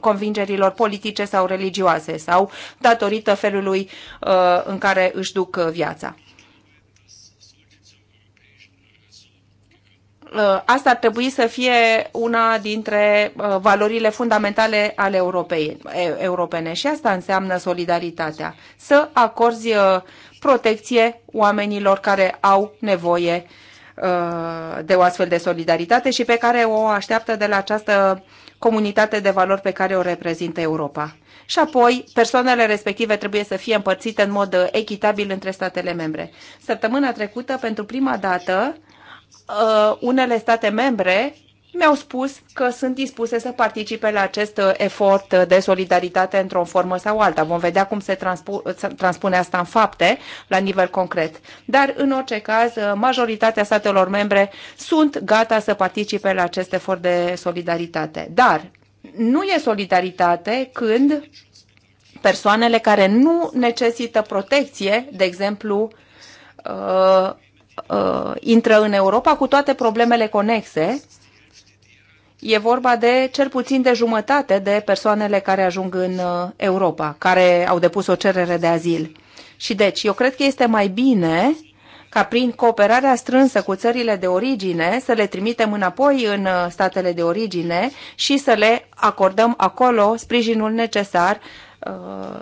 convingerilor politice sau religioase sau datorită felului în care își duc viața. Uh, asta ar trebui să fie una dintre uh, valorile fundamentale ale europei, europene și asta înseamnă solidaritatea. Să acorzi uh, protecție oamenilor care au nevoie de o astfel de solidaritate și pe care o așteaptă de la această comunitate de valori pe care o reprezintă Europa. Și apoi, persoanele respective trebuie să fie împărțite în mod echitabil între statele membre. Săptămâna trecută, pentru prima dată, uh, unele state membre mi-au spus că sunt dispuse să participe la acest uh, efort de solidaritate într-o formă sau alta. Vom vedea cum se transpune asta în fapte la nivel concret. Dar, în orice caz, uh, majoritatea statelor membre sunt gata să participe la acest efort de solidaritate. Dar nu e solidaritate când persoanele care nu necesită protecție, de exemplu, uh, uh, intră în Europa cu toate problemele conexe. E vorba de cel puțin de jumătate de persoanele care ajung în uh, Europa, care au depus o cerere de azil. Și deci, eu cred că este mai bine ca prin cooperarea strânsă cu țările de origine să le trimitem înapoi în uh, statele de origine și să le acordăm acolo sprijinul necesar uh,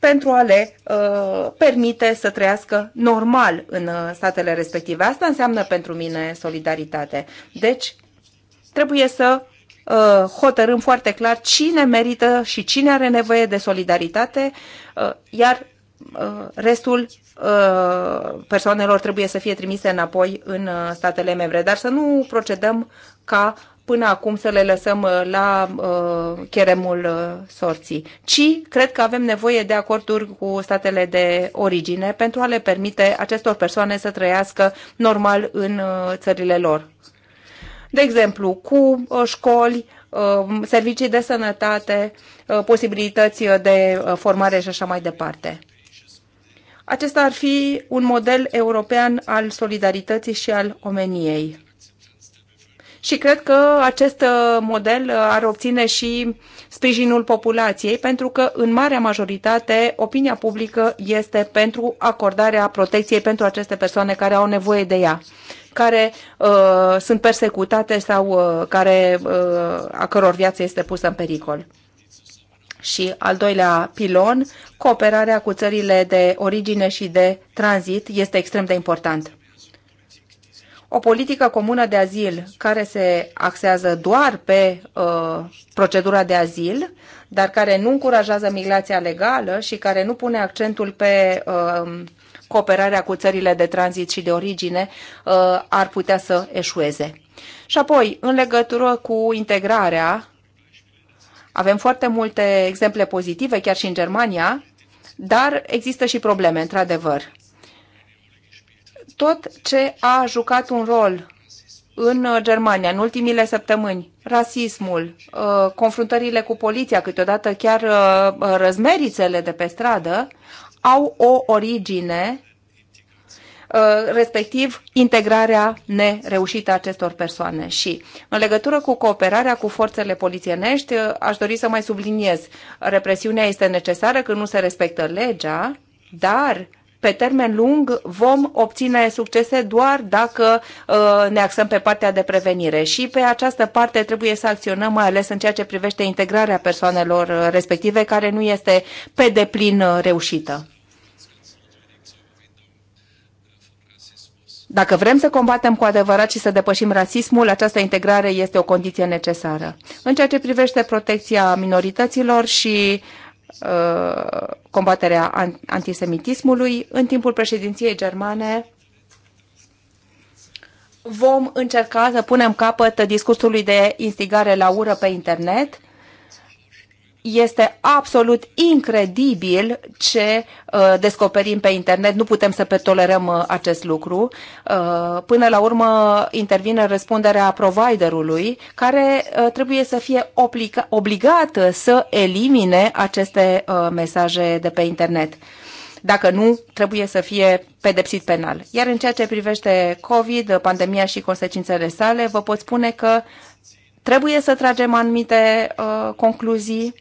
pentru a le uh, permite să trăiască normal în uh, statele respective. Asta înseamnă pentru mine solidaritate. Deci, trebuie să uh, hotărâm foarte clar cine merită și cine are nevoie de solidaritate, uh, iar uh, restul uh, persoanelor trebuie să fie trimise înapoi în statele membre, dar să nu procedăm ca până acum să le lăsăm uh, la uh, cheremul uh, sorții, ci cred că avem nevoie de acorduri cu statele de origine pentru a le permite acestor persoane să trăiască normal în uh, țările lor. De exemplu, cu școli, servicii de sănătate, posibilități de formare și așa mai departe. Acesta ar fi un model european al solidarității și al omeniei și cred că acest uh, model uh, ar obține și sprijinul populației, pentru că în marea majoritate opinia publică este pentru acordarea protecției pentru aceste persoane care au nevoie de ea care uh, sunt persecutate sau uh, care, uh, a căror viață este pusă în pericol. Și al doilea pilon, cooperarea cu țările de origine și de tranzit este extrem de important o politică comună de azil care se axează doar pe uh, procedura de azil, dar care nu încurajează migrația legală și care nu pune accentul pe uh, cooperarea cu țările de tranzit și de origine, uh, ar putea să eșueze. Și apoi, în legătură cu integrarea, avem foarte multe exemple pozitive, chiar și în Germania, dar există și probleme, într-adevăr tot ce a jucat un rol în uh, Germania în ultimile săptămâni, rasismul, uh, confruntările cu poliția, câteodată chiar uh, răzmerițele de pe stradă, au o origine, respectiv integrarea nereușită a acestor persoane. Și în legătură cu cooperarea cu forțele polițienești, aș dori să mai subliniez, represiunea este necesară când nu se respectă legea, dar pe termen lung vom obține succese doar dacă uh, ne axăm pe partea de prevenire și pe această parte trebuie să acționăm mai ales în ceea ce privește integrarea persoanelor uh, respective care nu este pe deplin uh, reușită. Dacă vrem să combatem cu adevărat și să depășim rasismul, această integrare este o condiție necesară. În ceea ce privește protecția minorităților și Uh, combaterea antisemitismului. În timpul președinției germane vom încerca să punem capăt discursului de instigare la ură pe internet este absolut incredibil ce uh, descoperim pe internet. Nu putem să pe tolerăm uh, acest lucru. Uh, până la urmă intervine răspunderea providerului care uh, trebuie să fie obliga- obligată să elimine aceste uh, mesaje de pe internet. Dacă nu, trebuie să fie pedepsit penal. Iar în ceea ce privește COVID, pandemia și consecințele sale, vă pot spune că trebuie să tragem anumite uh, concluzii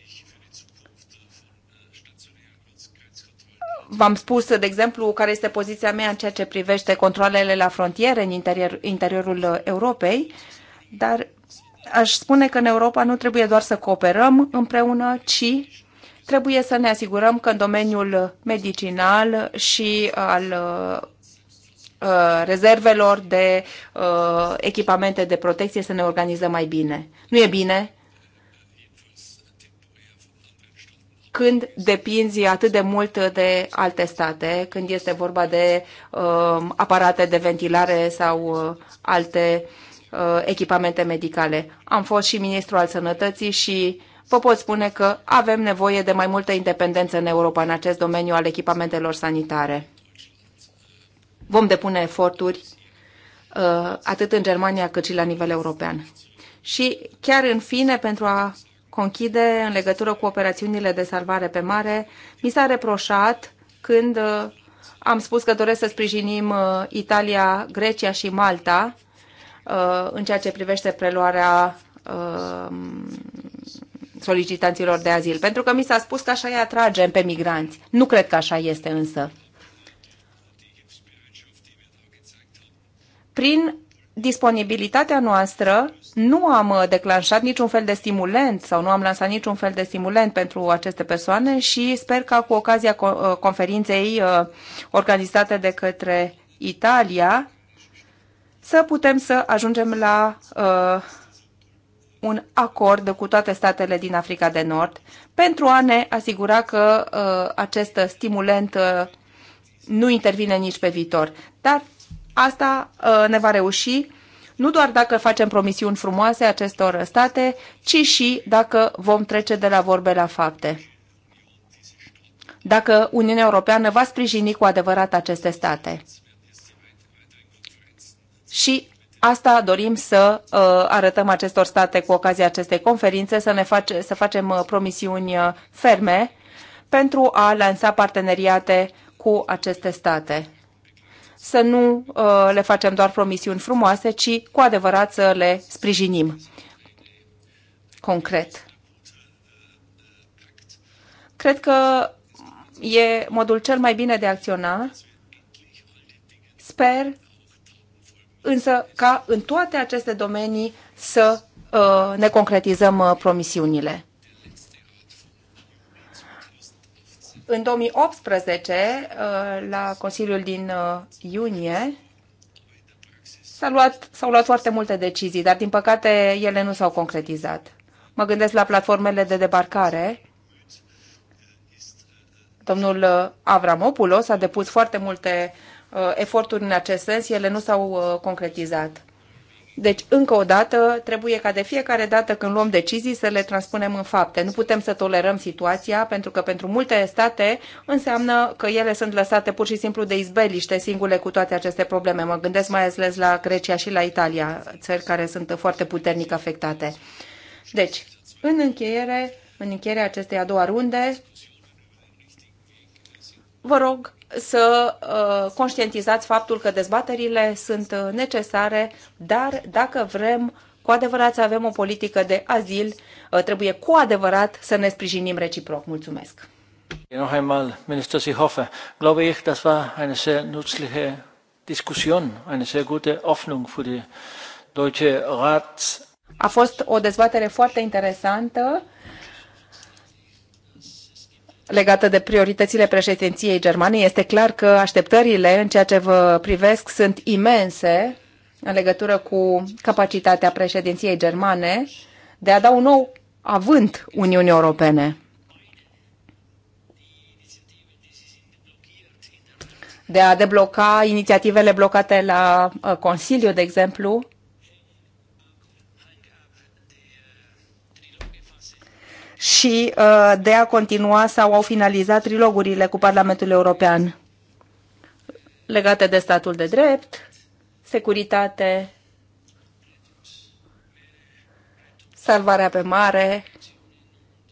V-am spus, de exemplu, care este poziția mea în ceea ce privește controlele la frontiere în interior, interiorul Europei, dar aș spune că în Europa nu trebuie doar să cooperăm împreună, ci trebuie să ne asigurăm că în domeniul medicinal și al uh, rezervelor de uh, echipamente de protecție să ne organizăm mai bine. Nu e bine când depinzi atât de mult de alte state, când este vorba de uh, aparate de ventilare sau uh, alte uh, echipamente medicale. Am fost și ministru al sănătății și vă pot spune că avem nevoie de mai multă independență în Europa în acest domeniu al echipamentelor sanitare. Vom depune eforturi uh, atât în Germania cât și la nivel european. Și chiar în fine, pentru a conchide în legătură cu operațiunile de salvare pe mare. Mi s-a reproșat când uh, am spus că doresc să sprijinim uh, Italia, Grecia și Malta uh, în ceea ce privește preluarea solicitanților de azil. Pentru că mi s-a spus că așa îi atragem pe migranți. Nu cred că așa este însă. Prin disponibilitatea noastră nu am uh, declanșat niciun fel de stimulent sau nu am lansat niciun fel de stimulent pentru aceste persoane și sper ca cu ocazia uh, conferinței uh, organizate de către Italia să putem să ajungem la un acord cu toate statele din Africa de Nord pentru a ne asigura că acest stimulent nu intervine nici pe viitor. Dar asta ne va reuși nu doar dacă facem promisiuni frumoase acestor state, ci și dacă vom trece de la vorbe la fapte. Dacă Uniunea Europeană va sprijini cu adevărat aceste state. Și Asta dorim să uh, arătăm acestor state cu ocazia acestei conferințe, să, ne face, să facem uh, promisiuni uh, ferme pentru a lansa parteneriate cu aceste state să nu uh, le facem doar promisiuni frumoase, ci cu adevărat să le sprijinim concret. Cred că e modul cel mai bine de a acționa. Sper însă ca în toate aceste domenii să uh, ne concretizăm uh, promisiunile. În 2018, uh, la Consiliul din uh, iunie, s-au luat, luat foarte multe decizii, dar din păcate ele nu s-au concretizat. Mă gândesc la platformele de debarcare. Domnul uh, Avramopoulos a depus foarte multe eforturi în acest sens, ele nu s-au concretizat. Deci, încă o dată, trebuie ca de fiecare dată când luăm decizii să le transpunem în fapte. Nu putem să tolerăm situația, pentru că pentru multe state înseamnă că ele sunt lăsate pur și simplu de izbeliște singure cu toate aceste probleme. Mă gândesc mai ales la Grecia și la Italia, țări care sunt foarte puternic afectate. Deci, în încheiere, în încheierea acestei a doua runde, vă rog să uh, conștientizați faptul că dezbaterile sunt uh, necesare, dar dacă vrem cu adevărat să avem o politică de azil, uh, trebuie cu adevărat să ne sprijinim reciproc. Mulțumesc! Noch einmal, Minister Seehofer, glaube ich, das war eine sehr nützliche Diskussion, eine sehr gute Öffnung für die deutsche Rats. A fost o dezbatere foarte interesantă legată de prioritățile președinției Germaniei. Este clar că așteptările în ceea ce vă privesc sunt imense în legătură cu capacitatea președinției germane de a da un nou avânt Uniunii Europene. De a debloca inițiativele blocate la uh, Consiliu, de exemplu, și uh, de a continua sau au finalizat trilogurile cu Parlamentul European legate de statul de drept, securitate, salvarea pe mare,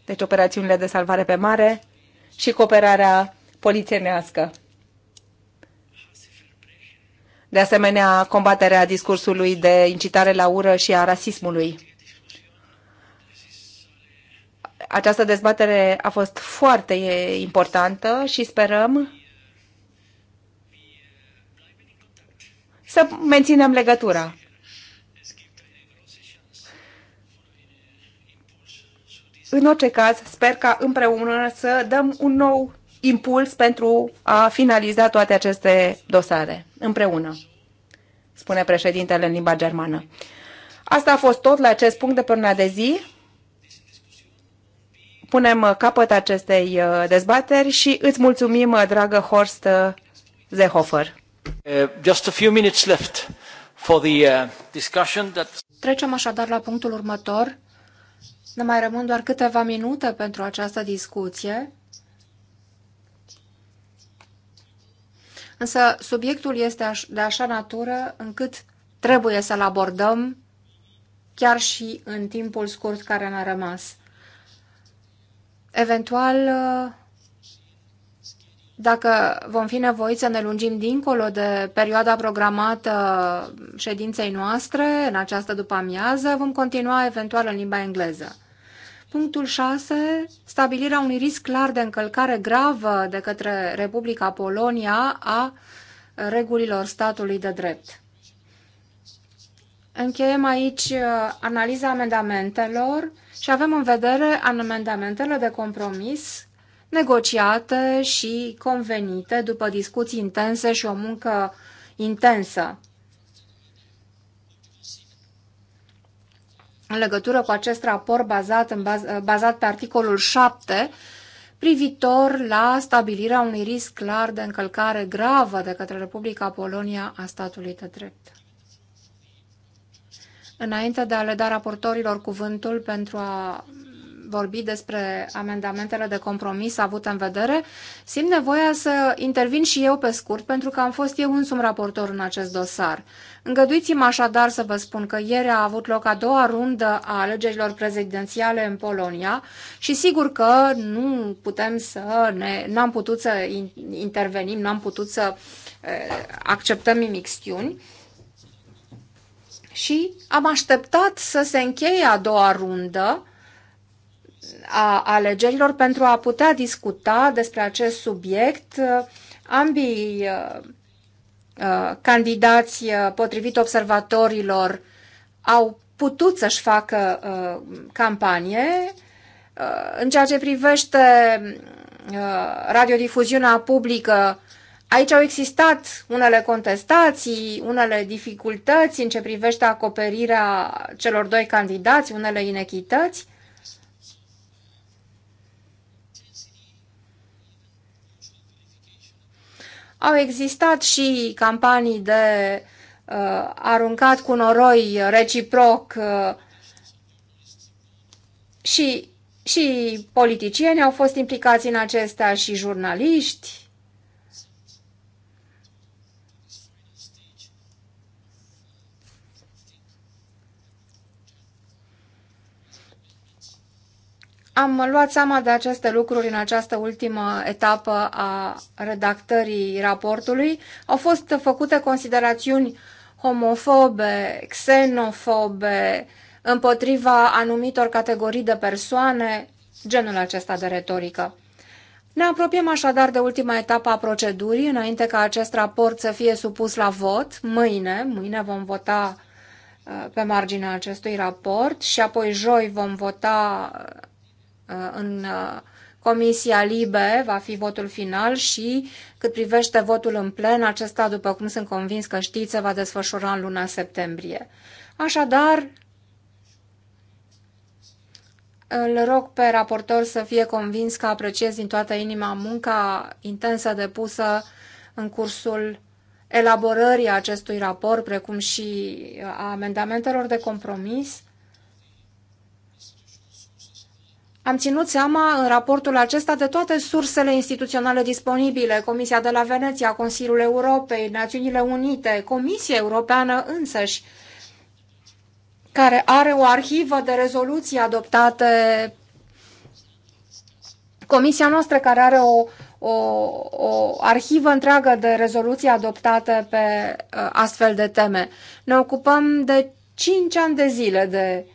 deci operațiunile de salvare pe mare și cooperarea polițienească. De asemenea, combaterea discursului de incitare la ură și a rasismului. Această dezbatere a fost foarte importantă și sperăm să menținem legătura. În orice caz, sper ca împreună să dăm un nou impuls pentru a finaliza toate aceste dosare. Împreună, spune președintele în limba germană. Asta a fost tot la acest punct de până de zi punem uh, capăt acestei uh, dezbateri și îți mulțumim, uh, dragă Horst Zehofer. Trecem așadar la punctul următor. Ne mai rămân doar câteva minute pentru această discuție. Însă subiectul este de așa natură încât trebuie să-l abordăm chiar și în timpul scurt care ne-a rămas. Eventual, uh, dacă vom fi nevoiți să ne lungim dincolo de perioada programată ședinței noastre, în această după-amiază, vom continua eventual în limba engleză. Punctul 6. Stabilirea unui risc clar de încălcare gravă de către Republica Polonia a regulilor statului de drept. Încheiem aici uh, analiza amendamentelor și avem în vedere amendamentele de compromis negociate și convenite după discuții intense și o muncă intensă. În legătură cu acest raport bazat, în baz, uh, bazat pe articolul 7, privitor la stabilirea unui risc clar de încălcare gravă de către Republica Polonia a statului de drept. Înainte de a le da raportorilor cuvântul pentru a vorbi despre amendamentele de compromis avute în vedere, simt nevoia să intervin și eu pe scurt, pentru că am fost eu însum raportor în acest dosar. îngăduiți mă așadar să vă spun că ieri a avut loc a doua rundă a alegerilor prezidențiale în Polonia și sigur că nu putem să ne, n-am putut să intervenim, n-am putut să eh, acceptăm imixtiuni, și am așteptat să se încheie a doua rundă a alegerilor pentru a putea discuta despre acest subiect. Ambii uh, uh, candidați uh, potrivit observatorilor au putut să-și facă campanie. În ceea ce privește radiodifuziunea publică, Aici au existat unele contestații, unele dificultăți în ce privește acoperirea celor doi candidați, unele inechități. Au existat și campanii de uh, aruncat cu noroi reciproc uh, și, și politicieni au fost implicați în acestea și jurnaliști. Am luat seama de aceste lucruri în această ultimă etapă a redactării raportului. Au fost făcute considerațiuni homofobe, xenofobe, împotriva anumitor categorii de persoane, genul acesta de retorică. Ne apropiem așadar de ultima etapă a procedurii, înainte ca acest raport să fie supus la vot, mâine, mâine vom vota uh, pe marginea acestui raport și apoi joi vom vota uh, Uh, în uh, Comisia Libe va fi votul final și cât privește votul în plen, acesta, după cum sunt convins că știți, se va desfășura în luna septembrie. Așadar, îl rog pe raportor să fie convins că apreciez din toată inima munca intensă depusă în cursul elaborării acestui raport, precum și a amendamentelor de compromis Am ținut seama în raportul acesta de toate sursele instituționale disponibile, Comisia de la Veneția, Consiliul Europei, Națiunile Unite, Comisia Europeană însăși, care are o arhivă de rezoluții adoptate, Comisia noastră care are o, o, o arhivă întreagă de rezoluții adoptate pe ă, astfel de teme. Ne ocupăm de 5 ani de zile de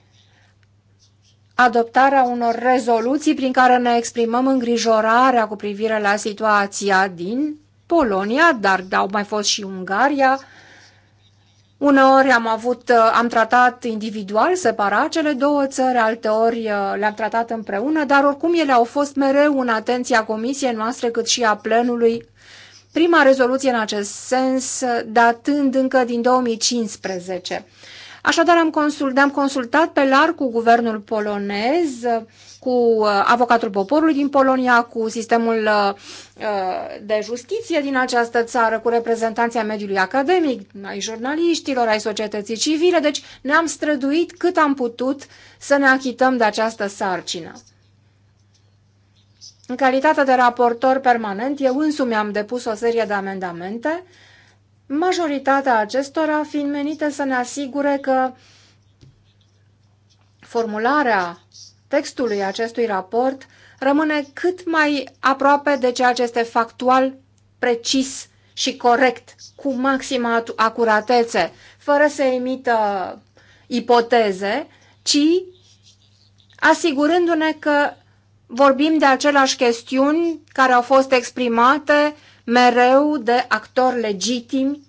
adoptarea unor rezoluții prin care ne exprimăm îngrijorarea cu privire la situația din Polonia, dar au mai fost și Ungaria. Uneori am avut, am tratat individual, separat cele două țări, alteori uh, le-am tratat împreună, dar oricum ele au fost mereu în atenția comisiei noastre cât și a plenului. Prima rezoluție în acest sens datând încă din 2015. Așadar, am, consult, am consultat pe larg cu guvernul polonez, cu uh, avocatul poporului din Polonia, cu sistemul uh, uh, de justiție din această țară, cu reprezentanția mediului academic, ai jurnaliștilor, ai societății civile, deci ne-am străduit cât am putut să ne achităm de această sarcină. În calitate de raportor permanent, eu însumi am depus o serie de amendamente majoritatea acestora fiind menite să ne asigure că formularea textului acestui raport rămâne cât mai aproape de ceea ce este factual, precis și corect, cu maximă acuratețe, fără să emită ipoteze, ci asigurându-ne că vorbim de aceleași chestiuni care au fost exprimate mereu de actori legitimi.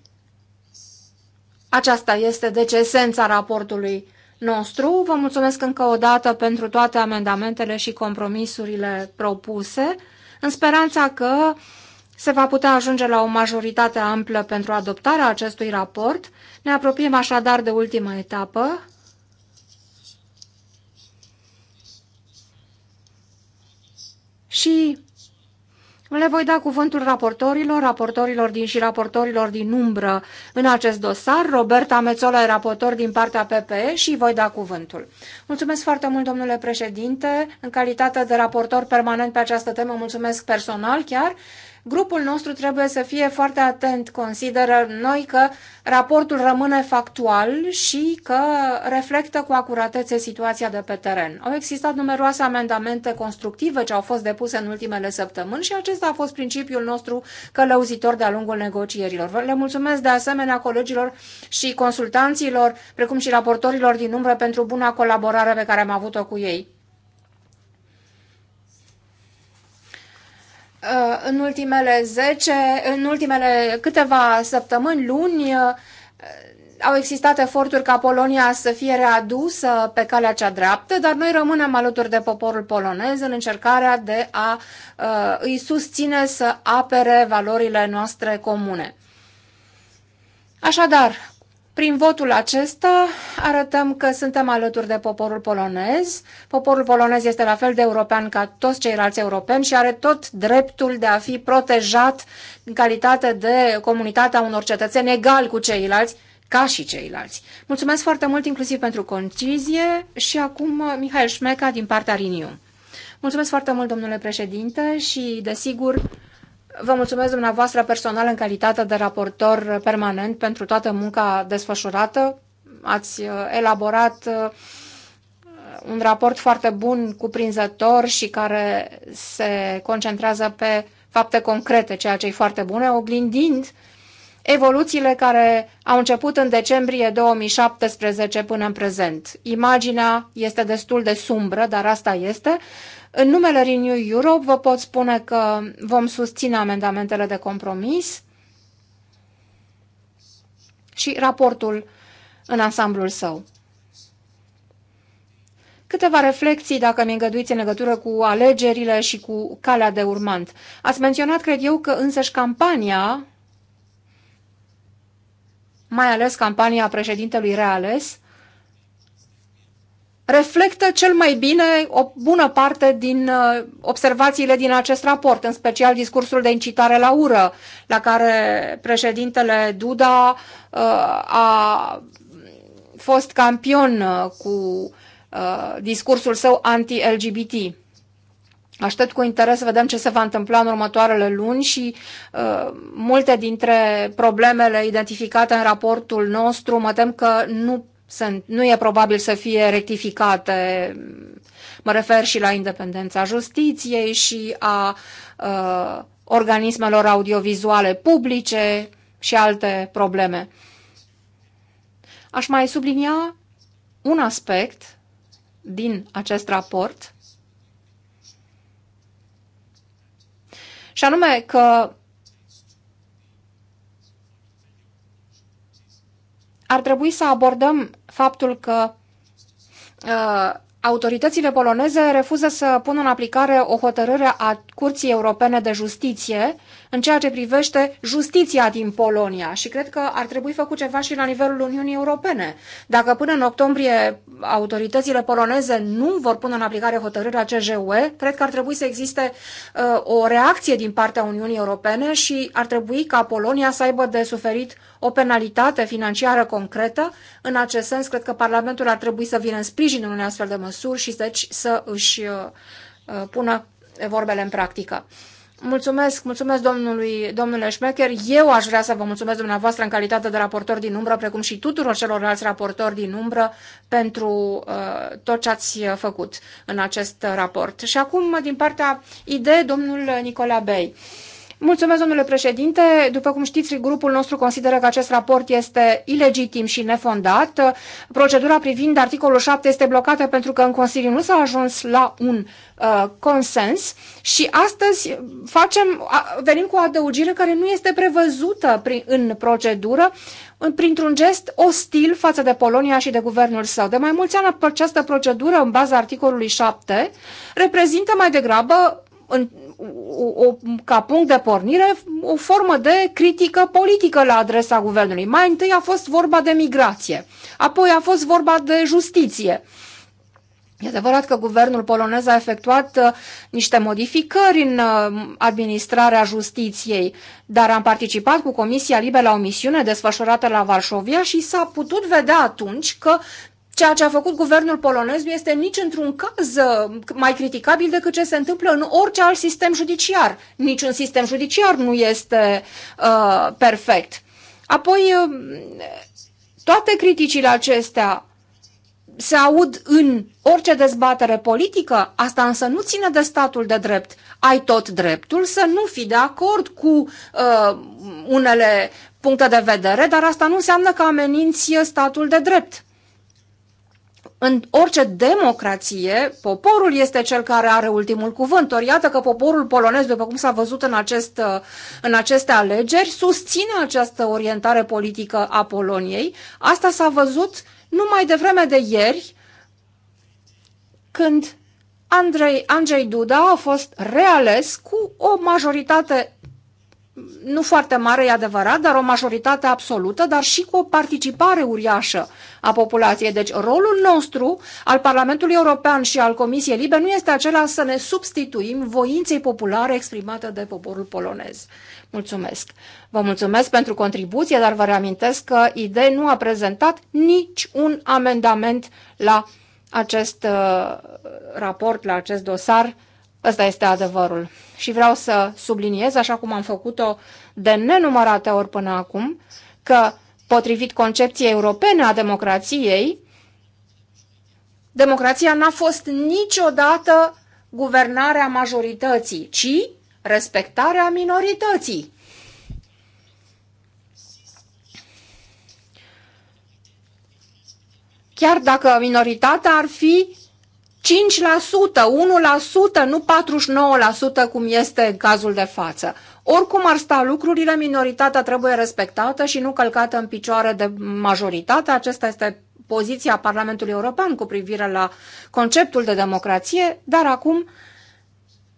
Aceasta este deci esența raportului nostru. Vă mulțumesc încă o dată pentru toate amendamentele și compromisurile propuse, în speranța că se va putea ajunge la o majoritate amplă pentru adoptarea acestui raport. Ne apropiem așadar de ultima etapă. Și le voi da cuvântul raportorilor, raportorilor din și raportorilor din umbră în acest dosar. Roberta Mețola e raportor din partea PPE și voi da cuvântul. Mulțumesc foarte mult, domnule președinte, în calitate de raportor permanent pe această temă, mulțumesc personal chiar Grupul nostru trebuie să fie foarte atent, consideră noi că raportul rămâne factual și că reflectă cu acuratețe situația de pe teren. Au existat numeroase amendamente constructive ce au fost depuse în ultimele săptămâni și acesta a fost principiul nostru călăuzitor de-a lungul negocierilor. Le mulțumesc de asemenea colegilor și consultanților, precum și raportorilor din umbră pentru buna colaborare pe care am avut-o cu ei. Uh, în ultimele 10, în ultimele câteva săptămâni, luni, uh, au existat eforturi ca Polonia să fie readusă pe calea cea dreaptă, dar noi rămânem alături de poporul polonez în încercarea de a uh, îi susține să apere valorile noastre comune. Așadar, prin votul acesta arătăm că suntem alături de poporul polonez. Poporul polonez este la fel de european ca toți ceilalți europeni și are tot dreptul de a fi protejat în calitate de comunitatea unor cetățeni egal cu ceilalți, ca și ceilalți. Mulțumesc foarte mult inclusiv pentru concizie și acum Mihail Șmeca din partea Riniu. Mulțumesc foarte mult, domnule președinte, și desigur Vă mulțumesc dumneavoastră personal în calitate de raportor permanent pentru toată munca desfășurată. Ați uh, elaborat uh, un raport foarte bun, cuprinzător și care se concentrează pe fapte concrete, ceea ce e foarte bune, oglindind evoluțiile care au început în decembrie 2017 până în prezent. Imaginea este destul de sumbră, dar asta este. În numele Renew Europe vă pot spune că vom susține amendamentele de compromis și raportul în ansamblul său. Câteva reflexii, dacă mi îngăduiți, în legătură cu alegerile și cu calea de urmant. Ați menționat, cred eu, că însăși campania, mai ales campania președintelui reales, reflectă cel mai bine o bună parte din uh, observațiile din acest raport, în special discursul de incitare la ură, la care președintele Duda uh, a fost campion uh, cu discursul său anti-LGBT. Aștept cu interes să vedem ce se va întâmpla în următoarele luni și uh, multe dintre problemele identificate în raportul nostru mă tem că nu nu e probabil să fie rectificate. Mă refer și la independența justiției și a uh, organismelor audiovizuale publice și alte probleme. Aș mai sublinia un aspect din acest raport, și anume că ar trebui să abordăm faptul că uh, autoritățile poloneze refuză să pună în aplicare o hotărâre a Curții Europene de Justiție în ceea ce privește justiția din Polonia și cred că ar trebui făcut ceva și la nivelul Uniunii Europene. Dacă până în octombrie autoritățile poloneze nu vor pune în aplicare hotărârea CJUE, cred că ar trebui să existe uh, o reacție din partea Uniunii Europene și ar trebui ca Polonia să aibă de suferit o penalitate financiară concretă. În acest sens, cred că Parlamentul ar trebui să vină în sprijinul unei astfel de măsuri și deci să își uh, uh pună vorbele în practică. Mulțumesc, mulțumesc domnului, domnule Șmecher. Eu aș vrea să vă mulțumesc dumneavoastră în calitate de raportor din umbră, precum și tuturor celorlalți raportori din umbră, pentru uh, tot ce ați făcut în acest raport. Și acum, din partea idei, domnul Nicola Bey. Uh, Mulțumesc, domnule președinte. După cum știți, grupul nostru consideră că acest raport este ilegitim și nefondat. Procedura privind articolul 7 este blocată pentru că în Consiliu nu s-a ajuns la un uh, consens și astăzi facem, venim cu o adăugire care nu este prevăzută prin, în procedură printr-un gest ostil față de Polonia și de guvernul său. De mai mulți ani această procedură în baza articolului 7 reprezintă mai degrabă în, o, ca punct de pornire o formă de critică politică la adresa guvernului. Mai întâi a fost vorba de migrație, apoi a fost vorba de justiție. E adevărat că guvernul polonez a efectuat uh, niște modificări în uh, administrarea justiției, dar am participat cu Comisia Libe la o misiune desfășurată la Varșovia și s-a putut vedea atunci că Ceea ce a făcut guvernul polonez nu este nici într-un caz uh, mai criticabil decât ce se întâmplă în orice alt sistem judiciar. Niciun sistem judiciar nu este uh, perfect. Apoi, uh, toate criticile acestea se aud în orice dezbatere politică, asta însă nu ține de statul de drept. Ai tot dreptul să nu fii de acord cu uh, unele puncte de vedere, dar asta nu înseamnă că ameninți statul de drept în orice democrație, poporul este cel care are ultimul cuvânt. Ori iată că poporul polonez, după cum s-a văzut în, acest, în aceste alegeri, susține această orientare politică a Poloniei. Asta s-a văzut numai de vreme de ieri, când Andrei, Andrei Duda a fost reales cu o majoritate nu foarte mare, e adevărat, dar o majoritate absolută, dar și cu o participare uriașă a populației. Deci rolul nostru al Parlamentului European și al Comisiei Libe nu este acela să ne substituim voinței populare exprimată de poporul polonez. Mulțumesc! Vă mulțumesc pentru contribuție, dar vă reamintesc că IDE nu a prezentat nici un amendament la acest uh, raport, la acest dosar, Ăsta este adevărul. Și vreau să subliniez, așa cum am făcut-o de nenumărate ori până acum, că, potrivit concepției europene a democrației, democrația n-a fost niciodată guvernarea majorității, ci respectarea minorității. Chiar dacă minoritatea ar fi 1%, nu 49% cum este cazul de față. Oricum ar sta lucrurile, minoritatea trebuie respectată și nu călcată în picioare de majoritate. Acesta este poziția Parlamentului European cu privire la conceptul de democrație, dar acum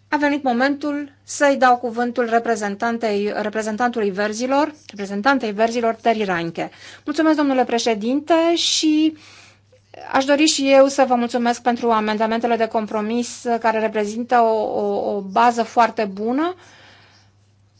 a venit momentul să-i dau cuvântul reprezentantei, reprezentantului verzilor, reprezentantei verzilor Teri Ranke. Mulțumesc, domnule președinte, și Aș dori și eu să vă mulțumesc pentru amendamentele de compromis uh, care reprezintă o, o, o bază foarte bună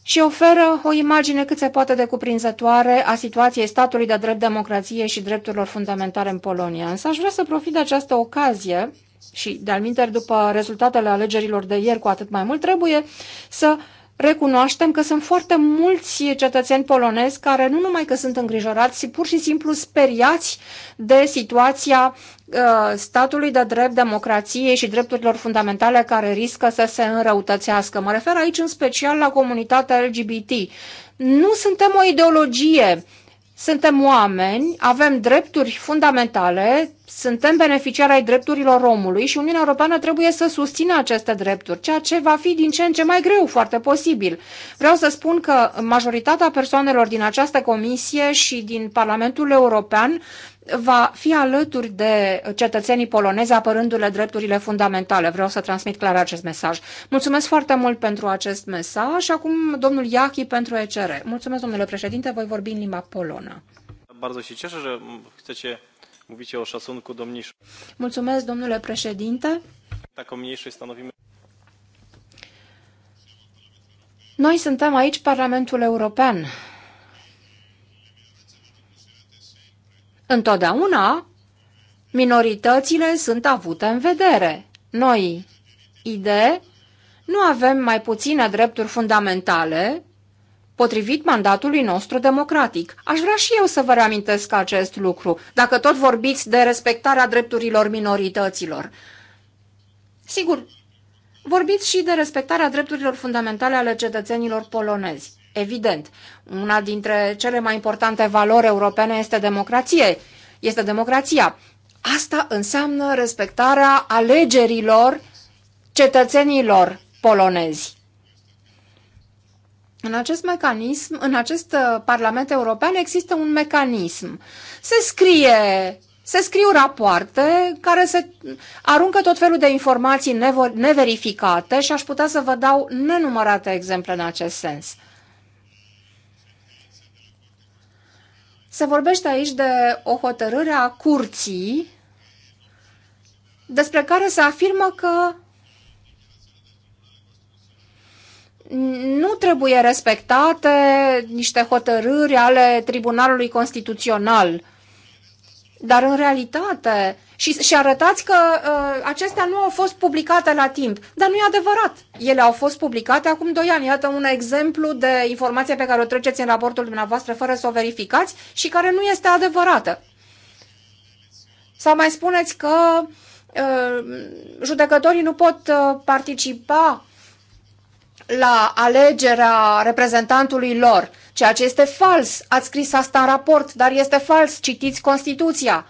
și oferă o imagine cât se poate de cuprinzătoare a situației statului de drept democrație și drepturilor fundamentale în Polonia. Însă aș vrea să profit de această ocazie și, de-al după rezultatele alegerilor de ieri, cu atât mai mult trebuie să recunoaștem că sunt foarte mulți cetățeni polonezi care nu numai că sunt îngrijorați, ci pur și simplu speriați de situația uh, statului de drept, democrației și drepturilor fundamentale care riscă să se înrăutățească. Mă refer aici în special la comunitatea LGBT. Nu suntem o ideologie suntem oameni, avem drepturi fundamentale, suntem beneficiari ai drepturilor omului și Uniunea Europeană trebuie să susțină aceste drepturi, ceea ce va fi din ce în ce mai greu, foarte posibil. Vreau să spun că majoritatea persoanelor din această comisie și din Parlamentul European va fi alături de cetățenii polonezi apărându-le drepturile fundamentale. Vreau să transmit clar acest mesaj. Mulțumesc foarte mult pentru acest mesaj și acum domnul Iachi pentru ECR. Mulțumesc, domnule președinte, voi vorbi în limba polonă. Mulțumesc, domnule președinte. Noi suntem aici Parlamentul European Întotdeauna minoritățile sunt avute în vedere. Noi, idee, nu avem mai puține drepturi fundamentale potrivit mandatului nostru democratic. Aș vrea și eu să vă reamintesc acest lucru, dacă tot vorbiți de respectarea drepturilor minorităților. Sigur, vorbiți și de respectarea drepturilor fundamentale ale cetățenilor polonezi evident. Una dintre cele mai importante valori europene este democrație. Este democrația. Asta înseamnă respectarea alegerilor cetățenilor polonezi. În acest mecanism, în acest uh, Parlament European există un mecanism. Se scrie se scriu rapoarte care se aruncă tot felul de informații neverificate și aș putea să vă dau nenumărate exemple în acest sens. Se vorbește aici de o hotărâre a curții despre care se afirmă că nu trebuie respectate niște hotărâri ale Tribunalului Constituțional dar în realitate, și, și arătați că uh, acestea nu au fost publicate la timp. Dar nu e adevărat. Ele au fost publicate acum doi ani. Iată un exemplu de informație pe care o treceți în raportul dumneavoastră fără să o verificați și care nu este adevărată. Sau mai spuneți că uh, judecătorii nu pot uh, participa la alegerea reprezentantului lor, ceea ce este fals. Ați scris asta în raport, dar este fals. Citiți Constituția.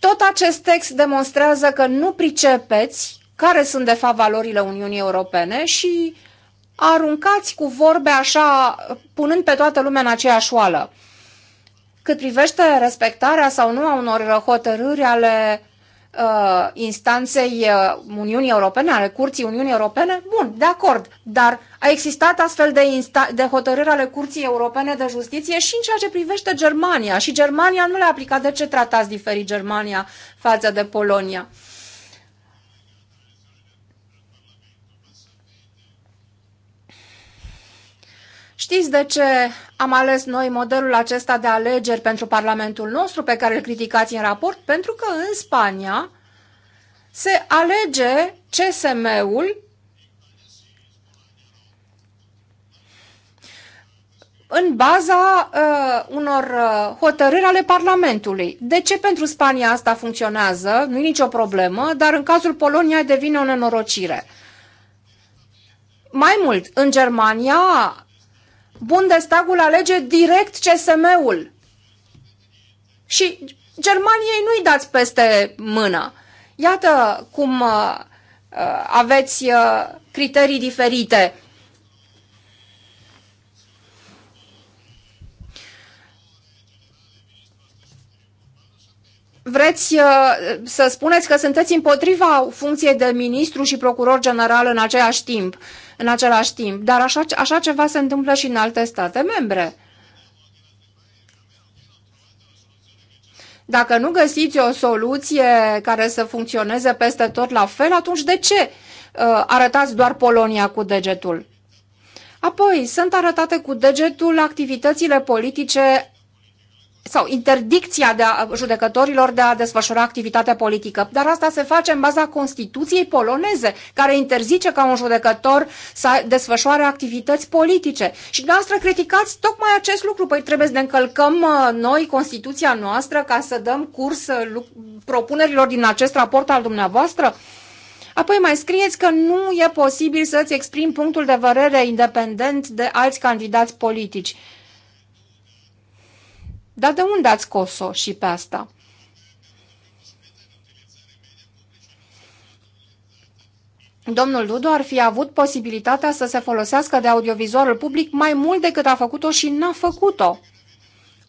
Tot acest text demonstrează că nu pricepeți care sunt de fapt valorile Uniunii Europene și aruncați cu vorbe așa, punând pe toată lumea în aceeași oală. Cât privește respectarea sau nu a unor hotărâri ale uh, instanței uh, Uniunii Europene, ale Curții Uniunii Europene, bun, de acord, dar a existat astfel de, insta- de hotărâri ale Curții Europene de Justiție și în ceea ce privește Germania. Și Germania nu le-a aplicat. De ce tratați diferit Germania față de Polonia? Știți de ce am ales noi modelul acesta de alegeri pentru Parlamentul nostru, pe care îl criticați în raport? Pentru că în Spania se alege CSM-ul în baza uh, unor uh, hotărâri ale Parlamentului. De ce pentru Spania asta funcționează? Nu e nicio problemă, dar în cazul Polonia devine o nenorocire. Mai mult, în Germania Bundestagul alege direct CSM-ul. Și Germaniei nu-i dați peste mână. Iată cum uh, uh, aveți uh, criterii diferite. Vreți uh, să spuneți că sunteți împotriva funcției de ministru și procuror general în aceeași timp. Uh, în același timp, dar așa, așa ceva se întâmplă și în alte state membre. Dacă nu găsiți o soluție care să funcționeze peste tot la fel, atunci de ce uh, arătați doar Polonia cu degetul? Apoi, sunt arătate cu degetul activitățile politice sau interdicția de a, judecătorilor de a desfășura activitatea politică. Dar asta se face în baza Constituției poloneze, care interzice ca un judecător să desfășoare activități politice. Și dumneavoastră criticați tocmai acest lucru. Păi trebuie să ne încălcăm uh, noi Constituția noastră ca să dăm curs uh, propunerilor din acest raport al dumneavoastră? Apoi mai scrieți că nu e posibil să-ți exprimi punctul de vărere independent de alți candidați politici. Dar de unde ați scos-o și pe asta? Domnul Ludo ar fi avut posibilitatea să se folosească de audiovizualul public mai mult decât a făcut-o și n-a făcut-o.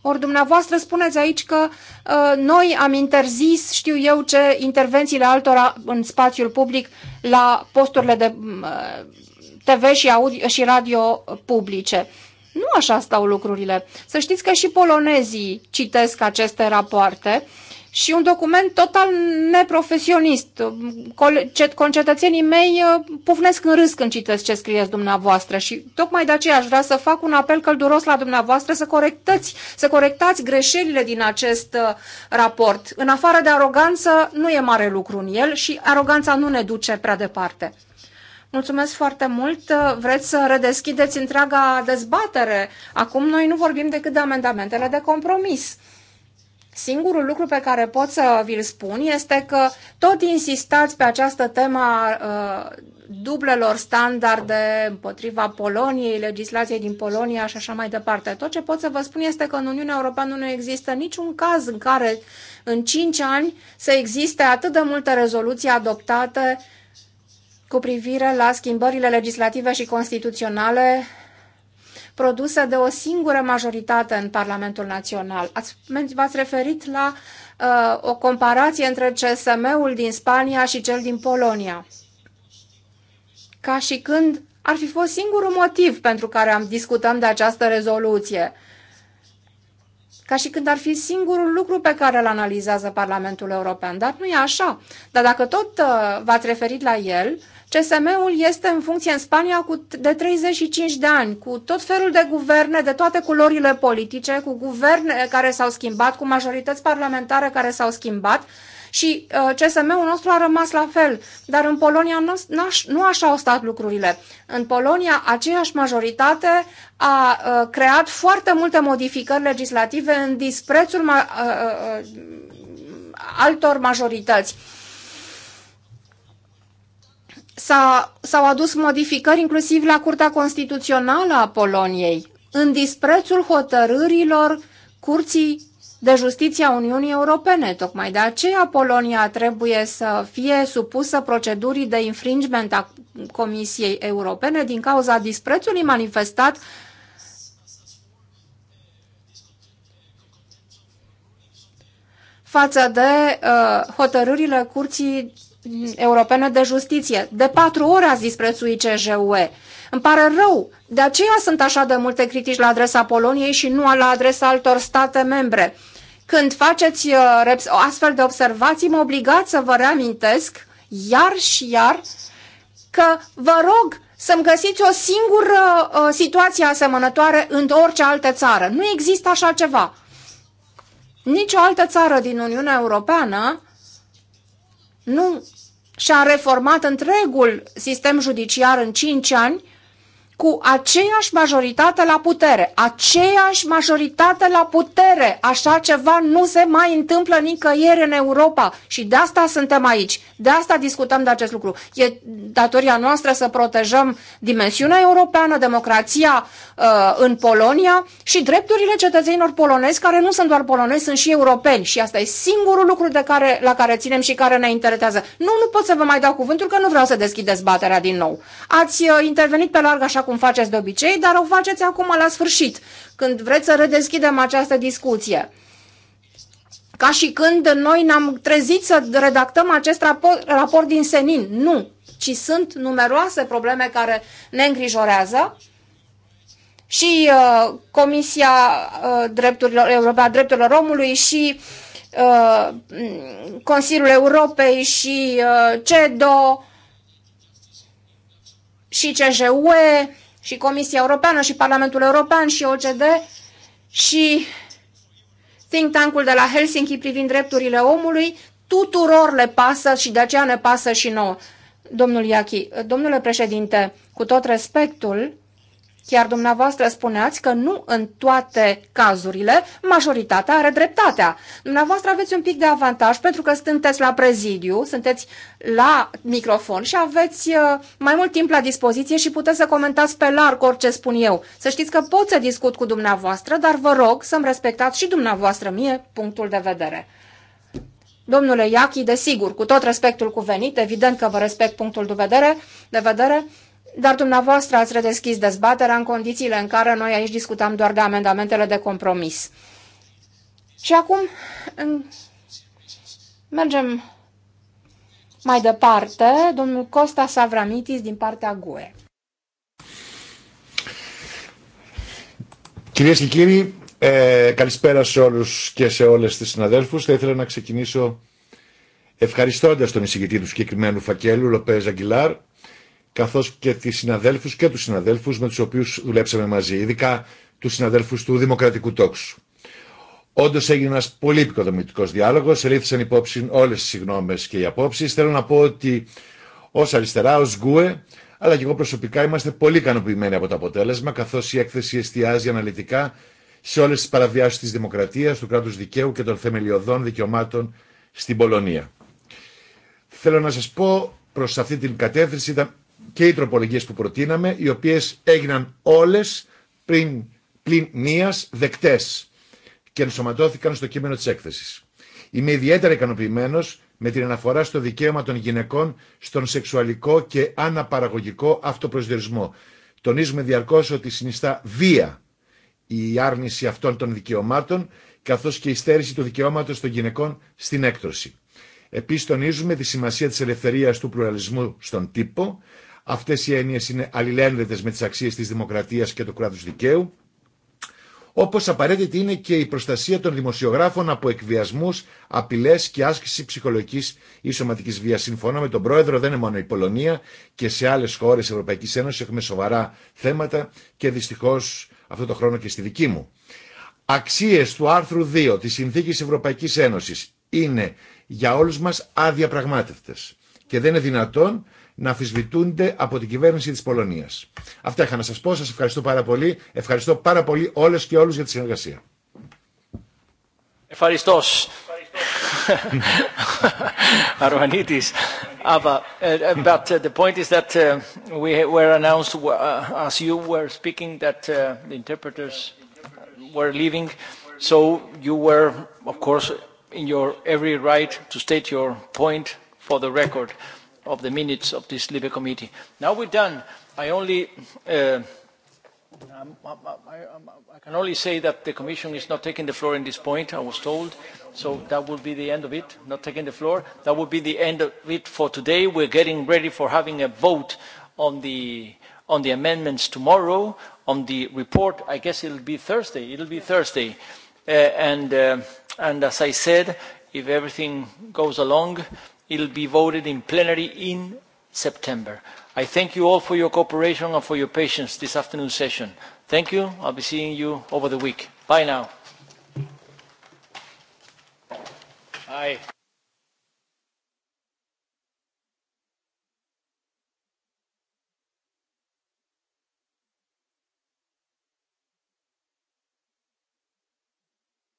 Ori dumneavoastră spuneți aici că uh, noi am interzis, știu eu ce, intervențiile altora în spațiul public la posturile de uh, TV și, audio, și radio publice. Nu așa stau lucrurile. Să știți că și polonezii citesc aceste rapoarte și un document total neprofesionist. Concetățenii mei uh, pufnesc în râs când citesc ce scrieți dumneavoastră și tocmai de aceea aș vrea să fac un apel călduros la dumneavoastră să corectați, să corectați greșelile din acest uh, raport. În afară de aroganță, nu e mare lucru în el și aroganța nu ne duce prea departe. Mulțumesc foarte mult. Vreți să redeschideți întreaga dezbatere. Acum noi nu vorbim decât de amendamentele de compromis. Singurul lucru pe care pot să vi-l spun este că tot insistați pe această temă a uh, dublelor standarde împotriva Poloniei, legislației din Polonia și așa mai departe. Tot ce pot să vă spun este că în Uniunea Europeană nu există niciun caz în care în 5 ani să existe atât de multe rezoluții adoptate uh, cu privire la schimbările legislative și constituționale produse de o singură majoritate în Parlamentul Național. Ați, v-ați referit la uh, o comparație între CSM-ul din Spania și cel din Polonia. Ca și când ar fi fost singurul motiv pentru care am discutăm de această rezoluție. Ca și când ar fi singurul lucru pe care îl analizează Parlamentul European. Dar nu e așa. Dar dacă tot uh, v-ați referit la el, uh, CSM-ul este în funcție în Spania cu, de 35 de ani, cu tot felul de guverne, de toate culorile politice, cu guverne care s-au schimbat, cu majorități parlamentare care s-au schimbat și uh, CSM-ul nostru a rămas la fel. Dar în Polonia nu, nu așa au stat lucrurile. În Polonia aceeași majoritate a uh, creat foarte multe modificări legislative în disprețul ma- uh, uh, uh altor majorități s-au adus modificări inclusiv la Curtea Constituțională a Poloniei, în disprețul hotărârilor Curții de Justiție a Uniunii Europene. Tocmai de aceea Polonia trebuie să fie supusă procedurii de infringement a Comisiei Europene din cauza disprețului manifestat față de uh, hotărârile Curții Mm, europeană de Justiție. De patru ori ați disprețuit CJUE. Îmi pare rău. De aceea sunt așa de multe critici la adresa Poloniei și nu la adresa altor state membre. Când faceți uh, astfel de observații, mă obligați să vă reamintesc iar și iar că vă rog să-mi găsiți o singură uh, situație asemănătoare în orice altă țară. Nu există așa ceva. Nici o altă țară din Uniunea Europeană nu și-a reformat întregul sistem judiciar în 5 ani, cu aceeași majoritate la putere. Aceeași majoritate la putere. Așa ceva nu se mai întâmplă nicăieri în Europa. Și de asta suntem aici. De asta discutăm de acest lucru. E datoria noastră să protejăm dimensiunea europeană, democrația uh, în Polonia și drepturile cetățenilor polonezi, care nu sunt doar polonezi, sunt și europeni. Și asta e singurul lucru de care, la care ținem și care ne interesează. Nu, nu pot să vă mai dau cuvântul că nu vreau să deschid dezbaterea din nou. Ați uh, intervenit pe larg așa cum cum faceți de obicei, dar o faceți acum la sfârșit, când vreți să redeschidem această discuție. Ca și când noi ne-am trezit să redactăm acest raport, raport din senin. Nu, ci sunt numeroase probleme care ne îngrijorează și uh, Comisia uh, Drepturilor, Europea Drepturilor Omului și uh, Consiliul Europei și uh, CEDO și CJUE și Comisia Europeană și Parlamentul European și OCD și think tank-ul de la Helsinki privind drepturile omului, tuturor le pasă și de aceea ne pasă și nouă. Domnul Iachi, domnule președinte, cu tot respectul, Chiar dumneavoastră spuneați că nu în toate cazurile majoritatea are dreptatea. Dumneavoastră aveți un pic de avantaj pentru că sunteți la prezidiu, sunteți la microfon și aveți uh, mai mult timp la dispoziție și puteți să comentați pe larg orice spun eu. Să știți că pot să discut cu dumneavoastră, dar vă rog să-mi respectați și dumneavoastră mie punctul de vedere. Domnule Iachi, desigur, cu tot respectul cuvenit, evident că vă respect punctul de vedere, de vedere dar dumneavoastră ați redeschis dezbaterea în condițiile în care noi aici discutam doar de amendamentele de compromis. Și acum mergem mai departe. Domnul Costa Savramitis din partea GUE. Κυρίες και κύριοι, ε, καλησπέρα σε όλους και σε όλες τις συναδέλφους. Θα ήθελα να ξεκινήσω ευχαριστώντας τον εισηγητή του συγκεκριμένου φακέλου, Λοπέζ Αγγιλάρ, καθώς και τις συναδέλφους και τους συναδέλφους με τους οποίους δουλέψαμε μαζί, ειδικά τους συναδέλφους του Δημοκρατικού Τόξου. Όντω έγινε ένα πολύ επικοδομητικό διάλογο, ελήφθησαν υπόψη όλε τι συγγνώμε και οι απόψει. Θέλω να πω ότι ω αριστερά, ω γκουε, αλλά και εγώ προσωπικά είμαστε πολύ ικανοποιημένοι από το αποτέλεσμα, καθώ η έκθεση εστιάζει αναλυτικά σε όλε τι παραβιάσει τη δημοκρατία, του κράτου δικαίου και των θεμελιωδών δικαιωμάτων στην Πολωνία. Θέλω να σα πω προ αυτή την κατεύθυνση ήταν και οι τροπολογίες που προτείναμε, οι οποίες έγιναν όλες πριν, πλην μίας δεκτές και ενσωματώθηκαν στο κείμενο της έκθεσης. Είμαι ιδιαίτερα ικανοποιημένο με την αναφορά στο δικαίωμα των γυναικών στον σεξουαλικό και αναπαραγωγικό αυτοπροσδιορισμό. Τονίζουμε διαρκώ ότι συνιστά βία η άρνηση αυτών των δικαιωμάτων, καθώ και η στέρηση του δικαιώματο των γυναικών στην έκτρωση. Επίση, τονίζουμε τη σημασία τη ελευθερία του πλουραλισμού στον τύπο, αυτέ οι έννοιε είναι αλληλένδετε με τι αξίε τη δημοκρατία και του κράτου δικαίου. Όπω απαραίτητη είναι και η προστασία των δημοσιογράφων από εκβιασμού, απειλέ και άσκηση ψυχολογική ή σωματική βία. Συμφωνώ με τον Πρόεδρο, δεν είναι μόνο η Πολωνία και σε άλλες χώρες Ευρωπαϊκή Ένωση έχουμε σοβαρά θέματα και δυστυχώ αυτό το χρόνο και στη δική μου. Αξίε του άρθρου 2 τη Συνθήκη Ευρωπαϊκή Ένωση είναι για όλους μας αδιαπραγμάτευτες και δεν είναι δυνατόν να αφισβητούνται από την κυβέρνηση τη Πολωνία. Αυτά είχα να σα πω. Σα ευχαριστώ πάρα πολύ. Ευχαριστώ πάρα πολύ όλε και όλου για τη συνεργασία. Ευχαριστώ. Arvanitis. But, uh, but uh, the point is that uh, we were announced, uh, as you were speaking, that uh, the interpreters were leaving. So you were, of course, in your every right to state your point for the record of the minutes of this LIBE committee. Now we're done. I only... Uh, um, um, um, I can only say that the Commission is not taking the floor in this point, I was told. So that will be the end of it, not taking the floor. That will be the end of it for today. We're getting ready for having a vote on the, on the amendments tomorrow. On the report, I guess it'll be Thursday. It'll be Thursday. Uh, and, uh, and as I said, if everything goes along, it will be voted in plenary in September. I thank you all for your cooperation and for your patience this afternoon's session. Thank you. I'll be seeing you over the week. Bye now. Bye.